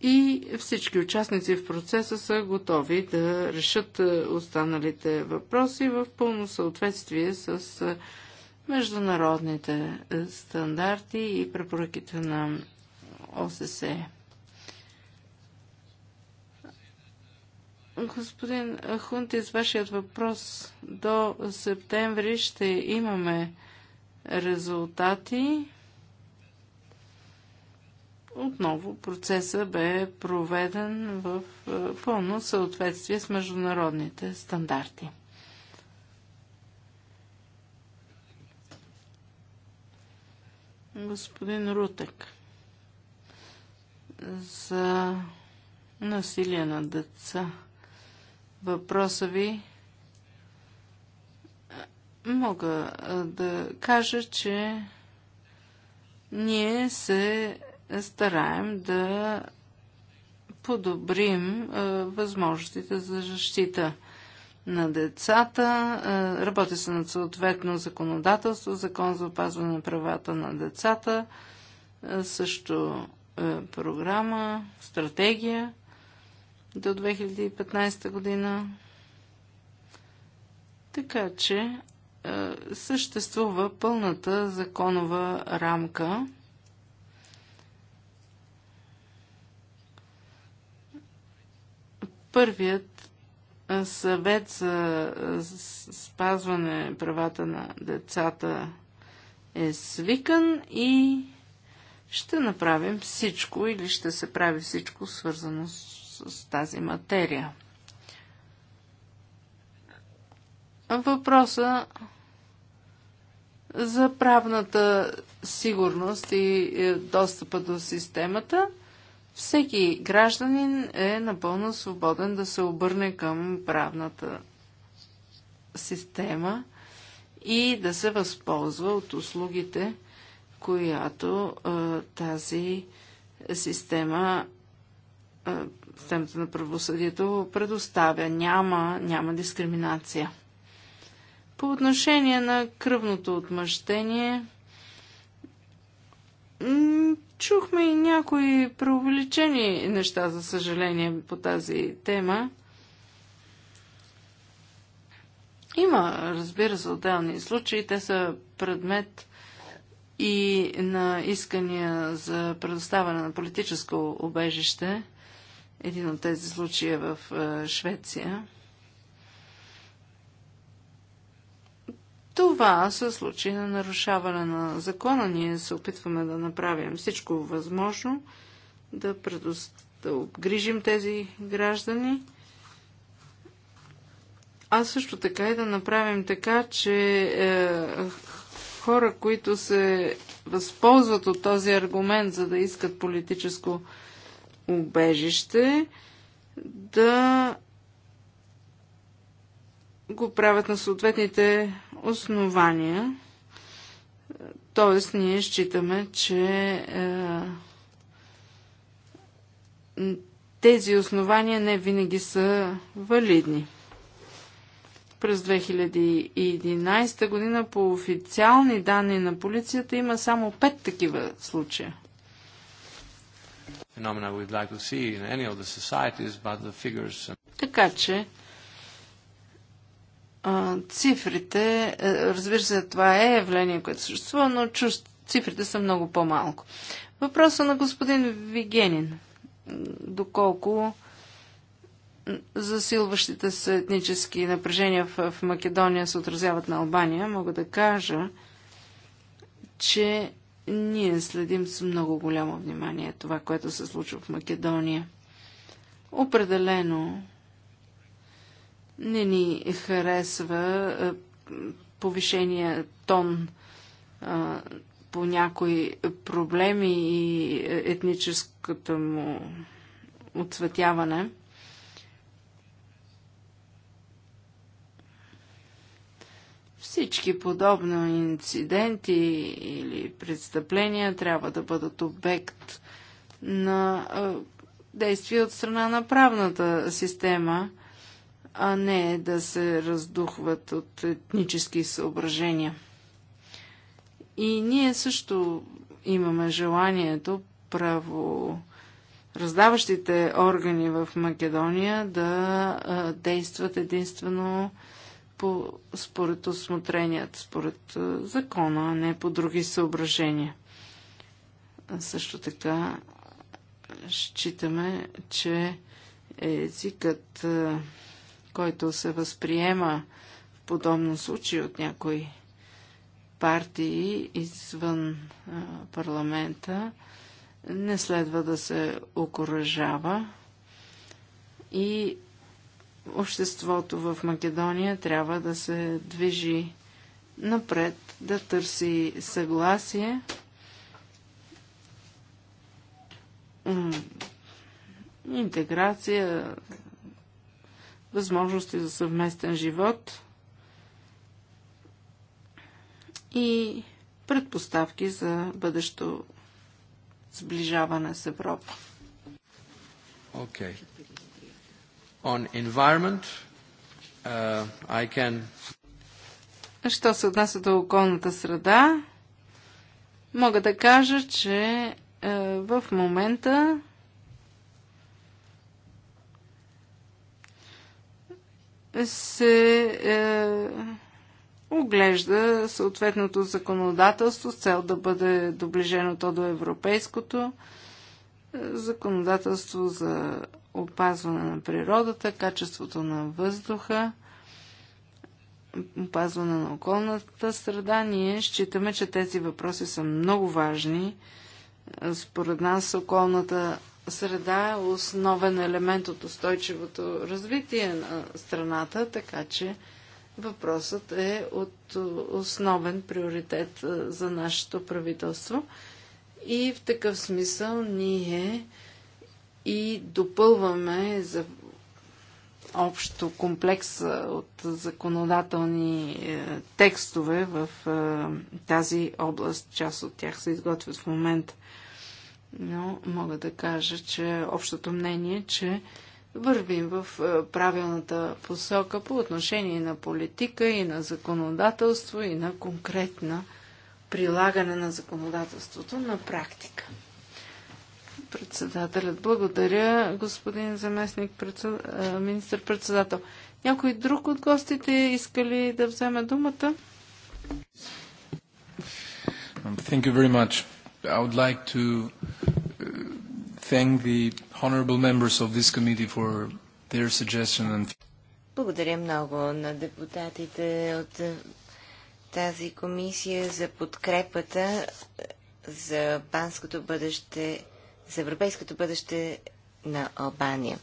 И всички участници в процеса са готови да решат е, останалите въпроси в пълно съответствие с е, международните е, стандарти и препоръките на ОССЕ. Господин Хунтис, вашият въпрос до септември ще имаме резултати. Отново процеса бе проведен в е, пълно съответствие с международните стандарти. Господин Рутек, за насилие на деца въпроса ви, мога да кажа, че ние се стараем да подобрим възможностите за защита на децата. работи се над съответно законодателство, закон за опазване на правата на децата, също е, програма, стратегия до 2015 година. Така че е, съществува пълната законова рамка. Първият е, съвет за спазване правата на децата е свикан и ще направим всичко или ще се прави всичко свързано с с тази материя. Въпроса за правната сигурност и е, достъпа до системата. Всеки гражданин е напълно свободен да се обърне към правната система и да се възползва от услугите, която е, тази система е, системата на правосъдието предоставя. Няма, няма дискриминация. По отношение на кръвното отмъщение, чухме и някои преувеличени неща, за съжаление, по тази тема. Има, разбира се, отделни случаи. Те са предмет и на искания за предоставяне на политическо обежище. Един от тези случаи е в е, Швеция. Това са случаи на нарушаване на закона. Ние се опитваме да направим всичко възможно, да, предост... да обгрижим тези граждани, а също така и да направим така, че е, хора, които се възползват от този аргумент, за да искат политическо убежище да го правят на съответните основания. Тоест, ние считаме, че е, тези основания не винаги са валидни. През 2011 година по официални данни на полицията има само 5 такива случая. Uh, така че, цифрите, е, разбира се, това е явление, което съществува, но цифрите са много по-малко. Въпросът на господин Вигенин. Доколко засилващите се етнически напрежения в Македония се отразяват на Албания, мога да кажа, че ние следим с много голямо внимание това, което се случва в Македония. Определено не ни харесва повишения тон по някои проблеми и етническото му отцветяване. Всички подобни инциденти или престъпления трябва да бъдат обект на действия от страна на правната система, а не да се раздухват от етнически съображения. И ние също имаме желанието право раздаващите органи в Македония да действат единствено по, според осмотреният, според закона, а не по други съображения. Също така считаме, че езикът, който се възприема в подобно случай от някои партии извън парламента, не следва да се окоръжава и обществото в Македония трябва да се движи напред, да търси съгласие. Интеграция, възможности за съвместен живот и предпоставки за бъдещо сближаване с Европа. Okay. On environment, uh, I can... Що се отнася до околната среда, мога да кажа, че е, в момента се е, оглежда съответното законодателство с цел да бъде доближено то до европейското е, законодателство за опазване на природата, качеството на въздуха, опазване на околната среда, ние считаме, че тези въпроси са много важни. Според нас околната среда е основен елемент от устойчивото развитие на страната, така че въпросът е от основен приоритет за нашето правителство. И в такъв смисъл ние и допълваме за общо комплекс от законодателни е, текстове в е, тази област. Част от тях се изготвят в момента. Но мога да кажа, че общото мнение е, че вървим в е, правилната посока по отношение на политика и на законодателство и на конкретна прилагане на законодателството на практика. Председателят. Благодаря, господин заместник министър-председател. Някой друг от гостите иска ли да вземе думата? Um, thank you very much. I would like to uh, thank the honorable members of this committee for their suggestion and Благодаря много на депутатите от тази комисия за подкрепата за банското бъдеще за европейското бъдеще на Албания.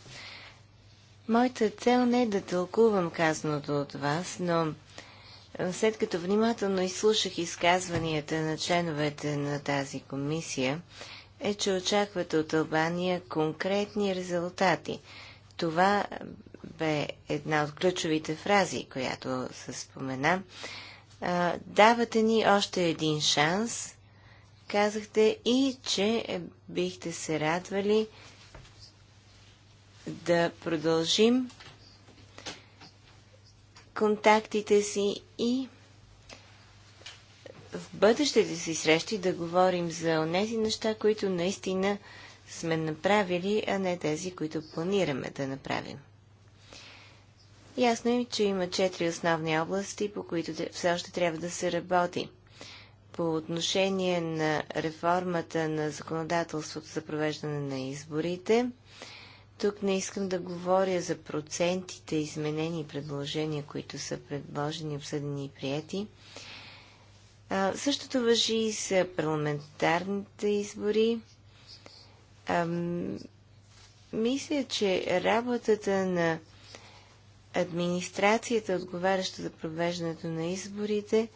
Моята цел не е да тълкувам казаното от вас, но след като внимателно изслушах изказванията на членовете на тази комисия, е, че очаквате от Албания конкретни резултати. Това бе една от ключовите фрази, която се спомена. давате ни още един шанс казахте и че бихте се радвали да продължим контактите си и в бъдещите си срещи да говорим за тези неща, които наистина сме направили, а не тези, които планираме да направим. Ясно е, че има четири основни области, по които все още трябва да се работи по отношение на реформата на законодателството за провеждане на изборите. Тук не искам да говоря за процентите, изменени предложения, които са предложени, обсъдени и прияти. същото въжи и за парламентарните избори. мисля, че работата на администрацията, отговаряща за провеждането на изборите,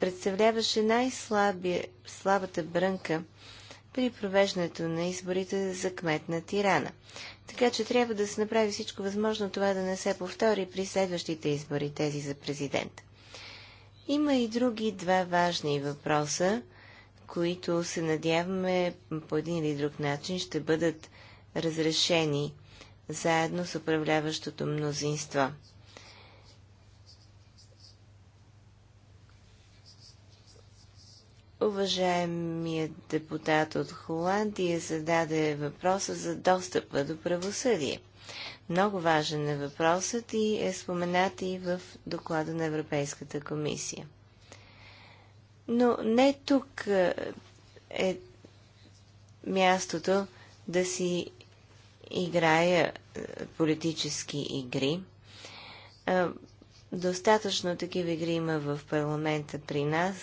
представляваше най-слабата брънка при провеждането на изборите за кмет на Тирана. Така че трябва да се направи всичко възможно това да не се повтори при следващите избори, тези за президент. Има и други два важни въпроса, които се надяваме по един или друг начин ще бъдат разрешени заедно с управляващото мнозинство. Уважаемият депутат от Холандия зададе въпроса за достъпа до правосъдие. Много важен е въпросът и е споменат и в доклада на Европейската комисия. Но не тук е, е мястото да си играя е, политически игри. Е, достатъчно такива игри има в парламента при нас.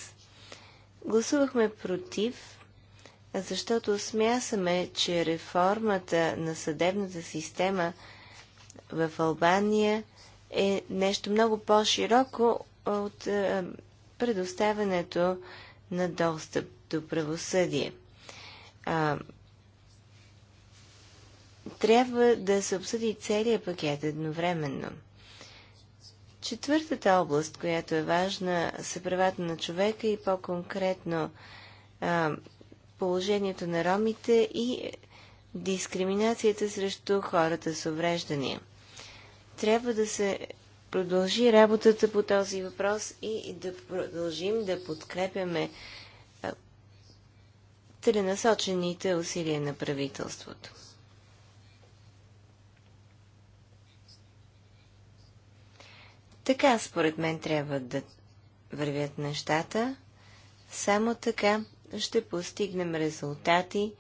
Гласувахме против, защото смясаме, че реформата на съдебната система в Албания е нещо много по-широко от е, предоставянето на достъп до правосъдие. трябва да се обсъди целият пакет едновременно. Четвъртата област, която е важна, са правата на човека и по-конкретно положението на ромите и дискриминацията срещу хората с увреждания. Трябва да се продължи работата по този въпрос и да продължим да подкрепяме целенасочените усилия на правителството. Така, според мен, трябва да вървят нещата. Само така ще постигнем резултати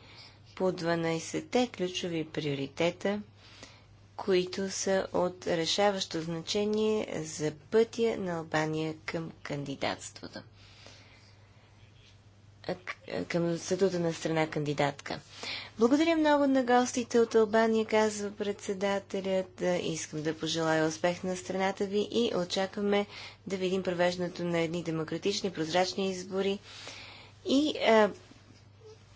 по 12-те ключови приоритета, които са от решаващо значение за пътя на Албания към кандидатството към статута на страна кандидатка. Благодаря много на гостите от Албания, казва председателят. Искам да пожелая успех на страната ви и очакваме да видим провеждането на едни демократични, прозрачни избори и а,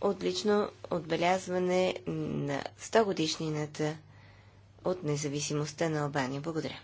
отлично отбелязване на 100 годишнината от независимостта на Албания. Благодаря.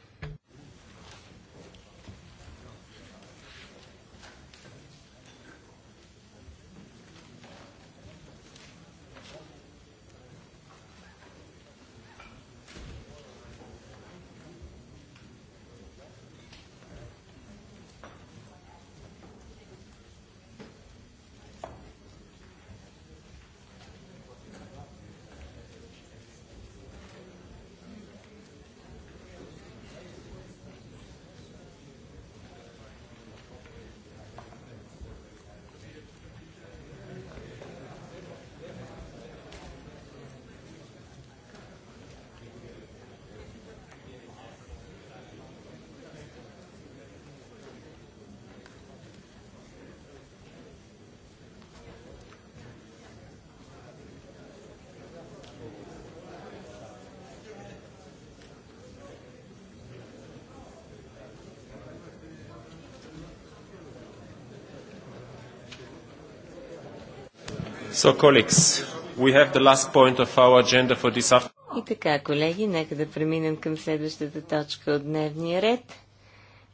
So, colleagues, we have the last point of our agenda for this afternoon. И така, колеги, нека да преминем към следващата точка от дневния ред.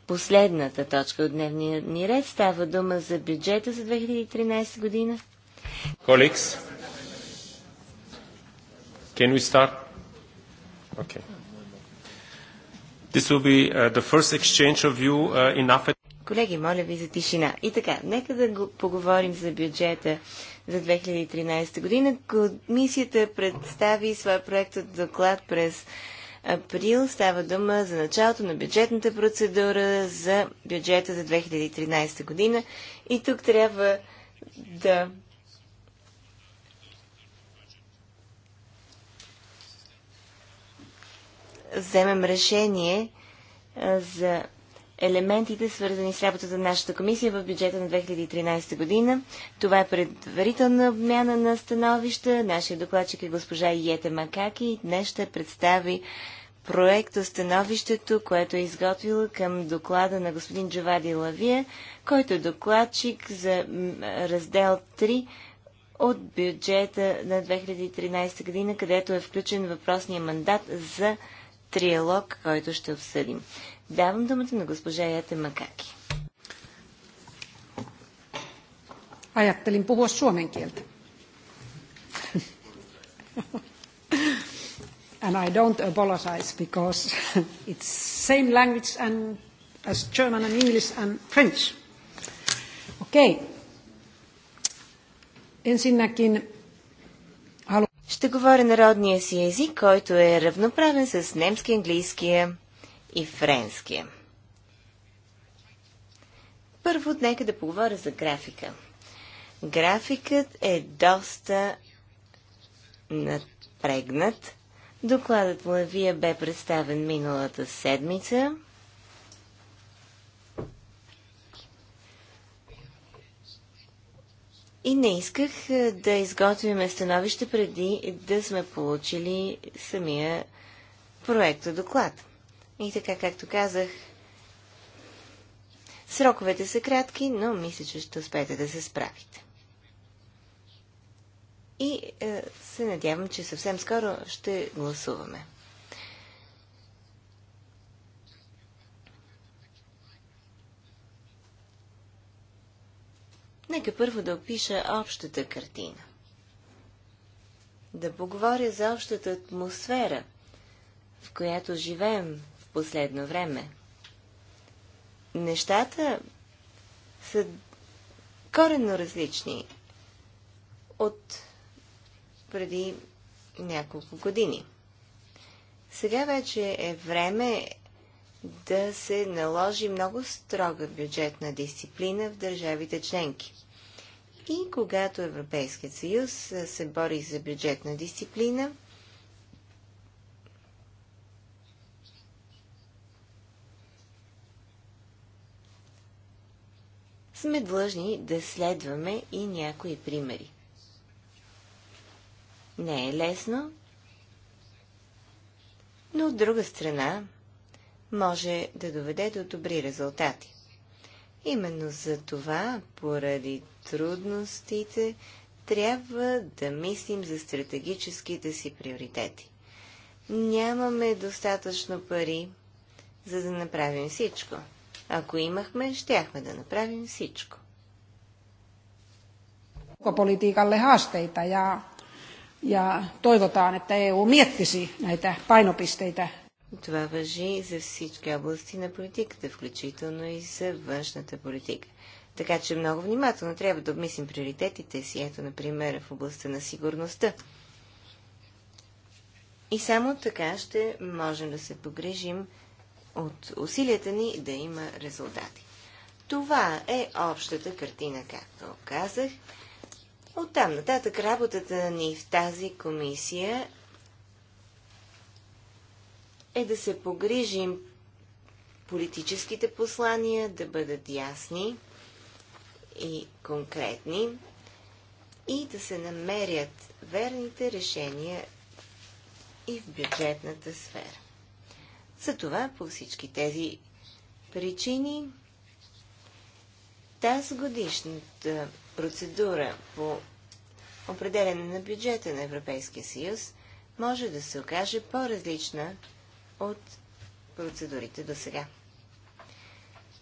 Последната точка от дневния ни ред става дума за бюджета за 2013 година. Colleagues, can we start? Okay. This will be uh, the first exchange of view uh, in Africa. Колеги, моля ви за тишина. И така, нека да го поговорим за бюджета за 2013 година. Комисията представи своя проект от доклад през април. Става дума за началото на бюджетната процедура за бюджета за 2013 година. И тук трябва да вземем решение за елементите, свързани с работата на нашата комисия в бюджета на 2013 година. Това е предварителна обмяна на становища. Нашия докладчик е госпожа Йете Макаки. Днес ще представи проекта становището, което е изготвила към доклада на господин Джовади Лавия, който е докладчик за раздел 3 от бюджета на 2013 година, където е включен въпросния мандат за триалог, който ще обсъдим. Давам думата на госпожа Ята Макаки. Ajattelin puhua suomen kieltä. and I don't apologize because it's same language and as German and English and French. Okei. Okay. Ensinnäkin Ще говоря народния си език, който е равноправен с немски, английския и френския. Първо, нека да поговоря за графика. Графикът е доста напрегнат. Докладът Лавия е бе представен миналата седмица. И не исках е, да изготвим становище преди да сме получили самия проекта доклад. И така, както казах, сроковете са кратки, но мисля, че ще успеете да се справите. И е, се надявам, че съвсем скоро ще гласуваме. Нека първо да опиша общата картина. Да поговоря за общата атмосфера, в която живеем последно време. Нещата са коренно различни от преди няколко години. Сега вече е време да се наложи много строга бюджетна дисциплина в държавите членки. И когато Европейският съюз се бори за бюджетна дисциплина, сме длъжни да следваме и някои примери. Не е лесно, но от друга страна може да доведе до добри резултати. Именно за това, поради трудностите, трябва да мислим за стратегическите си приоритети. Нямаме достатъчно пари, за да направим всичко. Ако имахме, щяхме да направим всичко. Politiikalle haasteita ja, ja toivotaan, että EU miettisi näitä painopisteitä. Това въжи за всички области на политиката, включително и за външната политика. Така че много внимателно трябва да обмислим приоритетите си, ето, например, в областта на сигурността. И само така ще можем да се погрежим от усилията ни да има резултати. Това е общата картина, както казах. Оттам нататък работата ни в тази комисия е да се погрижим политическите послания да бъдат ясни и конкретни и да се намерят верните решения и в бюджетната сфера. Затова по всички тези причини тази годишната процедура по определене на бюджета на Европейския съюз може да се окаже по-различна от процедурите до сега.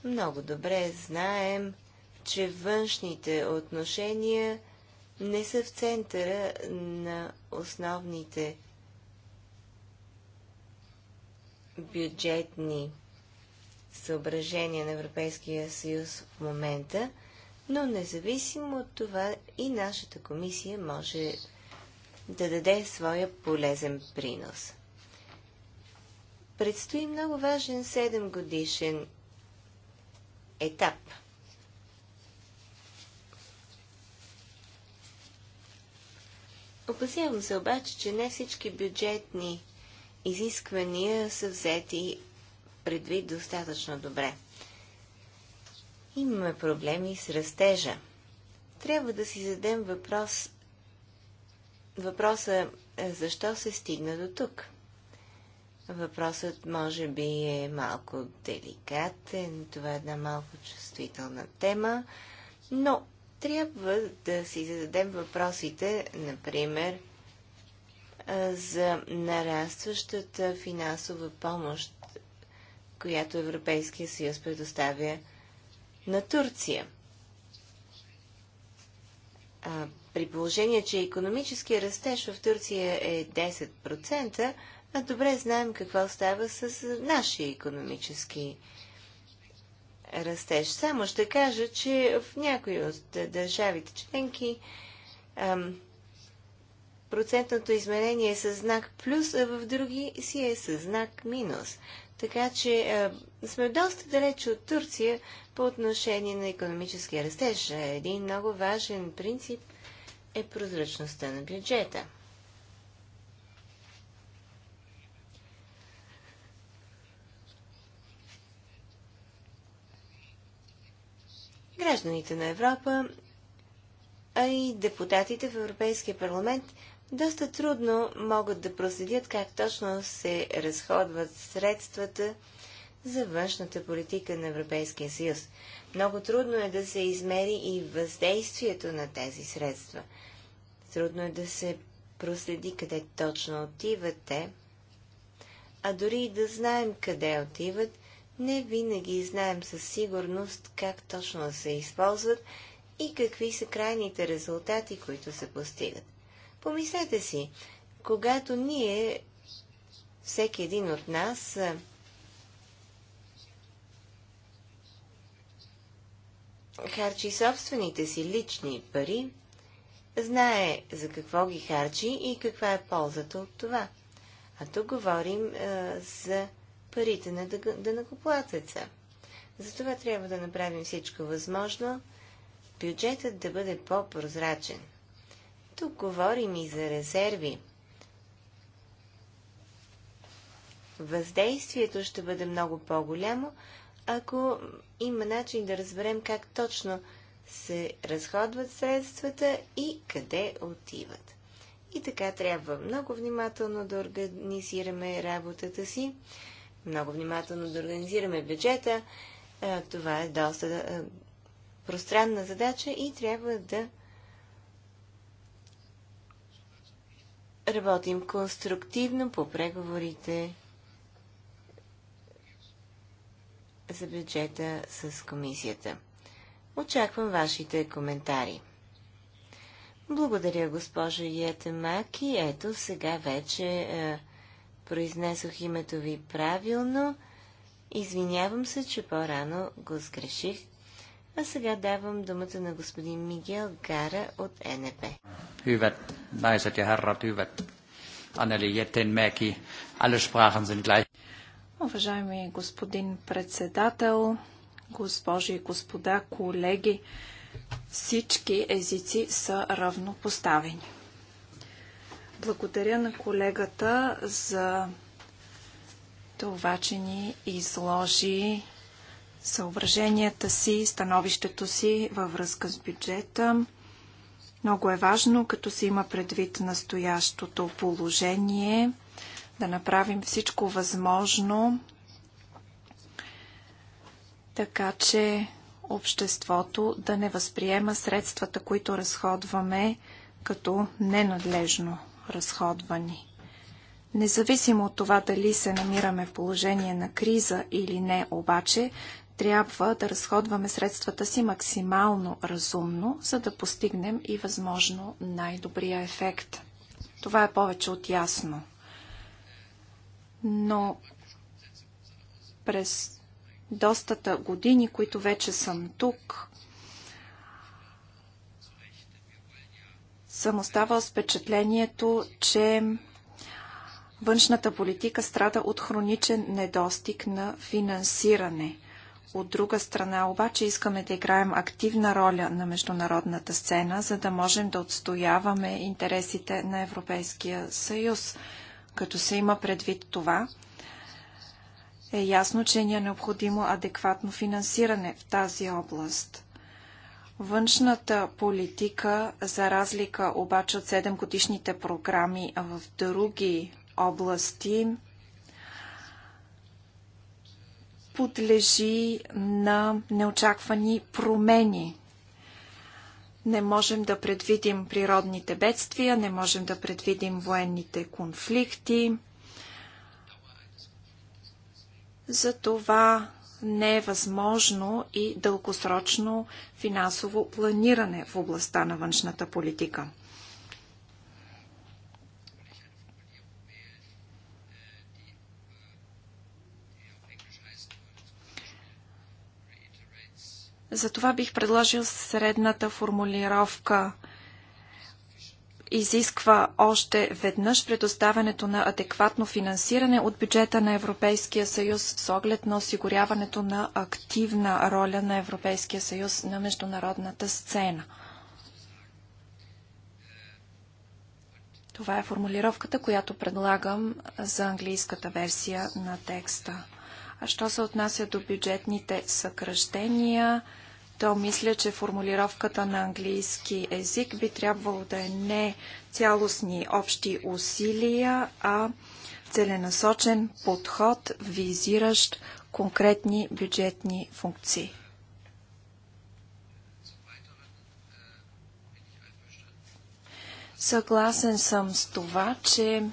Много добре знаем, че външните отношения не са в центъра на основните бюджетни съображения на Европейския съюз в момента, но независимо от това и нашата комисия може да даде своя полезен принос. Предстои много важен 7 годишен етап. Опасявам се обаче, че не всички бюджетни изисквания са взети предвид достатъчно добре. Имаме проблеми с растежа. Трябва да си задем въпрос, въпроса е, защо се стигна до тук. Въпросът може би е малко деликатен, това е една малко чувствителна тема, но трябва да си зададем въпросите, например, за нарастващата финансова помощ, която Европейския съюз предоставя на Турция. А, при положение, че економическия растеж в Турция е 10%, а добре знаем какво става с нашия економически растеж. Само ще кажа, че в някои от държавите членки ам, процентното изменение е с знак плюс, а в други си е с знак минус. Така че а, сме доста далече от Турция по отношение на економическия растеж. Един много важен принцип е прозрачността на бюджета. Гражданите на Европа, а и депутатите в Европейския парламент – доста трудно могат да проследят как точно се разходват средствата за външната политика на Европейския съюз. Много трудно е да се измери и въздействието на тези средства. Трудно е да се проследи къде точно отиват те, а дори и да знаем къде отиват, не винаги знаем със сигурност как точно се използват и какви са крайните резултати, които се постигат. Помислете си, когато ние, всеки един от нас, харчи собствените си лични пари, знае за какво ги харчи и каква е ползата от това. А тук говорим а, за парите на дънакоплатеца. Затова трябва да направим всичко възможно бюджетът да бъде по-прозрачен – тук говорим и за резерви. Въздействието ще бъде много по-голямо, ако има начин да разберем как точно се разходват средствата и къде отиват. И така трябва много внимателно да организираме работата си, много внимателно да организираме бюджета. Това е доста пространна задача и трябва да работим конструктивно по преговорите за бюджета с комисията. Очаквам вашите коментари. Благодаря, госпожо и Ето, сега вече е, произнесох името ви правилно. Извинявам се, че по-рано го сгреших. А сега давам думата на господин Мигел Гара от НП. Hyvät naiset ja herrat, hyvät Anneli Jettenmäki, alle sprachen sind gleich. Уважаеми господин председател, госпожи и господа, колеги, всички езици са равнопоставени. Благодаря на колегата за това, че ни изложи съображенията си, становището си във връзка с бюджета. Много е важно, като се има предвид настоящото положение, да направим всичко възможно, така че обществото да не възприема средствата, които разходваме, като ненадлежно разходвани. Независимо от това дали се намираме в положение на криза или не, обаче, трябва да разходваме средствата си максимално разумно, за да постигнем и възможно най-добрия ефект. Това е повече от ясно. Но през достата години, които вече съм тук, съм оставал с впечатлението, че външната политика страда от хроничен недостиг на финансиране. От друга страна обаче искаме да играем активна роля на международната сцена, за да можем да отстояваме интересите на Европейския съюз. Като се има предвид това, е ясно, че ни е необходимо адекватно финансиране в тази област. Външната политика, за разлика обаче от 7 годишните програми в други области, подлежи на неочаквани промени. Не можем да предвидим природните бедствия, не можем да предвидим военните конфликти. Затова не е възможно и дългосрочно финансово планиране в областта на външната политика. Затова бих предложил средната формулировка изисква още веднъж предоставянето на адекватно финансиране от бюджета на Европейския съюз с оглед на осигуряването на активна роля на Европейския съюз на международната сцена. Това е формулировката, която предлагам за английската версия на текста. А що се отнася до бюджетните съкръщения – то мисля, че формулировката на английски език би трябвало да е не цялостни общи усилия, а целенасочен подход, визиращ конкретни бюджетни функции. Съгласен съм с това, че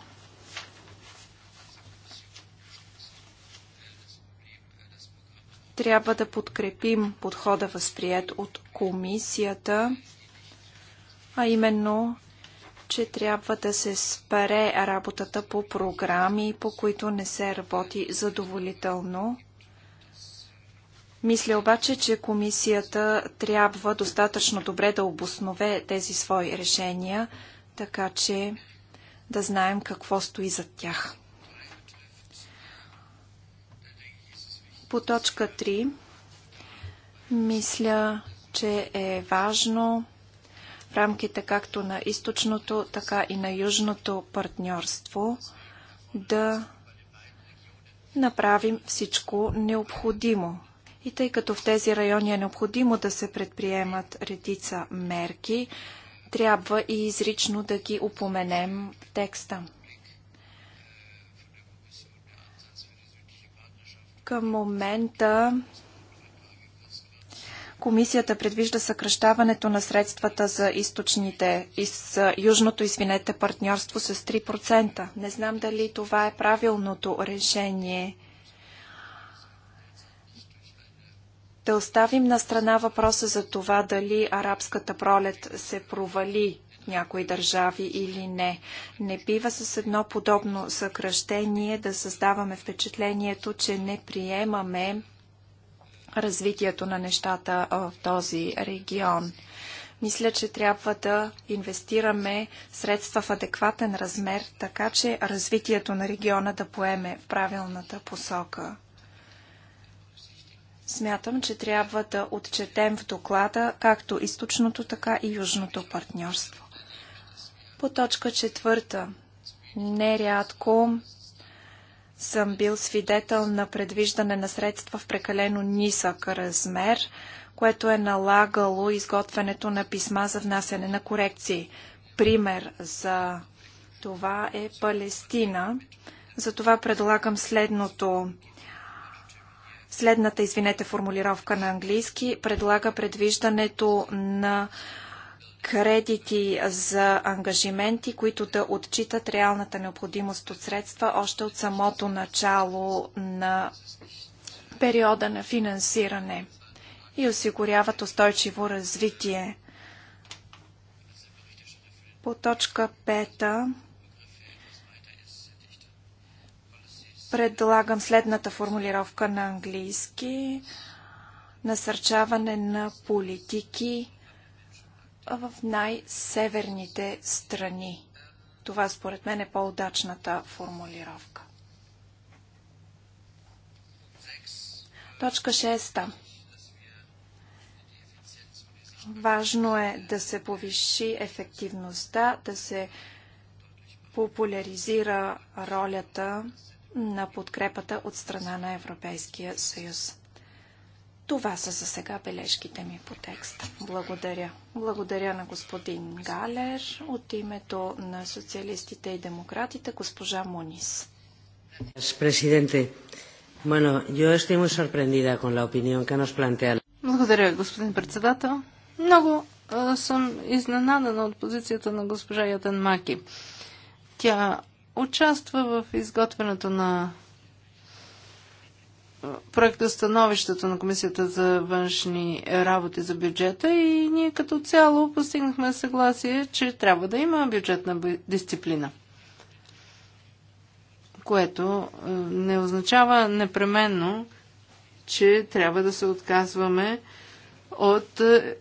трябва да подкрепим подхода възприят от комисията, а именно, че трябва да се спаре работата по програми, по които не се работи задоволително. Мисля обаче, че комисията трябва достатъчно добре да обоснове тези свои решения, така че да знаем какво стои зад тях. По точка 3 мисля, че е важно в рамките както на източното, така и на южното партньорство да направим всичко необходимо. И тъй като в тези райони е необходимо да се предприемат редица мерки, трябва и изрично да ги упоменем в текста. Към момента Комисията предвижда съкръщаването на средствата за източните, с южното, извинете, партньорство с 3%. Не знам дали това е правилното решение. Да оставим на страна въпроса за това дали арабската пролет се провали някои държави или не. Не бива с едно подобно съкръщение да създаваме впечатлението, че не приемаме развитието на нещата в този регион. Мисля, че трябва да инвестираме средства в адекватен размер, така че развитието на региона да поеме в правилната посока. Смятам, че трябва да отчетем в доклада както източното, така и южното партньорство. По точка четвърта. Нерядко съм бил свидетел на предвиждане на средства в прекалено нисък размер, което е налагало изготвянето на писма за внасяне на корекции. Пример за това е Палестина. Затова предлагам следното следната, извинете, формулировка на английски предлага предвиждането на кредити за ангажименти, които да отчитат реалната необходимост от средства още от самото начало на периода на финансиране и осигуряват устойчиво развитие. По точка 5 предлагам следната формулировка на английски насърчаване на политики, в най-северните страни. Това според мен е по-удачната формулировка. Точка 6. Важно е да се повиши ефективността, да се популяризира ролята на подкрепата от страна на Европейския съюз. Това са за сега бележките ми по текста. Благодаря. Благодаря на господин Галер от името на социалистите и демократите, госпожа Мунис. Президенте, bueno, yo estoy muy sorprendida con la opinión que nos plantea. Благодаря, господин председател. Много а, съм изненадана от позицията на госпожа Ятен Маки. Тя участва в изготвянето на становището на Комисията за външни работи за бюджета и ние като цяло постигнахме съгласие, че трябва да има бюджетна дисциплина. Което е, не означава непременно, че трябва да се отказваме от е,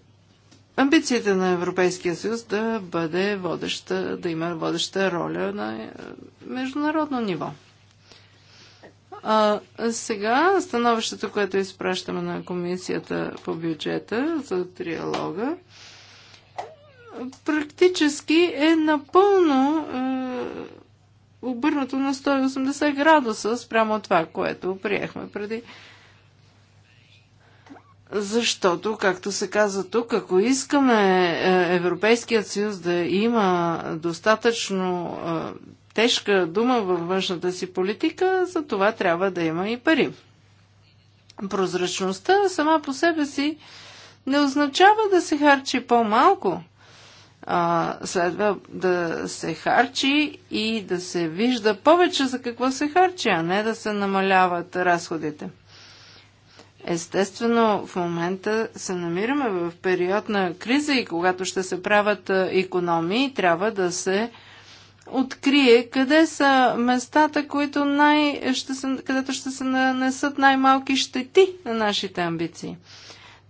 амбицията на Европейския съюз да бъде водеща, да има водеща роля на е, международно ниво. А, сега становището, което изпращаме на комисията по бюджета за триалога, практически е напълно е, обърнато на 180 градуса спрямо това, което приехме преди. Защото, както се каза тук, ако искаме е, Европейският съюз да има достатъчно е, тежка дума във външната си политика, за това трябва да има и пари. Прозрачността сама по себе си не означава да се харчи по-малко. А, следва да се харчи и да се вижда повече за какво се харчи, а не да се намаляват разходите. Естествено, в момента се намираме в период на криза и когато ще се правят економии, трябва да се открие къде са местата, които най- ще се, където ще се нанесат най-малки щети на нашите амбиции.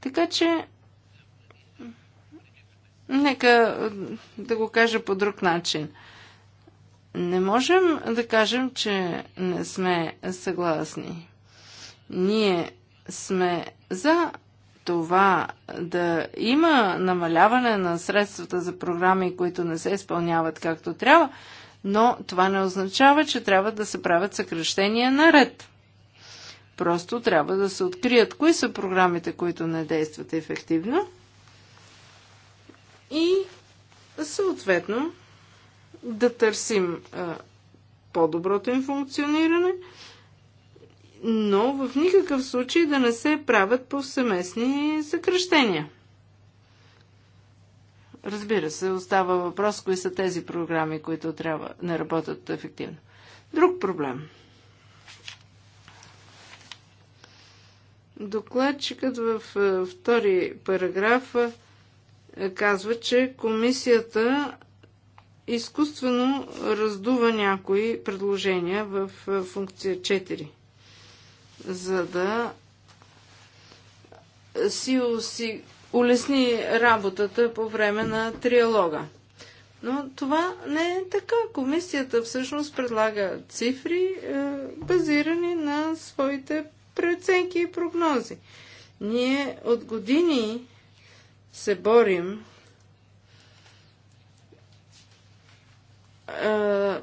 Така че, нека да го кажа по друг начин. Не можем да кажем, че не сме съгласни. Ние сме за това да има намаляване на средствата за програми, които не се изпълняват както трябва, но това не означава, че трябва да се правят съкръщения наред. Просто трябва да се открият кои са програмите, които не действат ефективно и съответно да търсим по-доброто им функциониране – но в никакъв случай да не се правят повсеместни съкръщения. Разбира се, остава въпрос, кои са тези програми, които трябва не работят ефективно. Друг проблем. Докладчикът във е, втори параграф е, казва, че комисията изкуствено раздува някои предложения в е, функция 4 за да си улесни работата по време на триалога. Но това не е така. Комисията всъщност предлага цифри, е, базирани на своите преценки и прогнози. Ние от години се борим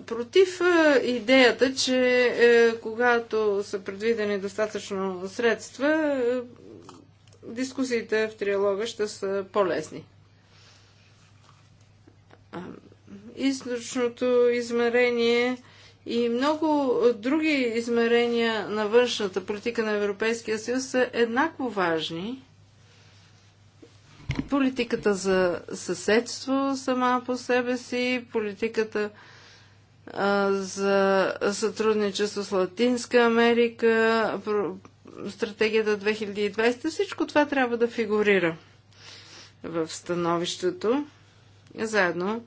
против идеята, че е, когато са предвидени достатъчно средства, е, дискусиите в триалога ще са по-лесни. Източното измерение и много други измерения на външната политика на Европейския съюз са еднакво важни Политиката за съседство сама по себе си, политиката а, за сътрудничество с Латинска Америка, стратегията 2020, всичко това трябва да фигурира в становището, заедно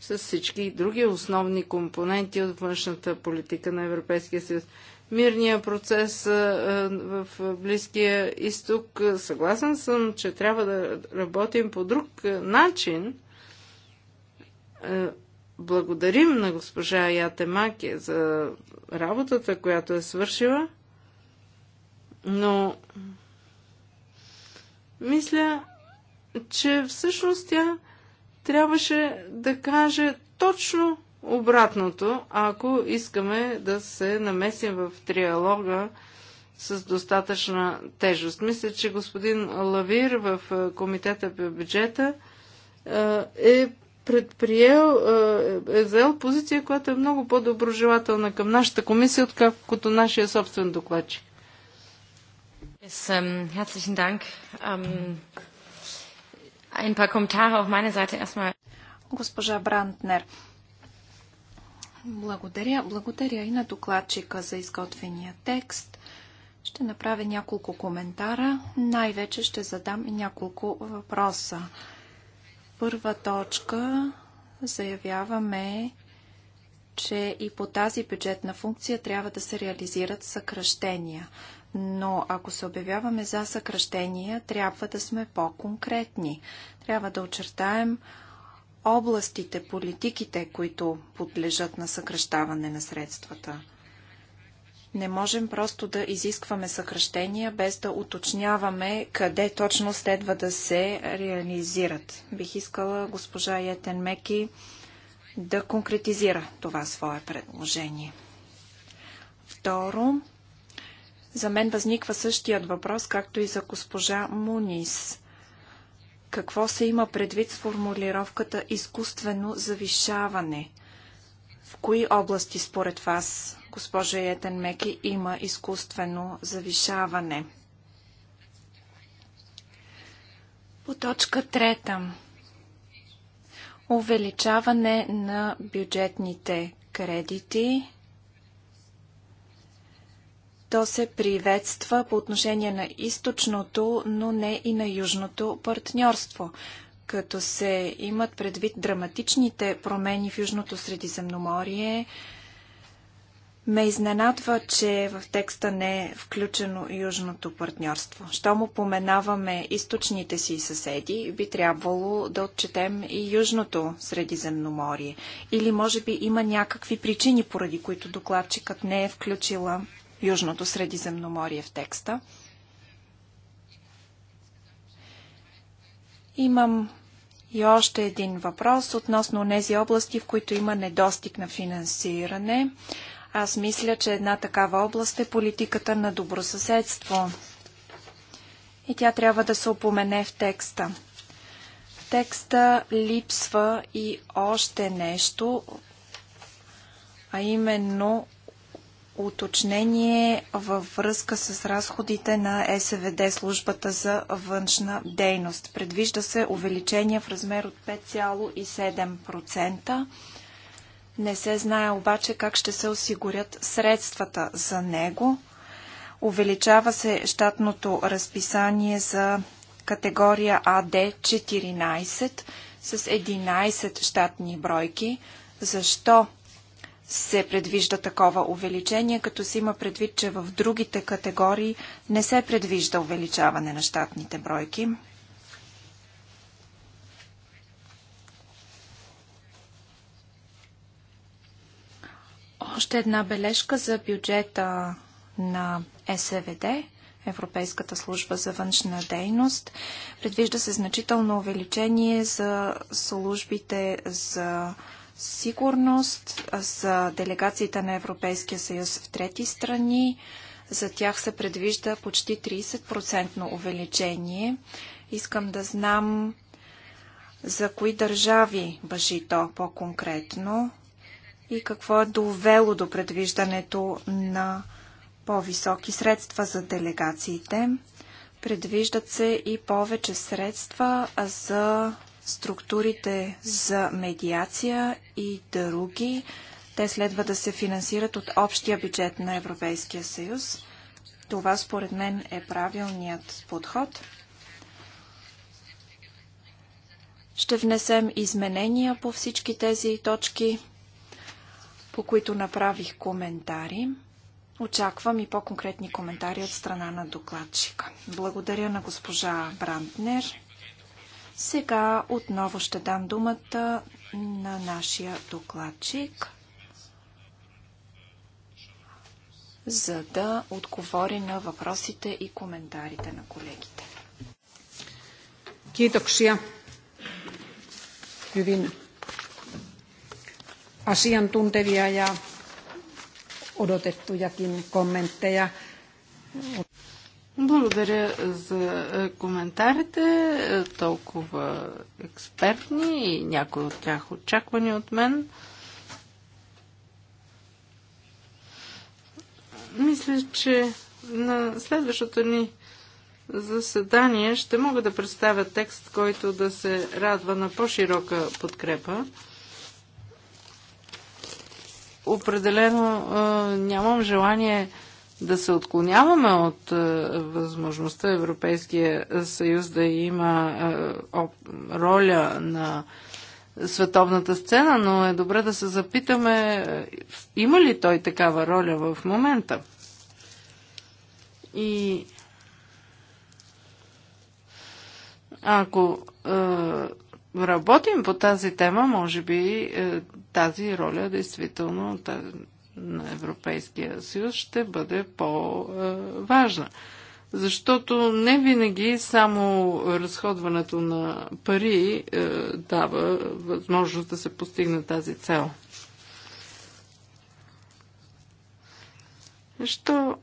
с всички други основни компоненти от външната политика на Европейския съюз мирния процес в Близкия изток. Съгласен съм, че трябва да работим по друг начин. Благодарим на госпожа Ятемаке за работата, която е свършила, но мисля, че всъщност тя трябваше да каже точно обратното, ако искаме да се намесим в триалога с достатъчна тежест. Мисля, че господин Лавир в е, Комитета по бюджета е, е предприел, е, е взел позиция, която е много по-доброжелателна към нашата комисия, отколкото нашия собствен докладчик. um, Um, Госпожа Брантнер, благодаря. Благодаря и на докладчика за изготвения текст. Ще направя няколко коментара. Най-вече ще задам и няколко въпроса. Първа точка заявяваме, че и по тази бюджетна функция трябва да се реализират съкръщения. Но ако се обявяваме за съкръщения, трябва да сме по-конкретни. Трябва да очертаем областите, политиките, които подлежат на съкръщаване на средствата. Не можем просто да изискваме съкръщения, без да уточняваме къде точно следва да се реализират. Бих искала госпожа Ятен Меки да конкретизира това свое предложение. Второ, за мен възниква същият въпрос, както и за госпожа Мунис. Какво се има предвид с формулировката изкуствено завишаване? В кои области според вас, госпожа Меки, има изкуствено завишаване? По точка трета. Увеличаване на бюджетните кредити то се приветства по отношение на източното, но не и на южното партньорство като се имат предвид драматичните промени в Южното Средиземноморие, ме изненадва, че в текста не е включено Южното партньорство. Що му поменаваме източните си съседи, би трябвало да отчетем и Южното Средиземноморие. Или може би има някакви причини, поради които докладчикът не е включила Южното Средиземноморие в текста. Имам и още един въпрос относно тези области, в които има недостиг на финансиране. Аз мисля, че една такава област е политиката на добросъседство. И тя трябва да се опомене в текста. В текста липсва и още нещо, а именно уточнение във връзка с разходите на СВД, службата за външна дейност. Предвижда се увеличение в размер от 5,7%. Не се знае обаче как ще се осигурят средствата за него. Увеличава се щатното разписание за категория АД 14 с 11 щатни бройки. Защо се предвижда такова увеличение, като се има предвид, че в другите категории не се предвижда увеличаване на щатните бройки. Още една бележка за бюджета на СВД, Европейската служба за външна дейност. Предвижда се значително увеличение за службите за сигурност, за делегациите на Европейския съюз в трети страни. За тях се предвижда почти 30% увеличение. Искам да знам за кои държави бажи то по-конкретно и какво е довело до предвиждането на по-високи средства за делегациите. Предвиждат се и повече средства за структурите за медиация и други. Те следва да се финансират от общия бюджет на Европейския съюз. Това според мен е правилният подход. Ще внесем изменения по всички тези точки, по които направих коментари. Очаквам и по-конкретни коментари от страна на докладчика. Благодаря на госпожа Брантнер. Сега отново ще дам думата на нашия докладчик, за да отговори на въпросите и коментарите на колегите. Kiitoksia hyvin asiantuntevia ja odotettujakin kommentteja. Благодаря за е, коментарите, е, толкова експертни и някои от тях очаквани от мен. Мисля, че на следващото ни заседание ще мога да представя текст, който да се радва на по-широка подкрепа. Определено е, нямам желание да се отклоняваме от е, възможността Европейския съюз да има е, роля на световната сцена, но е добре да се запитаме е, има ли той такава роля в момента. И ако работим по тази тема, може би тази роля действително, тази, на Европейския съюз ще бъде по-важна. Защото не винаги само разходването на пари е, дава възможност да се постигне тази цел. Що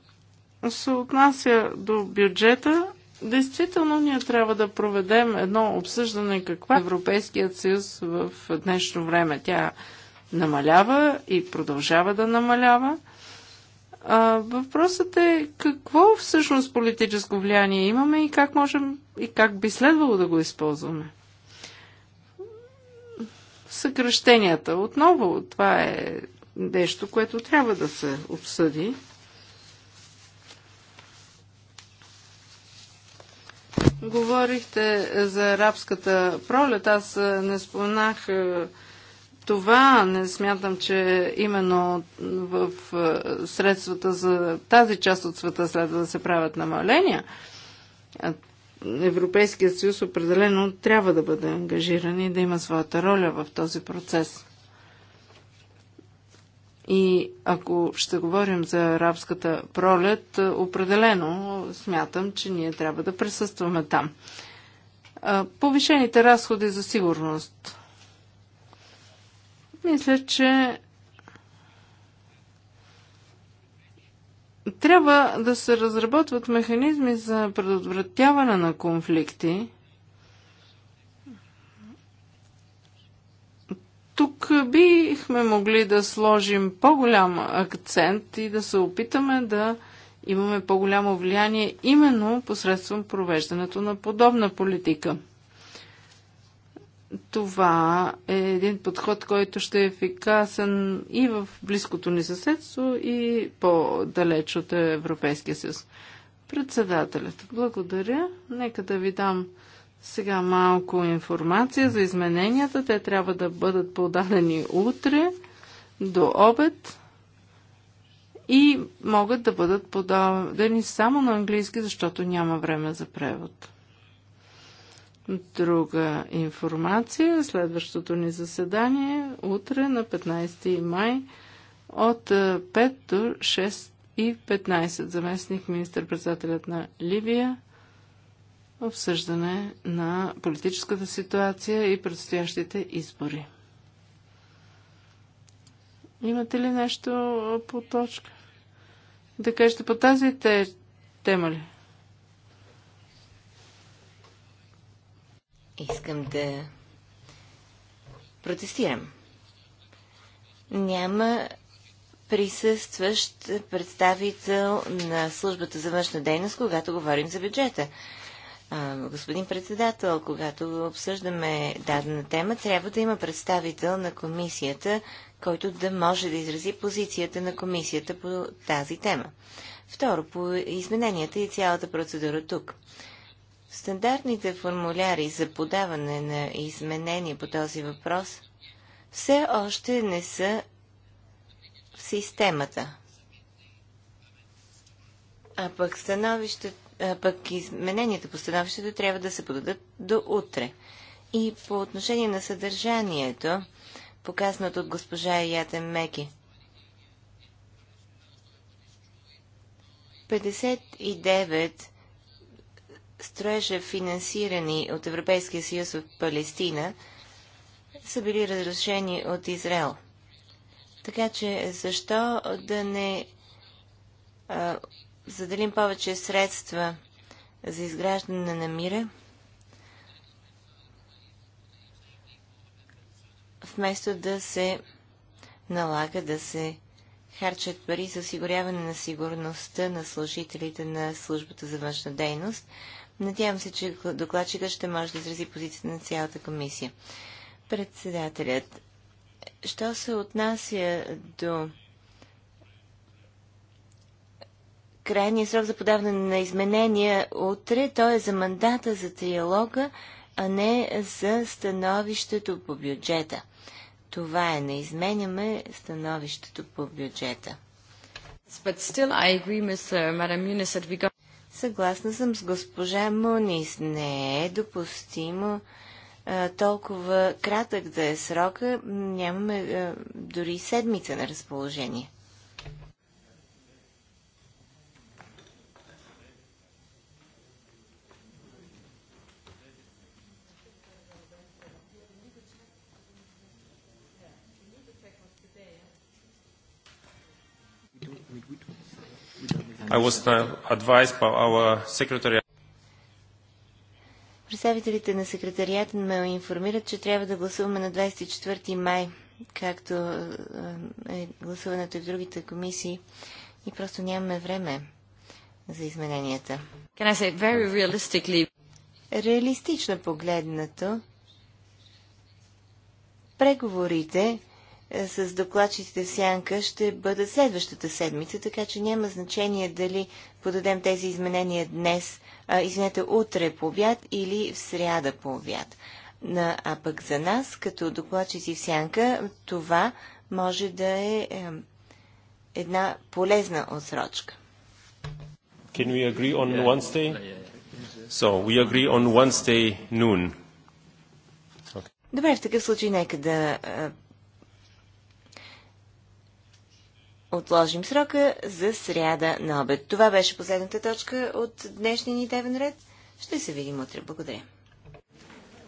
се отнася до бюджета, действително ние трябва да проведем едно обсъждане каква е Европейският съюз в днешно време. Тя намалява и продължава да намалява. А, въпросът е какво всъщност политическо влияние имаме и как можем и как би следвало да го използваме. Съкръщенията. Отново това е нещо, което трябва да се обсъди. Говорихте за арабската пролет. Аз не споменах това не смятам, че именно в е, средствата за тази част от света следва да се правят намаления. Европейският съюз определено трябва да бъде ангажиран и да има своята роля в този процес. И ако ще говорим за арабската пролет, е, определено смятам, че ние трябва да присъстваме там. Повишените разходи за сигурност. Мисля, че трябва да се разработват механизми за предотвратяване на конфликти. Тук бихме могли да сложим по-голям акцент и да се опитаме да имаме по-голямо влияние именно посредством провеждането на подобна политика – това е един подход, който ще е ефикасен и в близкото ни съседство, и по-далеч от Европейския съюз. Председателят, благодаря. Нека да ви дам сега малко информация за измененията. Те трябва да бъдат подадени утре до обед и могат да бъдат подадени само на английски, защото няма време за превод друга информация. Следващото ни заседание утре на 15 май от 5 до 6 и 15. Заместник министър-председателят на Ливия обсъждане на политическата ситуация и предстоящите избори. Имате ли нещо по точка? Да кажете по тази те, тема ли? Искам да протестирам. Няма присъстващ представител на службата за външна дейност, когато говорим за бюджета. господин председател, когато обсъждаме дадена тема, трябва да има представител на комисията, който да може да изрази позицията на комисията по тази тема. Второ, по измененията и цялата процедура тук. Стандартните формуляри за подаване на изменения по този въпрос все още не са в системата. А пък, а пък измененията по становището трябва да се подадат до утре. И по отношение на съдържанието, показаното от госпожа Ятен Меки. 59 строежа, финансирани от Европейския съюз в Палестина, са били разрушени от Израел. Така че защо да не а, заделим повече средства за изграждане на мира, вместо да се налага да се харчат пари за осигуряване на сигурността на служителите на службата за външна дейност, Надявам се, че докладчика ще може да изрази позицията на цялата комисия. Председателят, що се отнася до крайния срок за подаване на изменения утре, той е за мандата за триалога, а не за становището по бюджета. Това е, не изменяме становището по бюджета. But still I agree, Madam that we got Съгласна съм с госпожа Мунис. Не е допустимо а, толкова кратък да е срока. Нямаме а, дори седмица на разположение. I was advised by our secretary. Представителите на секретарията ме информират, че трябва да гласуваме на 24 май, както е, е гласуването и в другите комисии. И просто нямаме време за измененията. Can I say very realistically? Реалистично погледнато, преговорите е, с докладчиците в Сянка ще бъдат следващата седмица, така че няма значение дали подадем тези изменения днес, а, извинете, утре по обяд или в сряда по обяд. На, а пък за нас, като докладчици в Сянка, това може да е, е една полезна отсрочка. Can we agree on Wednesday? So, we agree on Wednesday noon. Okay. Добре, в такъв случай нека да е, отложим срока за сряда на обед. Това беше последната точка от днешния ни дневен ред. Ще се видим утре. Благодаря.